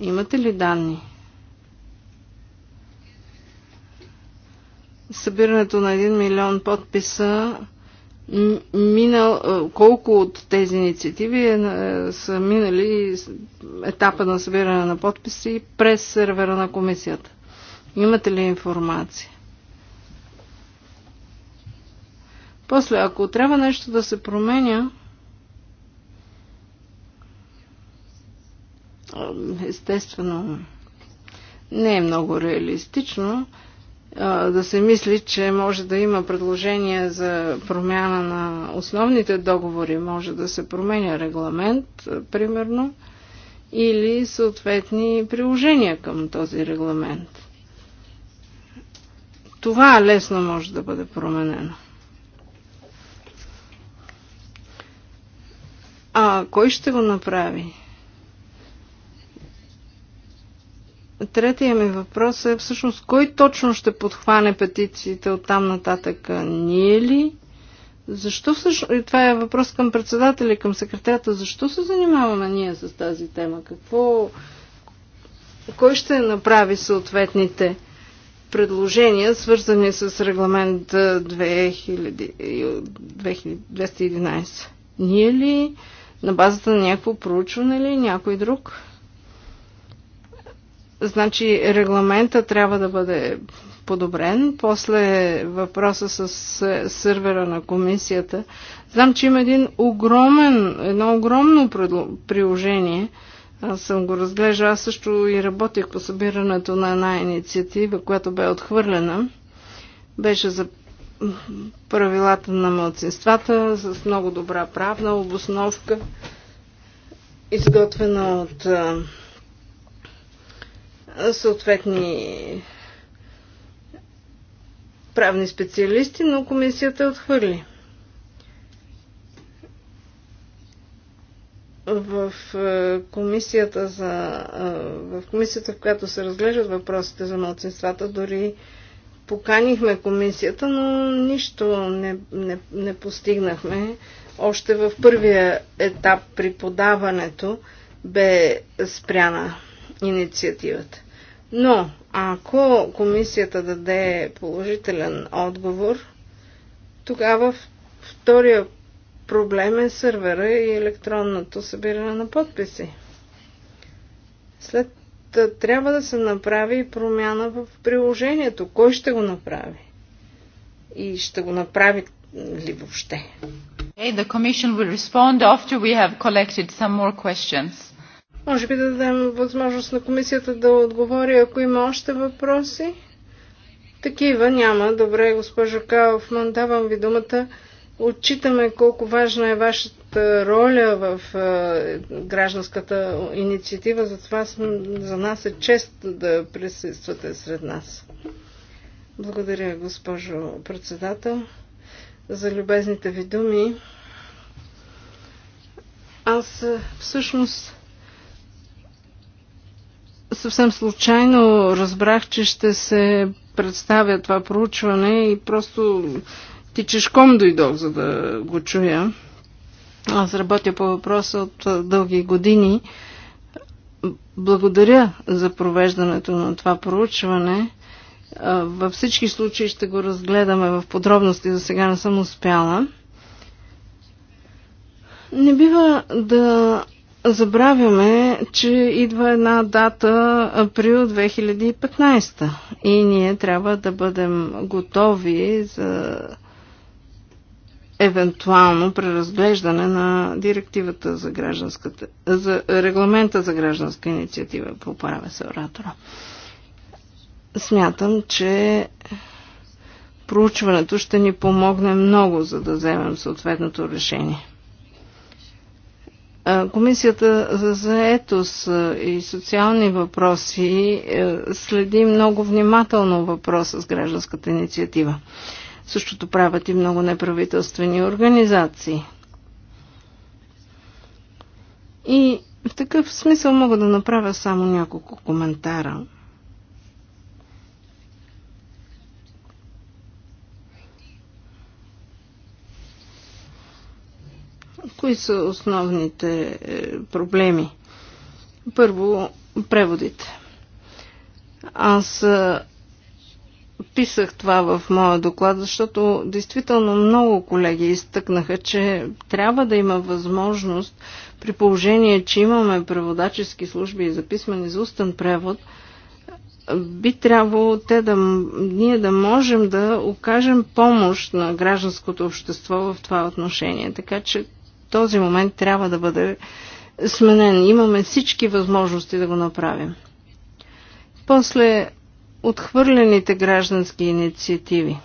Имате ли данни? Събирането на 1 милион подписа минал, е, колко от тези инициативи е, е са минали етапа на събиране на подписи през сервера на комисията? Имате ли информация? После, ако трябва нещо да се променя, естествено не е много реалистично да се мисли, че може да има предложение за промяна на основните договори, може да се променя регламент, примерно, или съответни приложения към този регламент. Това лесно може да бъде променено. А кой ще го направи? Третия ми въпрос е всъщност кой точно ще подхване петициите от там нататък? Ние ли? Защо всъщност, и това е въпрос към председателя, към секретарята, защо се занимаваме ние с тази тема? Какво, кой ще направи съответните предложения, свързани с регламент 2000, 2211? Ние ли? На базата на някакво проучване ли? Някой друг? Значи регламента трябва да бъде подобрен. После въпроса с сервера на комисията. Знам, че има един огромен, едно огромно приложение. Аз съм го разглеждал. Аз също и работих по събирането на една инициатива, която бе отхвърлена. Беше за правилата на младсинствата с много добра правна обосновка, изготвена от съответни правни специалисти, но комисията е отхвърли. в е, комисията, за, е, в комисията, в която се разглеждат въпросите за младсинствата, дори поканихме комисията, но нищо не, не, не постигнахме. Още в първия етап при подаването бе спряна инициативата. Но ако комисията даде положителен отговор, тогава втория проблем е сървъра и електронното събиране на подписи. След трябва да се направи промяна в приложението. Кой ще го направи? И ще го направи ли въобще? Okay, the Commission will respond after we have collected some more questions. Може би да дадем възможност на комисията да отговори, ако има още въпроси. Такива няма. Добре, госпожо Кауфман, давам ви думата. Отчитаме колко важна е вашата роля в гражданската инициатива, затова за нас е чест да присъствате сред нас. Благодаря, госпожо председател, за любезните ви думи. Аз всъщност съвсем случайно разбрах, че ще се представя това проучване и просто тичешком дойдох, за да го чуя. Аз работя по въпроса от дълги години. Благодаря за провеждането на това проучване. Във всички случаи ще го разгледаме в подробности, за сега не съм успяла. Не бива да забравяме, че идва една дата април 2015 и ние трябва да бъдем готови за евентуално преразглеждане на директивата за гражданската, за регламента за гражданска инициатива, поправя се оратора. Смятам, че проучването ще ни помогне много, за да вземем съответното решение. Комисията за заетост и социални въпроси е, следи много внимателно въпроса с гражданската инициатива. Същото правят и много неправителствени организации. И в такъв смисъл мога да направя само няколко коментара. Кои са основните е, проблеми? Първо, преводите. Аз е, писах това в моя доклад, защото действително много колеги изтъкнаха, че трябва да има възможност, при положение, че имаме преводачески служби и записмени за устен превод, би трябвало те да, ние да можем да окажем помощ на гражданското общество в това отношение. Така че този момент трябва да бъде сменен. Имаме всички възможности да го направим. После отхвърлените граждански инициативи.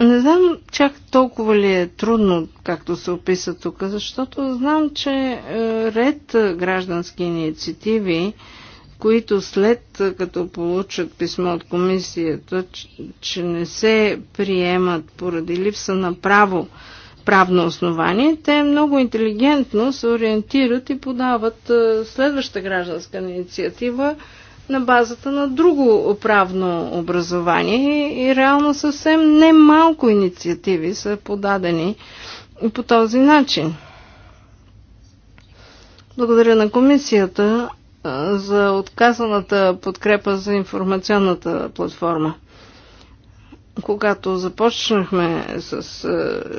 Не знам чак толкова ли е трудно, както се описа тук, защото знам, че е, ред граждански инициативи, които след е, като получат писмо от комисията, че не се приемат поради липса на право правно основание, те много интелигентно се ориентират и подават е, следваща гражданска инициатива на базата на друго правно образование и реално съвсем немалко инициативи са подадени по този начин. Благодаря на комисията е, за отказаната подкрепа за информационната платформа. Когато започнахме с е,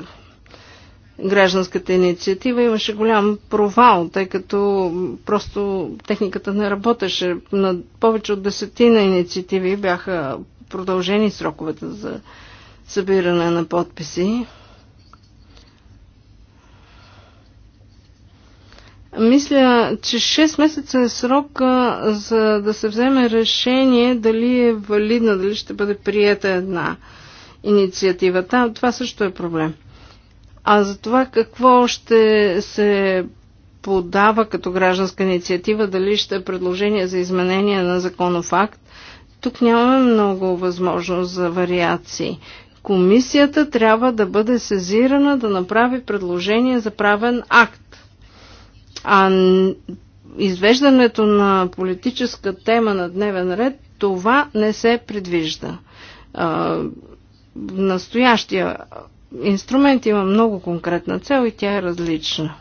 гражданската инициатива имаше голям провал, тъй като просто техниката не работеше. На повече от десетина инициативи бяха продължени сроковете за събиране на подписи. Мисля, че 6 месеца е срока за да се вземе решение дали е валидна, дали ще бъде приета една инициатива. това също е проблем. А за това какво ще се подава като гражданска инициатива, дали ще е предложение за изменение на законов акт, тук нямаме много възможност за вариации. Комисията трябва да бъде сезирана да направи предложение за правен акт. А извеждането на политическа тема на дневен ред, това не се предвижда. Настоящия инструмент има много конкретна цел и тя е различна.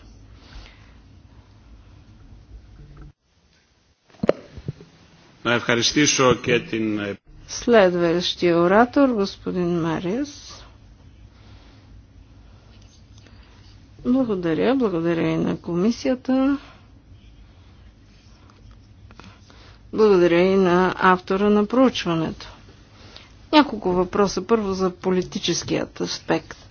Следващия оратор, господин Мариас. Благодаря, благодаря и на комисията. Благодаря и на автора на проучването. Няколко въпроса. Първо за политическият аспект.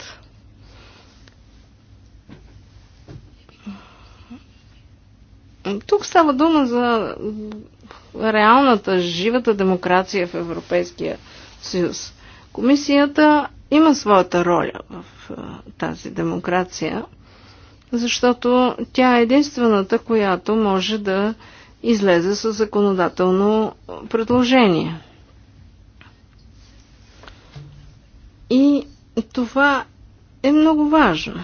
Тук става дума за реалната, живата демокрация в Европейския съюз. Комисията има своята роля в тази демокрация, защото тя е единствената, която може да излезе с законодателно предложение. И това е много важно.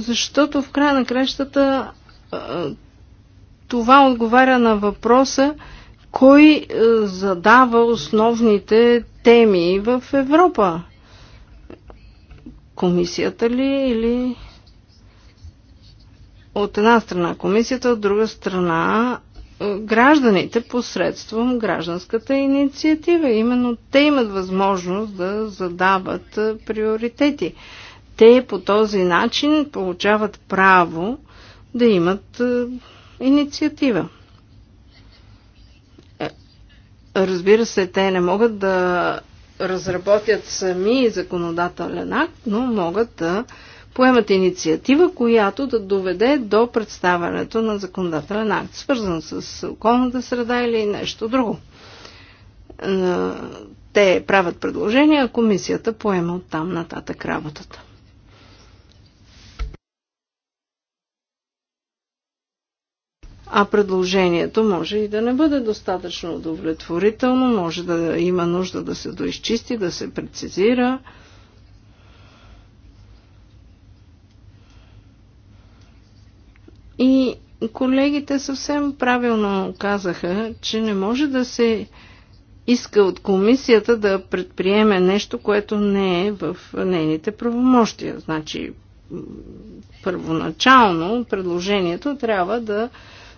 защото в края на кращата това отговаря на въпроса кой задава основните теми в Европа. Комисията ли или от една страна комисията, от друга страна гражданите посредством гражданската инициатива. Именно те имат възможност да задават приоритети те по този начин получават право да имат е, инициатива. Е, разбира се, те не могат да разработят сами законодателен акт, но могат да поемат инициатива, която да доведе до представянето на законодателен акт, свързан с околната среда или нещо друго. Е, те правят предложения, а комисията поема оттам там нататък работата. а предложението може и да не бъде достатъчно удовлетворително, може да има нужда да се доизчисти, да се прецизира. И колегите съвсем правилно казаха, че не може да се иска от комисията да предприеме нещо, което не е в нейните правомощия. Значи, първоначално предложението трябва да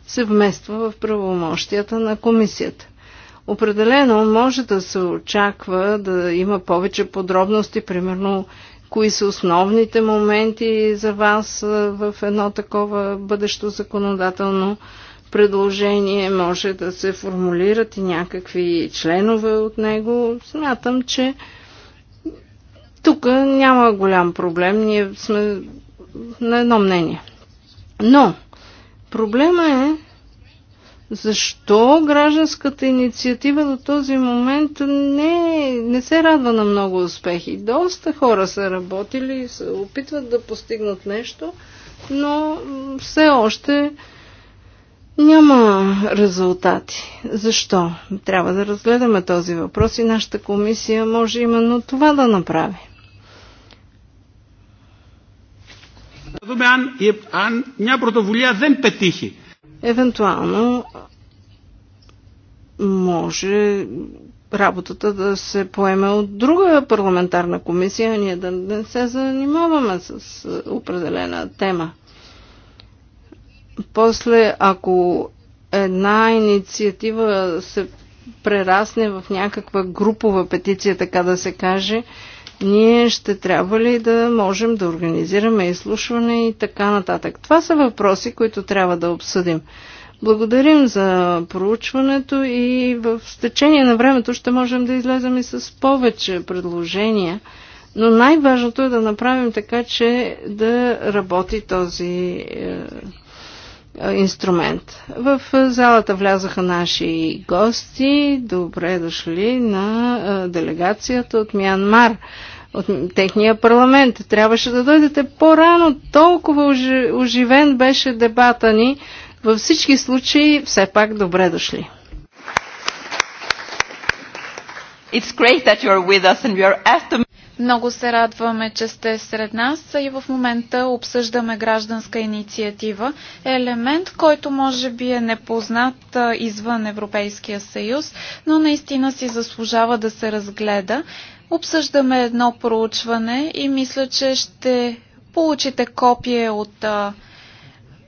се вмества в правомощията на комисията. Определено може да се очаква да има повече подробности, примерно кои са основните моменти за вас в едно такова бъдещо законодателно предложение, може да се формулират и някакви членове от него. Смятам, че тук няма голям проблем, ние сме на едно мнение. Но Проблема е защо гражданската инициатива до този момент не, не се радва на много успехи. Доста хора са работили, се опитват да постигнат нещо, но все още няма резултати. Защо? Трябва да разгледаме този въпрос и нашата комисия може именно това да направи. Θα δούμε αν, αν μια πρωτοβουλία δεν πετύχει. Евентуално може работата да се поеме от друга парламентарна комисия, ние да не се занимаваме с е, определена тема. После, ако една инициатива се прерасне в някаква групова петиция, така да се каже, ние ще трябва ли да можем да организираме изслушване и така нататък. Това са въпроси, които трябва да обсъдим. Благодарим за проучването и в течение на времето ще можем да излезем и с повече предложения. Но най-важното е да направим така, че да работи този е, инструмент. В залата влязаха наши гости. Добре дошли на делегацията от Мянмар, от техния парламент. Трябваше да дойдете по-рано. Толкова оживен беше дебата ни. Във всички случаи, все пак добре дошли. It's great that are with us and we are at the много се радваме, че сте сред нас и в момента обсъждаме гражданска инициатива. Елемент, който може би е непознат извън Европейския съюз, но наистина си заслужава да се разгледа. Обсъждаме едно проучване и мисля, че ще получите копие от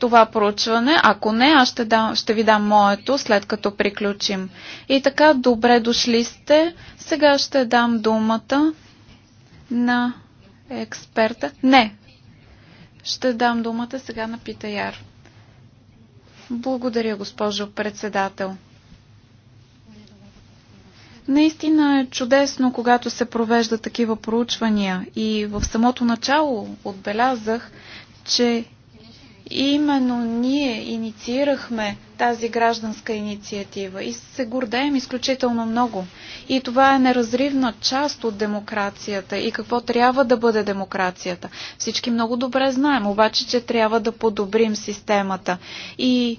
това проучване. Ако не, аз ще, дам, ще ви дам моето, след като приключим. И така, добре дошли сте. Сега ще дам думата на експерта? Не. Ще дам думата сега на питаяр. Благодаря, госпожо председател. Наистина е чудесно, когато се провеждат такива проучвания и в самото начало отбелязах, че Именно ние инициирахме тази гражданска инициатива и се гордеем изключително много. И това е неразривна част от демокрацията и какво трябва да бъде демокрацията. Всички много добре знаем, обаче, че трябва да подобрим системата. И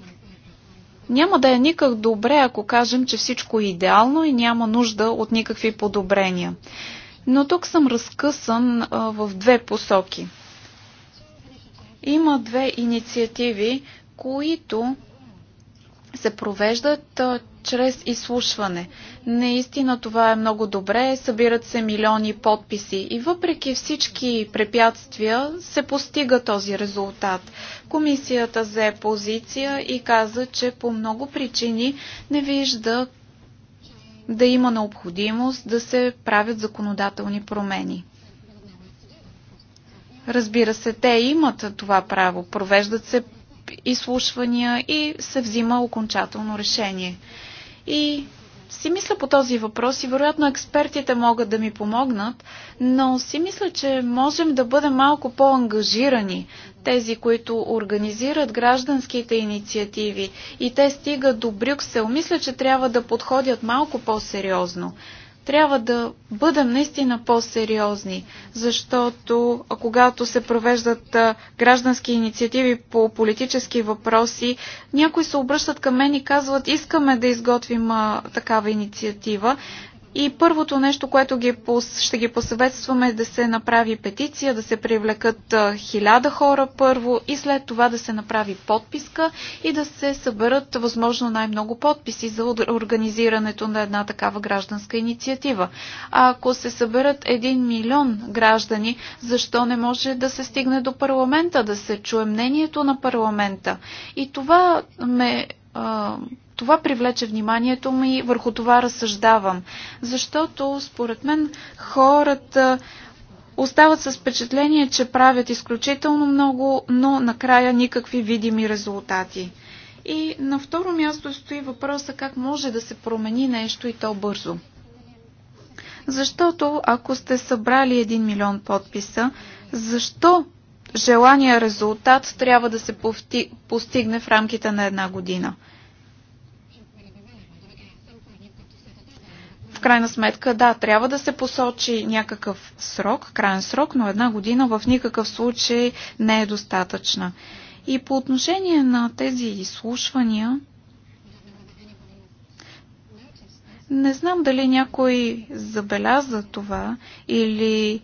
няма да е никак добре, ако кажем, че всичко е идеално и няма нужда от никакви подобрения. Но тук съм разкъсан а, в две посоки – има две инициативи, които се провеждат а, чрез изслушване. Наистина това е много добре, събират се милиони подписи и въпреки всички препятствия се постига този резултат. Комисията взе позиция и каза, че по много причини не вижда да има необходимост да се правят законодателни промени. Разбира се, те имат това право. Провеждат се изслушвания и се взима окончателно решение. И си мисля по този въпрос и вероятно експертите могат да ми помогнат, но си мисля, че можем да бъдем малко по-ангажирани. Тези, които организират гражданските инициативи и те стигат до Брюксел, мисля, че трябва да подходят малко по-сериозно трябва да бъдем наистина по-сериозни, защото когато се провеждат граждански инициативи по политически въпроси, някои се обръщат към мен и казват, искаме да изготвим такава инициатива, и първото нещо, което ги, ще ги посъветстваме е да се направи петиция, да се привлекат хиляда хора първо и след това да се направи подписка и да се съберат възможно най-много подписи за организирането на една такава гражданска инициатива. А ако се съберат един милион граждани, защо не може да се стигне до парламента, да се чуе мнението на парламента? И това ме това привлече вниманието ми, и върху това разсъждавам. Защото, според мен, хората остават с впечатление, че правят изключително много, но накрая никакви видими резултати. И на второ място стои въпроса как може да се промени нещо и то бързо. Защото ако сте събрали 1 милион подписа, защо желания резултат трябва да се постигне в рамките на една година? в крайна сметка, да, трябва да се посочи някакъв срок, крайен срок, но една година в никакъв случай не е достатъчна. И по отношение на тези изслушвания, не знам дали някой забеляза това или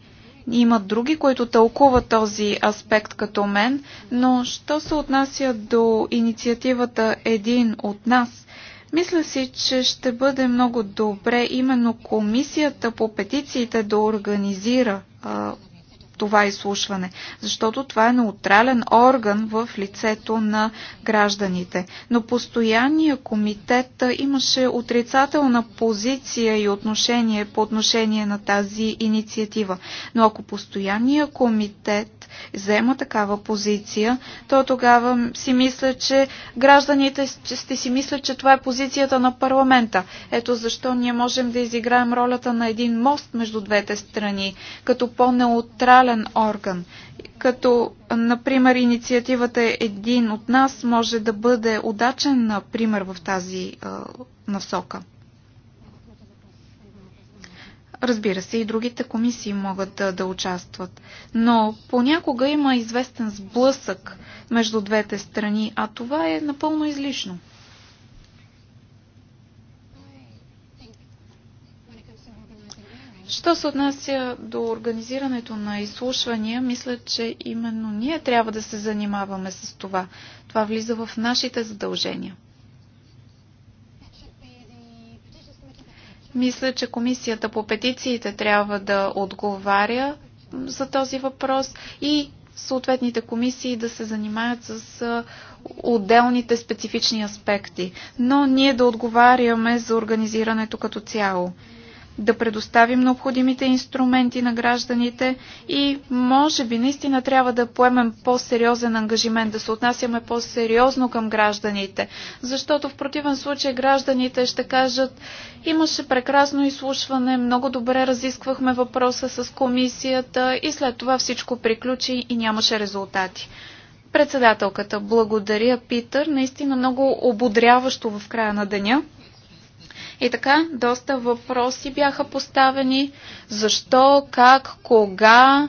има други, които тълкуват този аспект като мен, но що се отнася до инициативата Един от нас – мисля си, че ще бъде много добре именно комисията по петициите да организира а, това изслушване, защото това е неутрален орган в лицето на гражданите. Но постоянния комитет имаше отрицателна позиция и отношение по отношение на тази инициатива. Но ако постоянния комитет взема такава позиция, то тогава си мисля, че гражданите ще си мислят, че това е позицията на парламента. Ето защо ние можем да изиграем ролята на един мост между двете страни, като по-неутрален орган като, например, инициативата е един от нас може да бъде удачен, например, в тази а, насока. Разбира се, и другите комисии могат да, да участват. Но понякога има известен сблъсък между двете страни, а това е напълно излишно. Що се отнася до организирането на изслушвания, мисля, че именно ние трябва да се занимаваме с това. Това влиза в нашите задължения. Мисля, че комисията по петициите трябва да отговаря за този въпрос и съответните комисии да се занимаят с отделните специфични аспекти, но ние да отговаряме за организирането като цяло да предоставим необходимите инструменти на гражданите и може би наистина трябва да поемем по-сериозен ангажимент, да се отнасяме по-сериозно към гражданите, защото в противен случай гражданите ще кажат имаше прекрасно изслушване, много добре разисквахме въпроса с комисията и след това всичко приключи и нямаше резултати председателката. Благодаря, Питър. Наистина много ободряващо в края на деня. И така, доста въпроси бяха поставени. Защо, как, кога?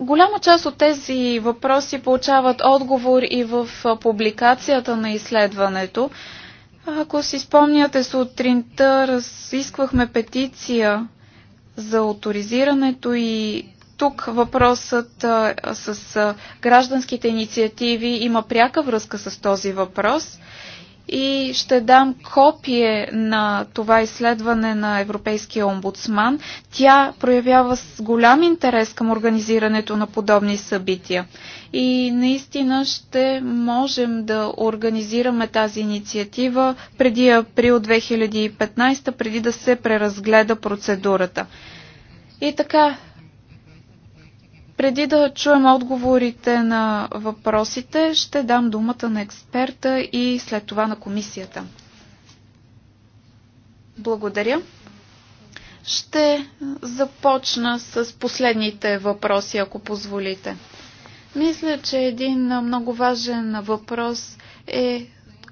Голяма част от тези въпроси получават отговор и в публикацията на изследването. Ако си спомняте, сутринта разисквахме петиция за авторизирането и тук въпросът а, с а, гражданските инициативи има пряка връзка с този въпрос и ще дам копие на това изследване на Европейския омбудсман. Тя проявява с голям интерес към организирането на подобни събития. И наистина ще можем да организираме тази инициатива преди април 2015, преди да се преразгледа процедурата. И така, преди да чуем отговорите на въпросите, ще дам думата на експерта и след това на комисията. Благодаря. Ще започна с последните въпроси, ако позволите. Мисля, че един много важен въпрос е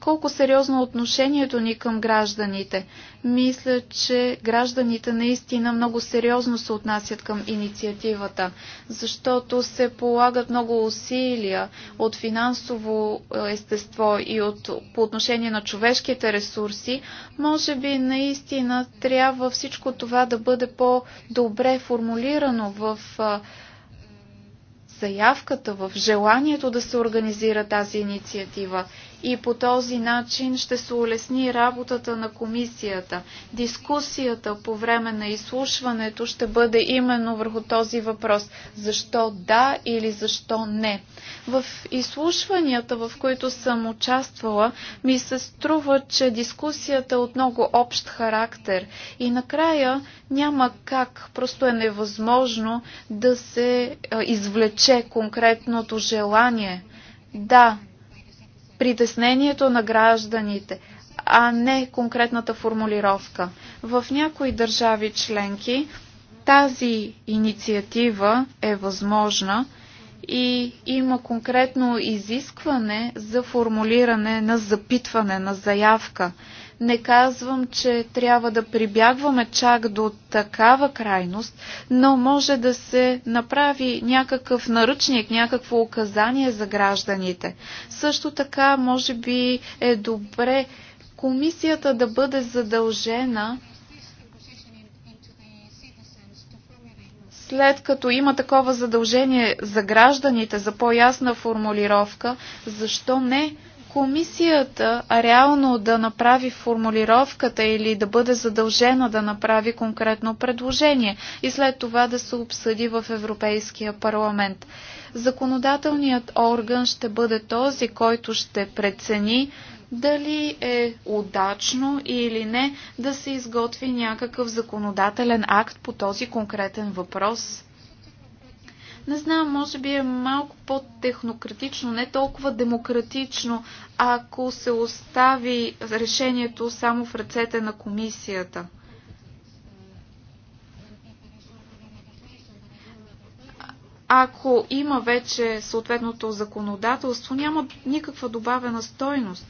колко сериозно е отношението ни към гражданите. Мисля, че гражданите наистина много сериозно се отнасят към инициативата, защото се полагат много усилия от финансово е, естество и от, по отношение на човешките ресурси. Може би наистина трябва всичко това да бъде по-добре формулирано в е, заявката, в желанието да се организира тази инициатива и по този начин ще се улесни работата на комисията. Дискусията по време на изслушването ще бъде именно върху този въпрос. Защо да или защо не? В изслушванията, в които съм участвала, ми се струва, че дискусията е от много общ характер и накрая няма как, просто е невъзможно да се извлече конкретното желание. Да, притеснението на гражданите, а не конкретната формулировка. В някои държави членки тази инициатива е възможна и има конкретно изискване за формулиране на запитване, на заявка. Не казвам, че трябва да прибягваме чак до такава крайност, но може да се направи някакъв наръчник, някакво указание за гражданите. Също така, може би е добре комисията да бъде задължена след като има такова задължение за гражданите за по-ясна формулировка, защо не комисията реално да направи формулировката или да бъде задължена да направи конкретно предложение и след това да се обсъди в Европейския парламент. Законодателният орган ще бъде този, който ще прецени дали е удачно или не да се изготви някакъв законодателен акт по този конкретен въпрос не знам, може би е малко по-технократично, не толкова демократично, ако се остави решението само в ръцете на комисията. Ако има вече съответното законодателство, няма никаква добавена стойност.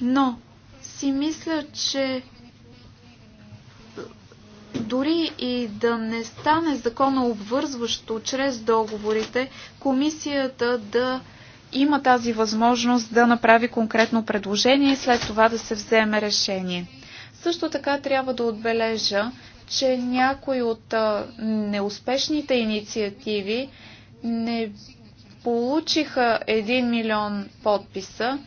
Но си мисля, че дори и да не стане законообвързващо обвързващо чрез договорите, комисията да има тази възможност да направи конкретно предложение и след това да се вземе решение. Също така трябва да отбележа, че някои от неуспешните инициативи не получиха 1 милион подписа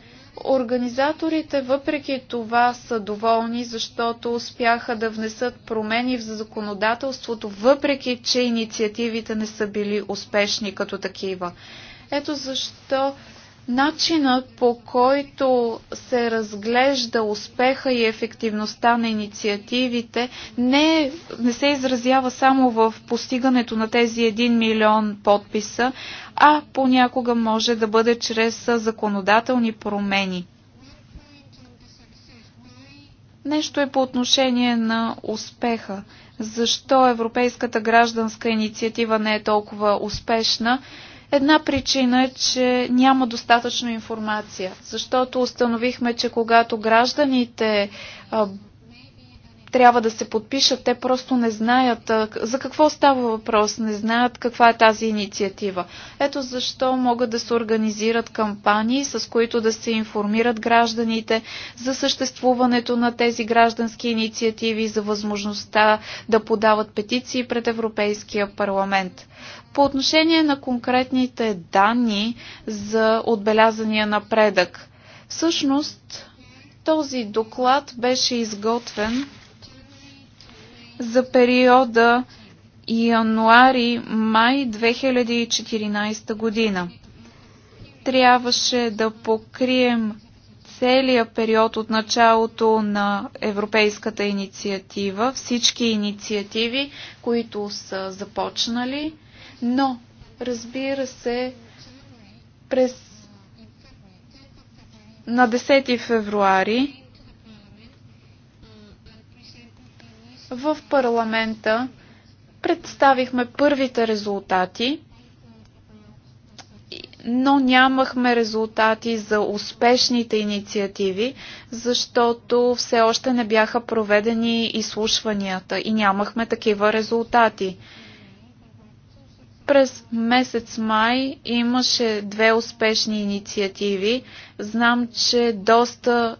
Организаторите въпреки това са доволни, защото успяха да внесат промени в законодателството, въпреки че инициативите не са били успешни като такива. Ето защо Начинът по който се разглежда успеха и ефективността на инициативите не, не се изразява само в постигането на тези 1 милион подписа, а понякога може да бъде чрез законодателни промени. Нещо е по отношение на успеха. Защо Европейската гражданска инициатива не е толкова успешна? Една причина е, че няма достатъчно информация, защото установихме, че когато гражданите а, трябва да се подпишат, те просто не знаят а, за какво става въпрос, не знаят каква е тази инициатива. Ето защо могат да се организират кампании, с които да се информират гражданите за съществуването на тези граждански инициативи, за възможността да подават петиции пред Европейския парламент. По отношение на конкретните данни за отбелязания напредък, всъщност този доклад беше изготвен за периода януари-май 2014 година. Трябваше да покрием целият период от началото на Европейската инициатива, всички инициативи, които са започнали – но, разбира се, през на 10 февруари в парламента представихме първите резултати, но нямахме резултати за успешните инициативи, защото все още не бяха проведени изслушванията и нямахме такива резултати. През месец май имаше две успешни инициативи. Знам, че доста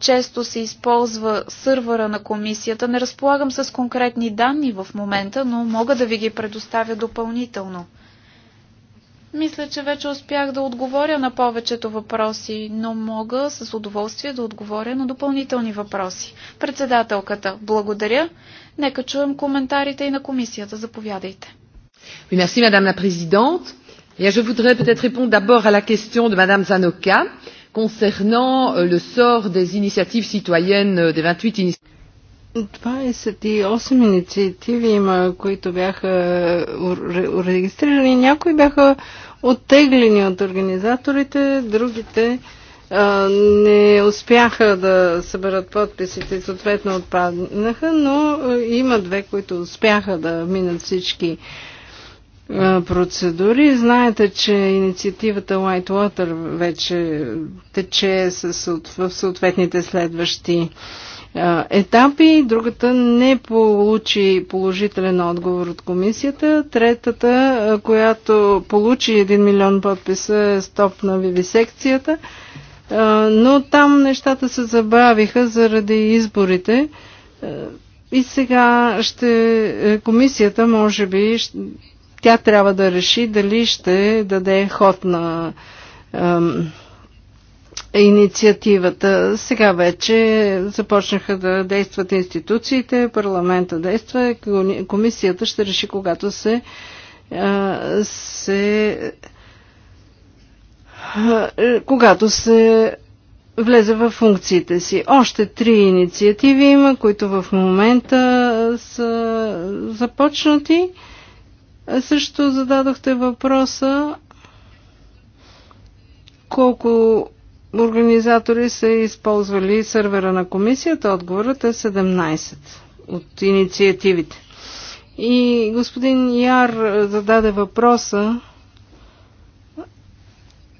често се използва сървъра на комисията. Не разполагам с конкретни данни в момента, но мога да ви ги предоставя допълнително. Мисля, че вече успях да отговоря на повечето въпроси, но мога с удоволствие да отговоря на допълнителни въпроси. Председателката, благодаря. Нека чуем коментарите и на комисията. Заповядайте madame la présidente je voudrais peut être répondre d'abord à la question de mme zanoka concernant euh, le sort des initiatives citoyennes euh, des vingt huit initiatives 28 инициативи има, които бяха э, регистрирани. Някои бяха оттеглени от организаторите, другите а, э, не успяха да съберат подписите и съответно отпаднаха, но э, има две, които успяха да минат всички процедури. Знаете, че инициативата Whitewater вече тече в съответните следващи етапи. Другата не получи положителен отговор от комисията. Третата, която получи 1 милион подписа, е стоп на вивисекцията. Но там нещата се забавиха заради изборите. И сега ще е, комисията може би тя трябва да реши дали ще даде ход на ем, инициативата. Сега вече започнаха да действат институциите, парламента действа, комисията ще реши когато се, е, се е, когато се влезе в функциите си. Още три инициативи има, които в момента са започнати. Също зададохте въпроса колко организатори са използвали сървера на комисията. Отговорът е 17 от инициативите. И господин Яр зададе въпроса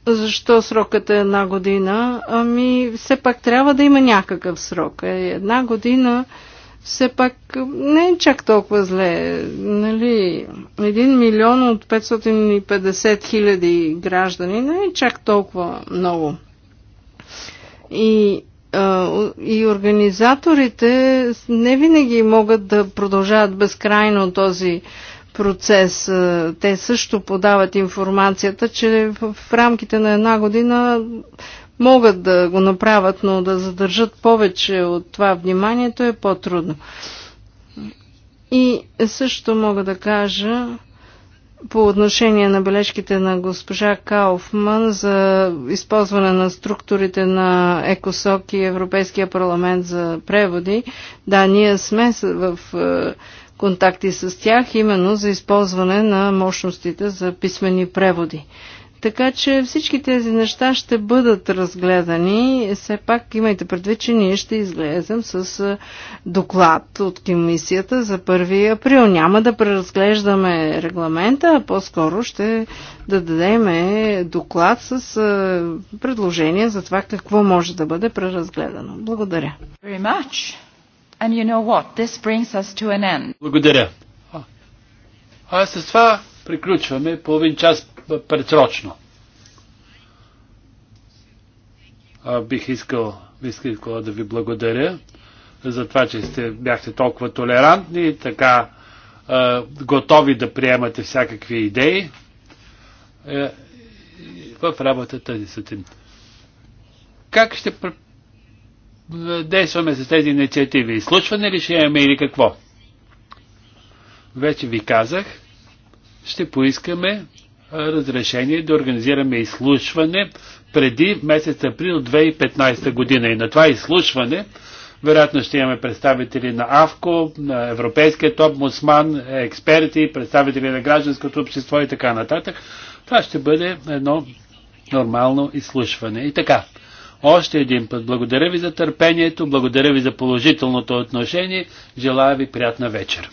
защо срокът е една година. Ами, все пак трябва да има някакъв срок. Е, една година все пак не е чак толкова зле. Нали, 1 милион от 550 хиляди граждани не е чак толкова много. И, а, и организаторите не винаги могат да продължават безкрайно този процес. Те също подават информацията, че в рамките на една година могат да го направят, но да задържат повече от това вниманието е по-трудно. И също мога да кажа по отношение на бележките на госпожа Кауфман за използване на структурите на ЕКОСОК и Европейския парламент за преводи. Да, ние сме в е, контакти с тях именно за използване на мощностите за писмени преводи. Така че всички тези неща ще бъдат разгледани. Все пак имайте предвид, че ние ще излезем с доклад от комисията за 1 април. Няма да преразглеждаме регламента, а по-скоро ще да дадем е, доклад с предложение за това какво може да бъде преразгледано. Благодаря. You know Благодаря. А с това приключваме половин час предсрочно. А, бих искал, бих искал да ви благодаря за това, че сте, бяхте толкова толерантни и така а, готови да приемате всякакви идеи а, е, в работата тази сутрин. Как ще действаме с тези инициативи? Изслушване ли ще имаме или какво? Вече ви казах, ще поискаме разрешение да организираме изслушване преди месец април 2015 година. И на това изслушване вероятно ще имаме представители на АВКО, на Европейският обмусман, експерти, представители на гражданското общество и така нататък. Това ще бъде едно нормално изслушване. И така, още един път благодаря ви за търпението, благодаря ви за положителното отношение, желая ви приятна вечер.